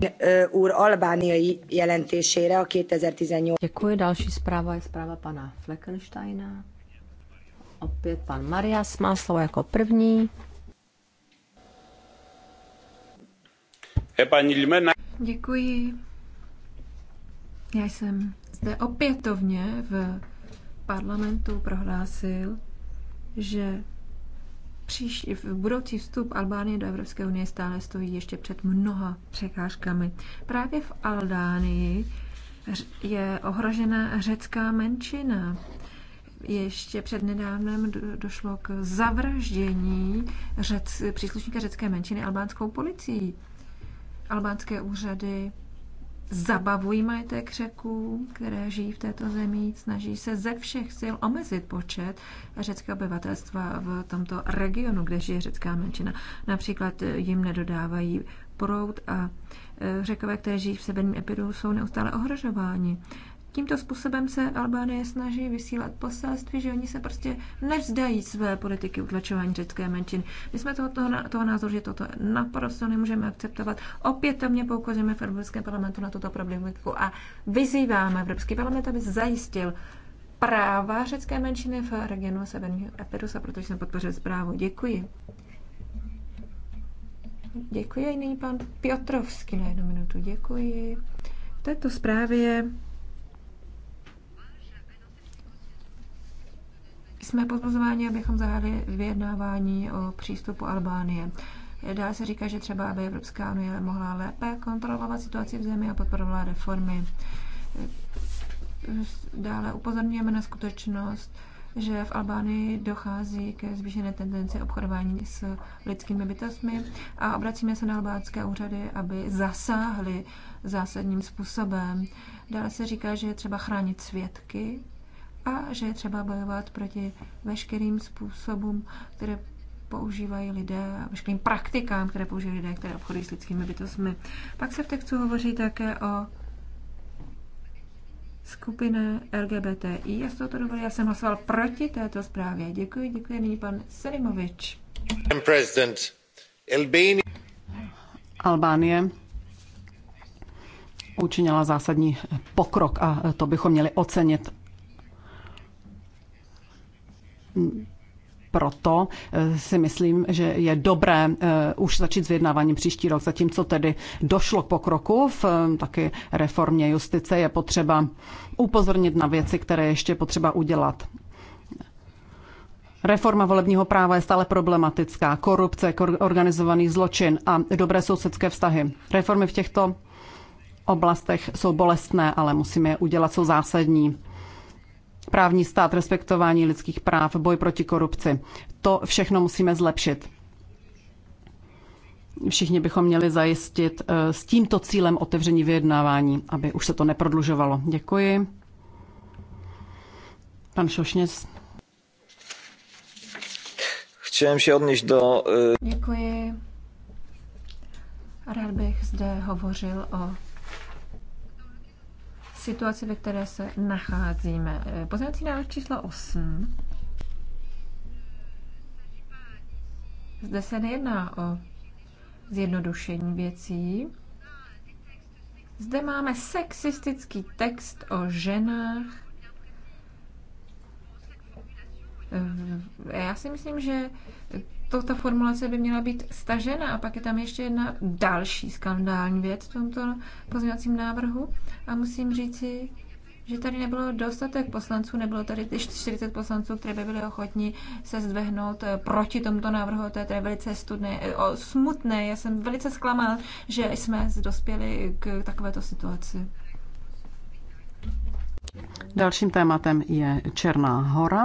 Eh, úr Albániai jelentésére a 2018. Děkuji. Další zpráva je zpráva pana Fleckensteina. Opět pan Marias má slovo jako první. Eh, Děkuji. Já jsem zde opětovně v parlamentu prohlásil, že v budoucí vstup Albánie do Evropské unie stále stojí ještě před mnoha překážkami. Právě v Albánii je ohrožena řecká menšina. Ještě před nedávnem došlo k zavraždění řec, příslušníka řecké menšiny albánskou policií. Albánské úřady zabavují majetek řeků, které žijí v této zemi, snaží se ze všech sil omezit počet řeckého obyvatelstva v tomto regionu, kde žije řecká menšina. Například jim nedodávají proud a e, řekové, které žijí v severním epidu, jsou neustále ohrožováni. Tímto způsobem se Albánie snaží vysílat poselství, že oni se prostě nevzdají své politiky utlačování řecké menšiny. My jsme toho, toho, toho názoru, že toto naprosto nemůžeme akceptovat. Opětovně poukazujeme v Evropském parlamentu na tuto problematiku a vyzýváme Evropský parlament, aby zajistil práva řecké menšiny v regionu Severního Epirusa, protože jsem podpořil zprávu. Děkuji. Děkuji. A nyní pan Piotrovský na jednu minutu. Děkuji. V této zprávě jsme pozvání, abychom zahájili vyjednávání o přístupu Albánie. Dá se říká, že třeba aby Evropská unie mohla lépe kontrolovat situaci v zemi a podporovala reformy. Dále upozorňujeme na skutečnost, že v Albánii dochází ke zvýšené tendenci obchodování s lidskými bytostmi a obracíme se na albánské úřady, aby zasáhly zásadním způsobem. Dále se říká, že je třeba chránit svědky a že je třeba bojovat proti veškerým způsobům, které používají lidé, veškerým praktikám, které používají lidé, které obchodují s lidskými bytostmi. Pak se v textu hovoří také o skupině LGBTI Já, z tohoto důvodu já jsem hlasoval proti této zprávě. Děkuji, děkuji nyní pan Selimovič. Albánie učinila zásadní pokrok a to bychom měli ocenit proto eh, si myslím, že je dobré eh, už začít s vyjednáváním příští rok. Zatímco tedy došlo k pokroku v eh, taky reformě justice, je potřeba upozornit na věci, které ještě potřeba udělat. Reforma volebního práva je stále problematická. Korupce, organizovaný zločin a dobré sousedské vztahy. Reformy v těchto oblastech jsou bolestné, ale musíme je udělat, jsou zásadní právní stát, respektování lidských práv, boj proti korupci. To všechno musíme zlepšit. Všichni bychom měli zajistit eh, s tímto cílem otevření vyjednávání, aby už se to neprodlužovalo. Děkuji. Pan Šošněc. Chciałem się odnieść do... Eh, Děkuji. Rád bych zde hovořil o situaci, ve které se nacházíme. Eh, pozměňovací návrh číslo 8. Zde se nejedná o zjednodušení věcí. Zde máme sexistický text o ženách. Eh, já si myslím, že Toto formulace by měla být stažena. A pak je tam ještě jedna další skandální věc v tomto pozměňovacím návrhu. A musím říci, že tady nebylo dostatek poslanců, nebylo tady 40 poslanců, které by byli ochotní se zdvehnout eh, proti tomuto návrhu. To je tady velice studné, eh, o, smutné. Já jsem velice zklamal, že jsme dospěli k takovéto situaci. Dalším tématem je Černá hora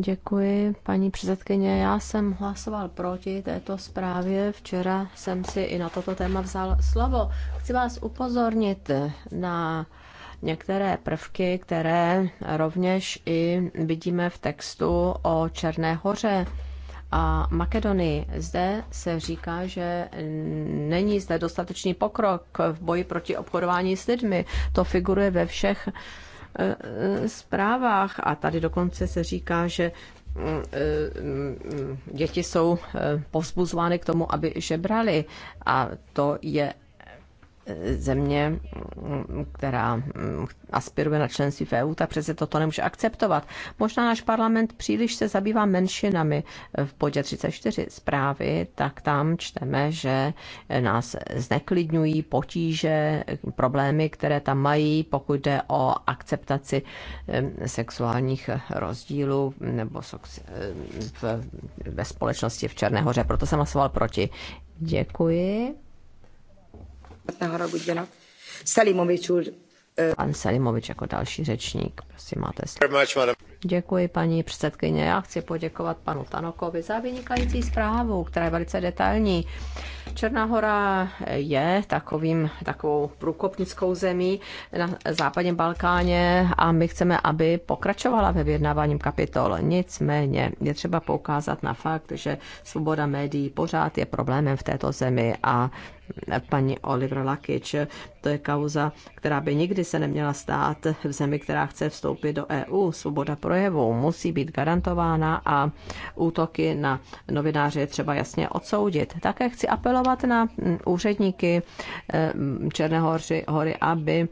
Děkuji, paní předsedkyně. Já jsem hlasoval proti této zprávě. Včera jsem si i na toto téma vzal slovo. Chci vás upozornit na některé prvky, které rovněž i vidíme v textu o Černé hoře a Makedonii. Zde se říká, že není zde dostatečný pokrok v boji proti obchodování s lidmi. To figuruje ve všech Eh, zprávách. A tady dokonce se říká, že mm, eh, mm, děti jsou eh, povzbuzovány k tomu, aby žebrali. A to je země, mm, která mm, aspiruje na členství v EU, tak přece toto nemůže akceptovat. Možná náš parlament příliš se zabývá menšinami. V bodě 34 zprávy, tak tam čteme, že nás zneklidňují potíže, problémy, které tam mají, pokud jde o akceptaci sexuálních rozdílů nebo ve společnosti v Černéhoře. Proto jsem hlasoval proti. Děkuji. Ne haragudjanak. Selimovič úr. Pan Selimovič jako další řečník, prosím, máte slovo. Děkuji, paní předsedkyně. Já chci poděkovat panu Tanokovi za vynikající zprávu, která je velice detailní Černá hora je takovým, takovou průkopnickou zemí na západním Balkáně a my chceme, aby pokračovala ve vyjednávání kapitol. Nicméně je třeba poukázat na fakt, že svoboda médií pořád je problémem v této zemi a paní Oliver Lakič. To je kauza, která by nikdy se neměla stát v zemi, která chce vstoupit do EU. Svoboda projevu musí být garantována a útoky na novináře je třeba jasně odsoudit. Také chci apelovat apelovat na mm, úředníky mm, Černé hory, hory aby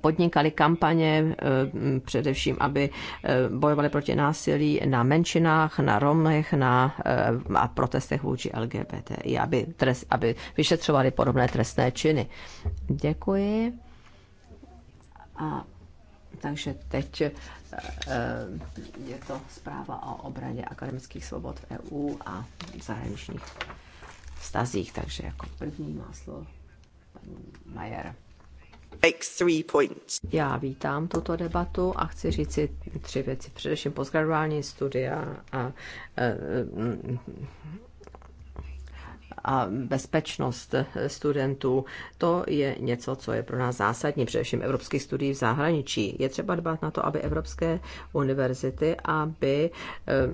podnikali kampaně, eh, mm, především, aby eh, bojovali proti násilí na menšinách, na Romech na, eh, a protestech vůči LGBT, aby, trest, aby vyšetřovali podobné trestné činy. Děkuji. A takže teď je to zpráva o obraně akademických svobod v EU a zahraničních vztazích. Takže jako první má slovo paní Majer. Já vítám tuto debatu a chci říct si tři věci. Především postgraduální studia a, e, e, a bezpečnost studentů, to je něco, co je pro nás zásadní, především evropských studií v zahraničí. Je třeba dbát na to, aby evropské univerzity, aby e,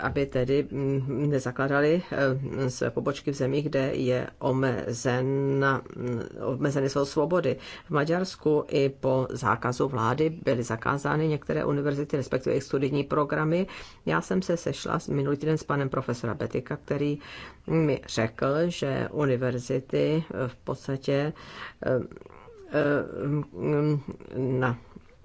aby tedy mm, nezakladali eh, své pobočky v zemích, kde je omezen, omezeny jsou svobody. V Maďarsku i po zákazu vlády byly zakázány některé univerzity, respektive jejich studijní programy. Já jsem se sešla minulý týden s panem profesora Betika, který mi řekl, že univerzity v podstatě eh, eh, na,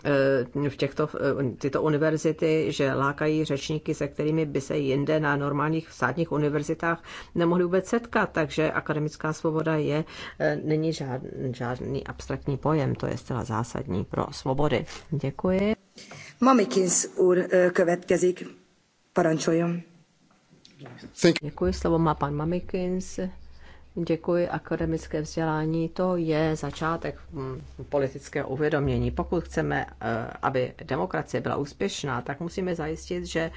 Eh, v těchto, eh, tyto univerzity, že lákají řečníky, se kterými by se jinde na normálních státních univerzitách nemohli vůbec setkat, takže akademická svoboda je, eh, není žádný, žádný abstraktní pojem, to je zcela zásadní pro svobody. Děkuji. Mamikins úr következik. Parancsoljon. Děkuji, slovo má pan Mamikins. Děkuji. Akademické vzdělání to je začátek hm, politického uvědomění. Pokud chceme, eh, aby demokracie byla úspěšná, tak musíme zajistit, že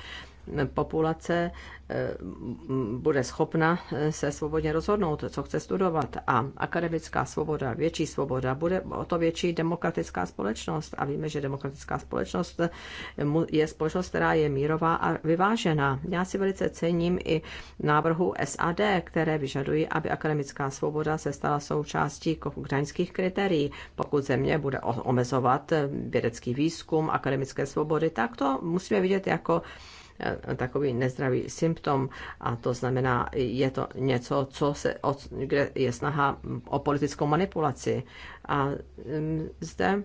populace eh, bude schopna eh, se svobodně rozhodnout, co chce studovat. A akademická svoboda, větší svoboda, bude o to větší demokratická společnost. A víme, že demokratická společnost eh, je společnost, která je mírová a vyvážená. Já si velice cením i návrhu SAD, které vyžadují, aby akademická svoboda se stala součástí kodaňských kritérií. Pokud země bude omezovat vědecký výzkum, akademické svobody, tak to musíme vidět jako Eh, takový nezdravý symptom a to znamená, je to něco, co se, kde je snaha o politickou manipulaci. A mm, zde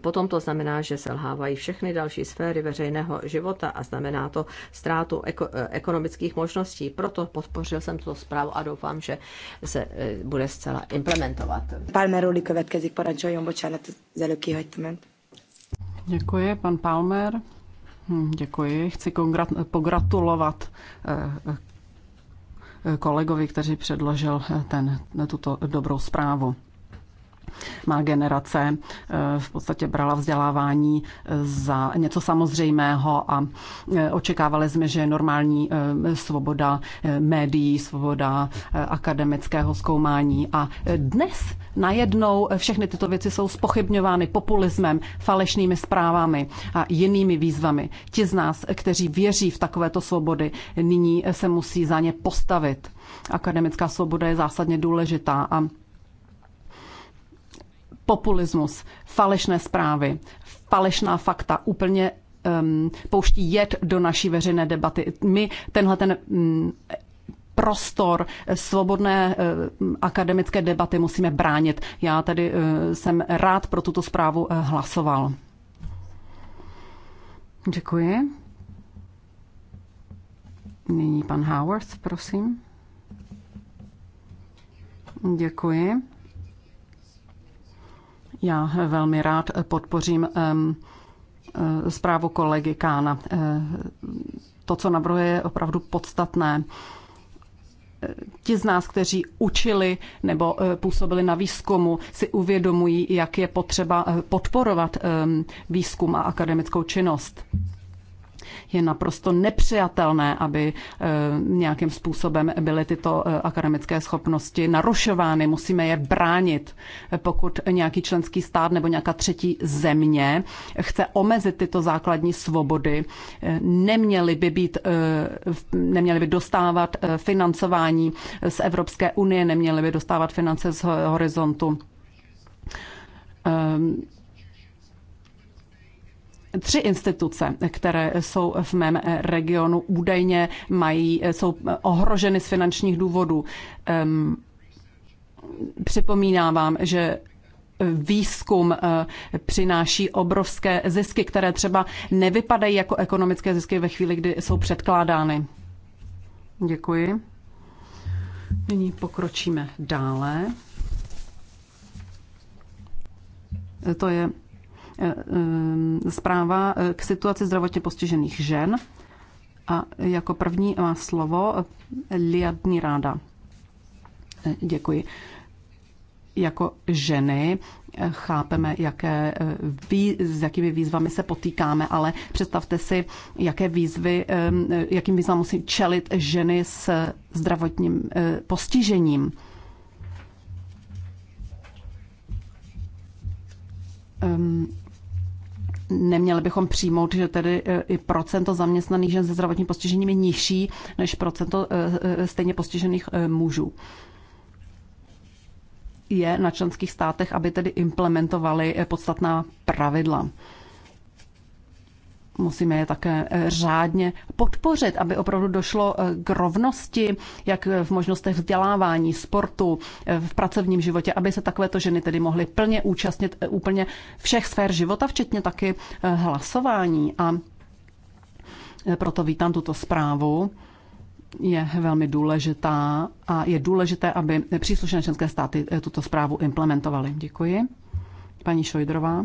Potom to znamená, že selhávají všechny další sféry veřejného života a znamená to ztrátu eko, eh, ekonomických možností. Proto podpořil jsem tuto zprávu a doufám, že se eh, bude zcela implementovat. Palmer úr, következik, parancsoljon, bocsánat, az előbb Děkuji, pan Palmer. Hm, děkuji. Chci pogratulovat eh, eh, kolegovi, který předložil eh, ten, tuto dobrou zprávu. Má generace eh, v podstatě brala vzdělávání eh, za něco samozřejmého a eh, očekávali jsme, že je normální svoboda médií, svoboda akademického zkoumání. A dnes najednou všechny tyto věci jsou spochybňovány populismem, falešnými zprávami a jinými výzvami. Ti z nás, kteří věří v takovéto svobody, nyní se musí za ně postavit. Akademická svoboda je zásadně důležitá a populismus, falešné zprávy, falešná fakta úplně um, pouští jed do naší veřejné debaty. My tenhle ten um, prostor svobodné uh, akademické debaty musíme bránit. Já tady uh, eh, jsem rád pro tuto zprávu uh, hlasoval. Děkuji. Nyní pan Howard, prosím. Děkuji. Já velmi rád podpořím eh, zprávu kolegy Kána. Eh, to, co navrhuje, je opravdu podstatné. Eh, ti z nás, kteří učili nebo působili na výzkumu, si uvědomují, jak je potřeba podporovat výzkum a akademickou činnost. Je naprosto nepřijatelné, aby eh, nějakým způsobem byly tyto eh, akademické schopnosti narušovány. Musíme je bránit. Pokud nějaký členský stát nebo nějaká třetí země chce omezit tyto základní svobody, eh, neměly by, být, neměly by dostávat financování z Evropské unie, neměly by dostávat finance z horizontu ehm, Tři instituce, které jsou v mém eh, regionu, údajně mají, eh, jsou eh, ohroženy z finančních důvodů. Ehm, Připomínám vám, že výzkum přináší obrovské zisky, které třeba nevypadají jako ekonomické zisky ve chvíli, kdy jsou předkládány. Děkuji. Nyní pokročíme dále. To je Eh, eh, zpráva eh, k situaci zdravotně postižených žen. A jako první má slovo Liadní ráda. Děkuji. Jako ženy chápeme, jaké, s jakými výzvami se potýkáme, ale představte si, jaké výzvy, jakým výzvám musí čelit ženy s zdravotním postižením. Um, neměli bychom přijmout, že tedy e, i procento zaměstnaných žen se zdravotním postižením je nižší než procento e, e, stejně postižených mužů. Je na členských státech, aby tedy implementovali podstatná pravidla musíme je také eh, řádně podpořit, aby opravdu došlo eh, k rovnosti, jak v možnostech vzdělávání, sportu, eh, v pracovním životě, aby se takovéto ženy tedy mohly plně účastnit úplně všech sfér života, včetně taky hlasování. A proto vítám tuto zprávu je velmi důležitá a je důležité, aby příslušné členské státy tuto zprávu implementovaly. Děkuji. Paní Šojdrová.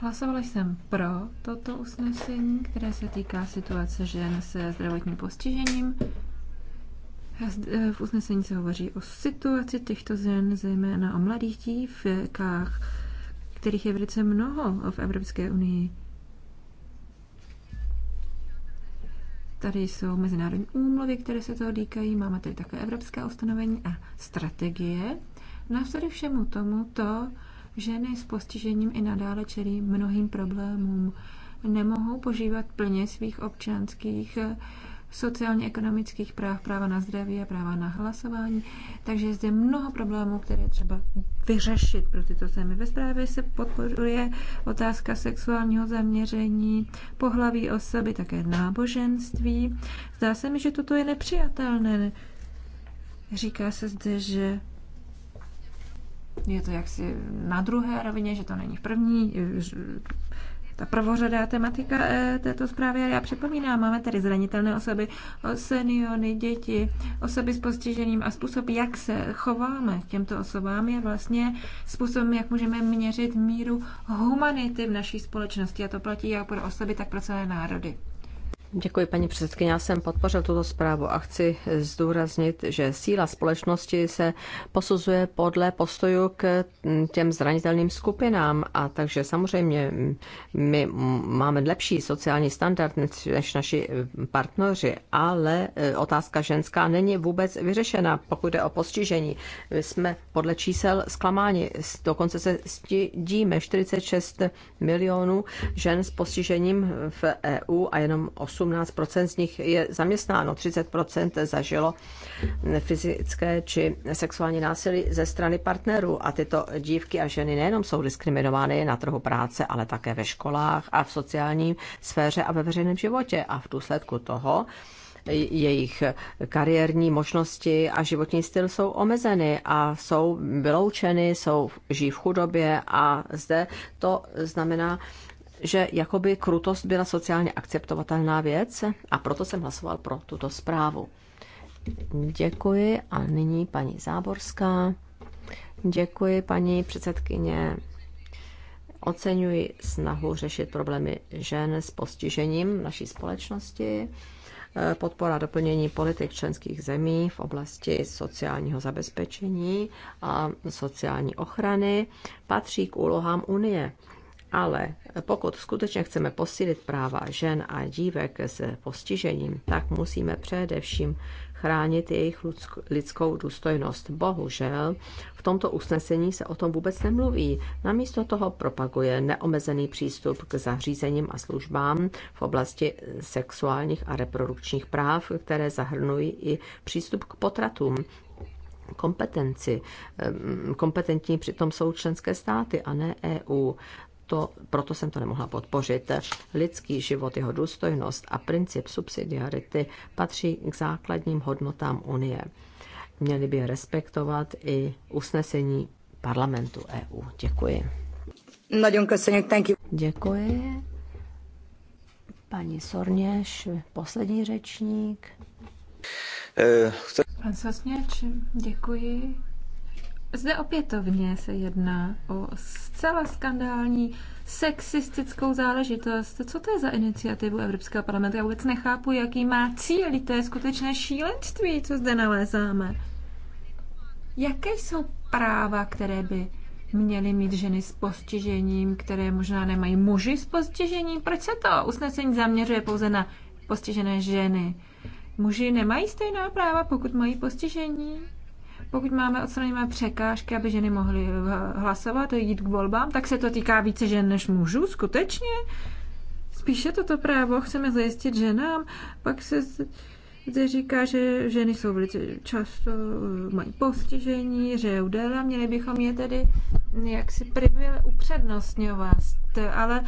Hlasovala jsem pro toto usnesení, které se týká situace žen se zdravotním postižením. V usnesení se hovoří o situaci těchto žen, zejména o mladých dívkách, kterých je velice mnoho v Evropské unii. Tady jsou mezinárodní úmluvy, které se toho týkají, máme tady také evropské ustanovení a strategie. Navzdory všemu tomuto, ženy s postižením i nadále čelí mnohým problémům. Nemohou požívat plně svých občanských eh, sociálně-ekonomických práv, práva na zdraví a práva na hlasování. Takže je zde mnoho problémů, které třeba vyřešit pro tyto zemi. Ve zprávě se podporuje otázka sexuálního zaměření, pohlaví osoby, také náboženství. Zdá se mi, že toto je nepřijatelné. Říká se zde, že je to jaksi na druhé rovině, že to není v první, ta prvořadá tematika e, této zprávy. Já připomínám, máme tady zranitelné osoby, seniony, děti, osoby s postižením a způsob, jak se chováme k těmto osobám, je vlastně způsobem, jak můžeme měřit míru humanity v naší společnosti. A to platí jak pro osoby, tak pro celé národy. Děkuji, paní předsedkyně. Já jsem podpořil tuto zprávu a chci zdůraznit, že síla společnosti se posuzuje podle postoju k těm zranitelným skupinám. A takže samozřejmě my máme lepší sociální standard než naši partneři, ale e, otázka ženská není vůbec vyřešena, pokud jde o postižení. My jsme podle čísel zklamáni. Dokonce se stidíme 46 milionů žen s postižením v EU a jenom 8 18 z nich je zaměstnáno, 30 zažilo fyzické či sexuální násilí ze strany partnerů. A tyto dívky a ženy nejenom jsou diskriminovány na trhu práce, ale také ve školách a v sociální sféře a ve veřejném životě. A v důsledku toho jejich kariérní možnosti a životní styl jsou omezeny a jsou vyloučeny, jsou žijí v chudobě a zde to znamená že jakoby krutost byla sociálně akceptovatelná věc a proto jsem hlasoval pro tuto zprávu. Děkuji a nyní paní Záborská. Děkuji paní předsedkyně. Oceňuji snahu řešit problémy žen s postižením naší společnosti podpora doplnění politik členských zemí v oblasti sociálního zabezpečení a sociální ochrany patří k úlohám Unie. Ale pokud skutečně chceme posílit práva žen a dívek s postižením, tak musíme především chránit jejich lidskou důstojnost. Bohužel v tomto usnesení se o tom vůbec nemluví. Namísto toho propaguje neomezený přístup k zařízením a službám v oblasti sexuálních a reprodukčních práv, které zahrnují i přístup k potratům kompetenci. Ehm, kompetentní přitom jsou členské státy a ne EU to, proto jsem to nemohla podpořit. Lidský život, jeho důstojnost a princip subsidiarity patří k základním hodnotám Unie. Měli by respektovat i usnesení parlamentu EU. Děkuji. Děkuji. Paní Sorněš, poslední řečník. Eh, Pan Sosněč, děkuji. Zde opětovně se jedná o zcela skandální sexistickou záležitost. Co to je za iniciativu Evropského parlamentu? Já vůbec nechápu, jaký má cíl. To je skutečné šílenství, co zde nalézáme. Jaké jsou práva, které by měly mít ženy s postižením, které možná nemají muži s postižením? Proč se to usnesení zaměřuje pouze na postižené ženy? Muži nemají stejná práva, pokud mají postižení? Pokud máme odstraníme překážky, aby ženy mohly eh, hlasovat a jít k volbám, tak se to týká více žen než mužů, skutečně? Spíše toto právo chceme zajistit ženám, pak se zde říká, že ženy jsou velice často, eh, mají postižení, že je udela, měli bychom je tedy jak si privil upřednostňovat, ale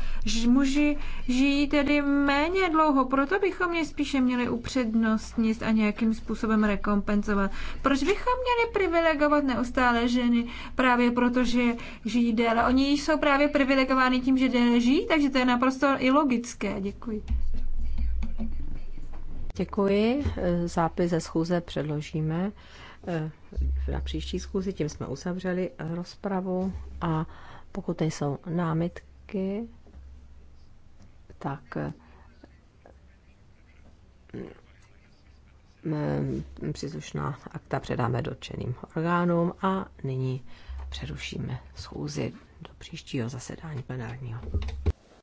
muži žijí tedy méně dlouho, proto bychom je spíše měli upřednostnit a nějakým způsobem rekompenzovat. Proč bychom měli privilegovat neustále ženy právě proto, že žijí déle? Oni jsou právě privilegovány tím, že déle žijí, takže to je naprosto ilogické. Děkuji. Děkuji. E, zápis ze schůze předložíme. Eh, na příští schůzi. Tím jsme uzavřeli rozpravu a pokud nejsou námitky, tak eh, mm, příslušná akta předáme dotčeným orgánům a nyní přerušíme schůzi do příštího zasedání plenárního.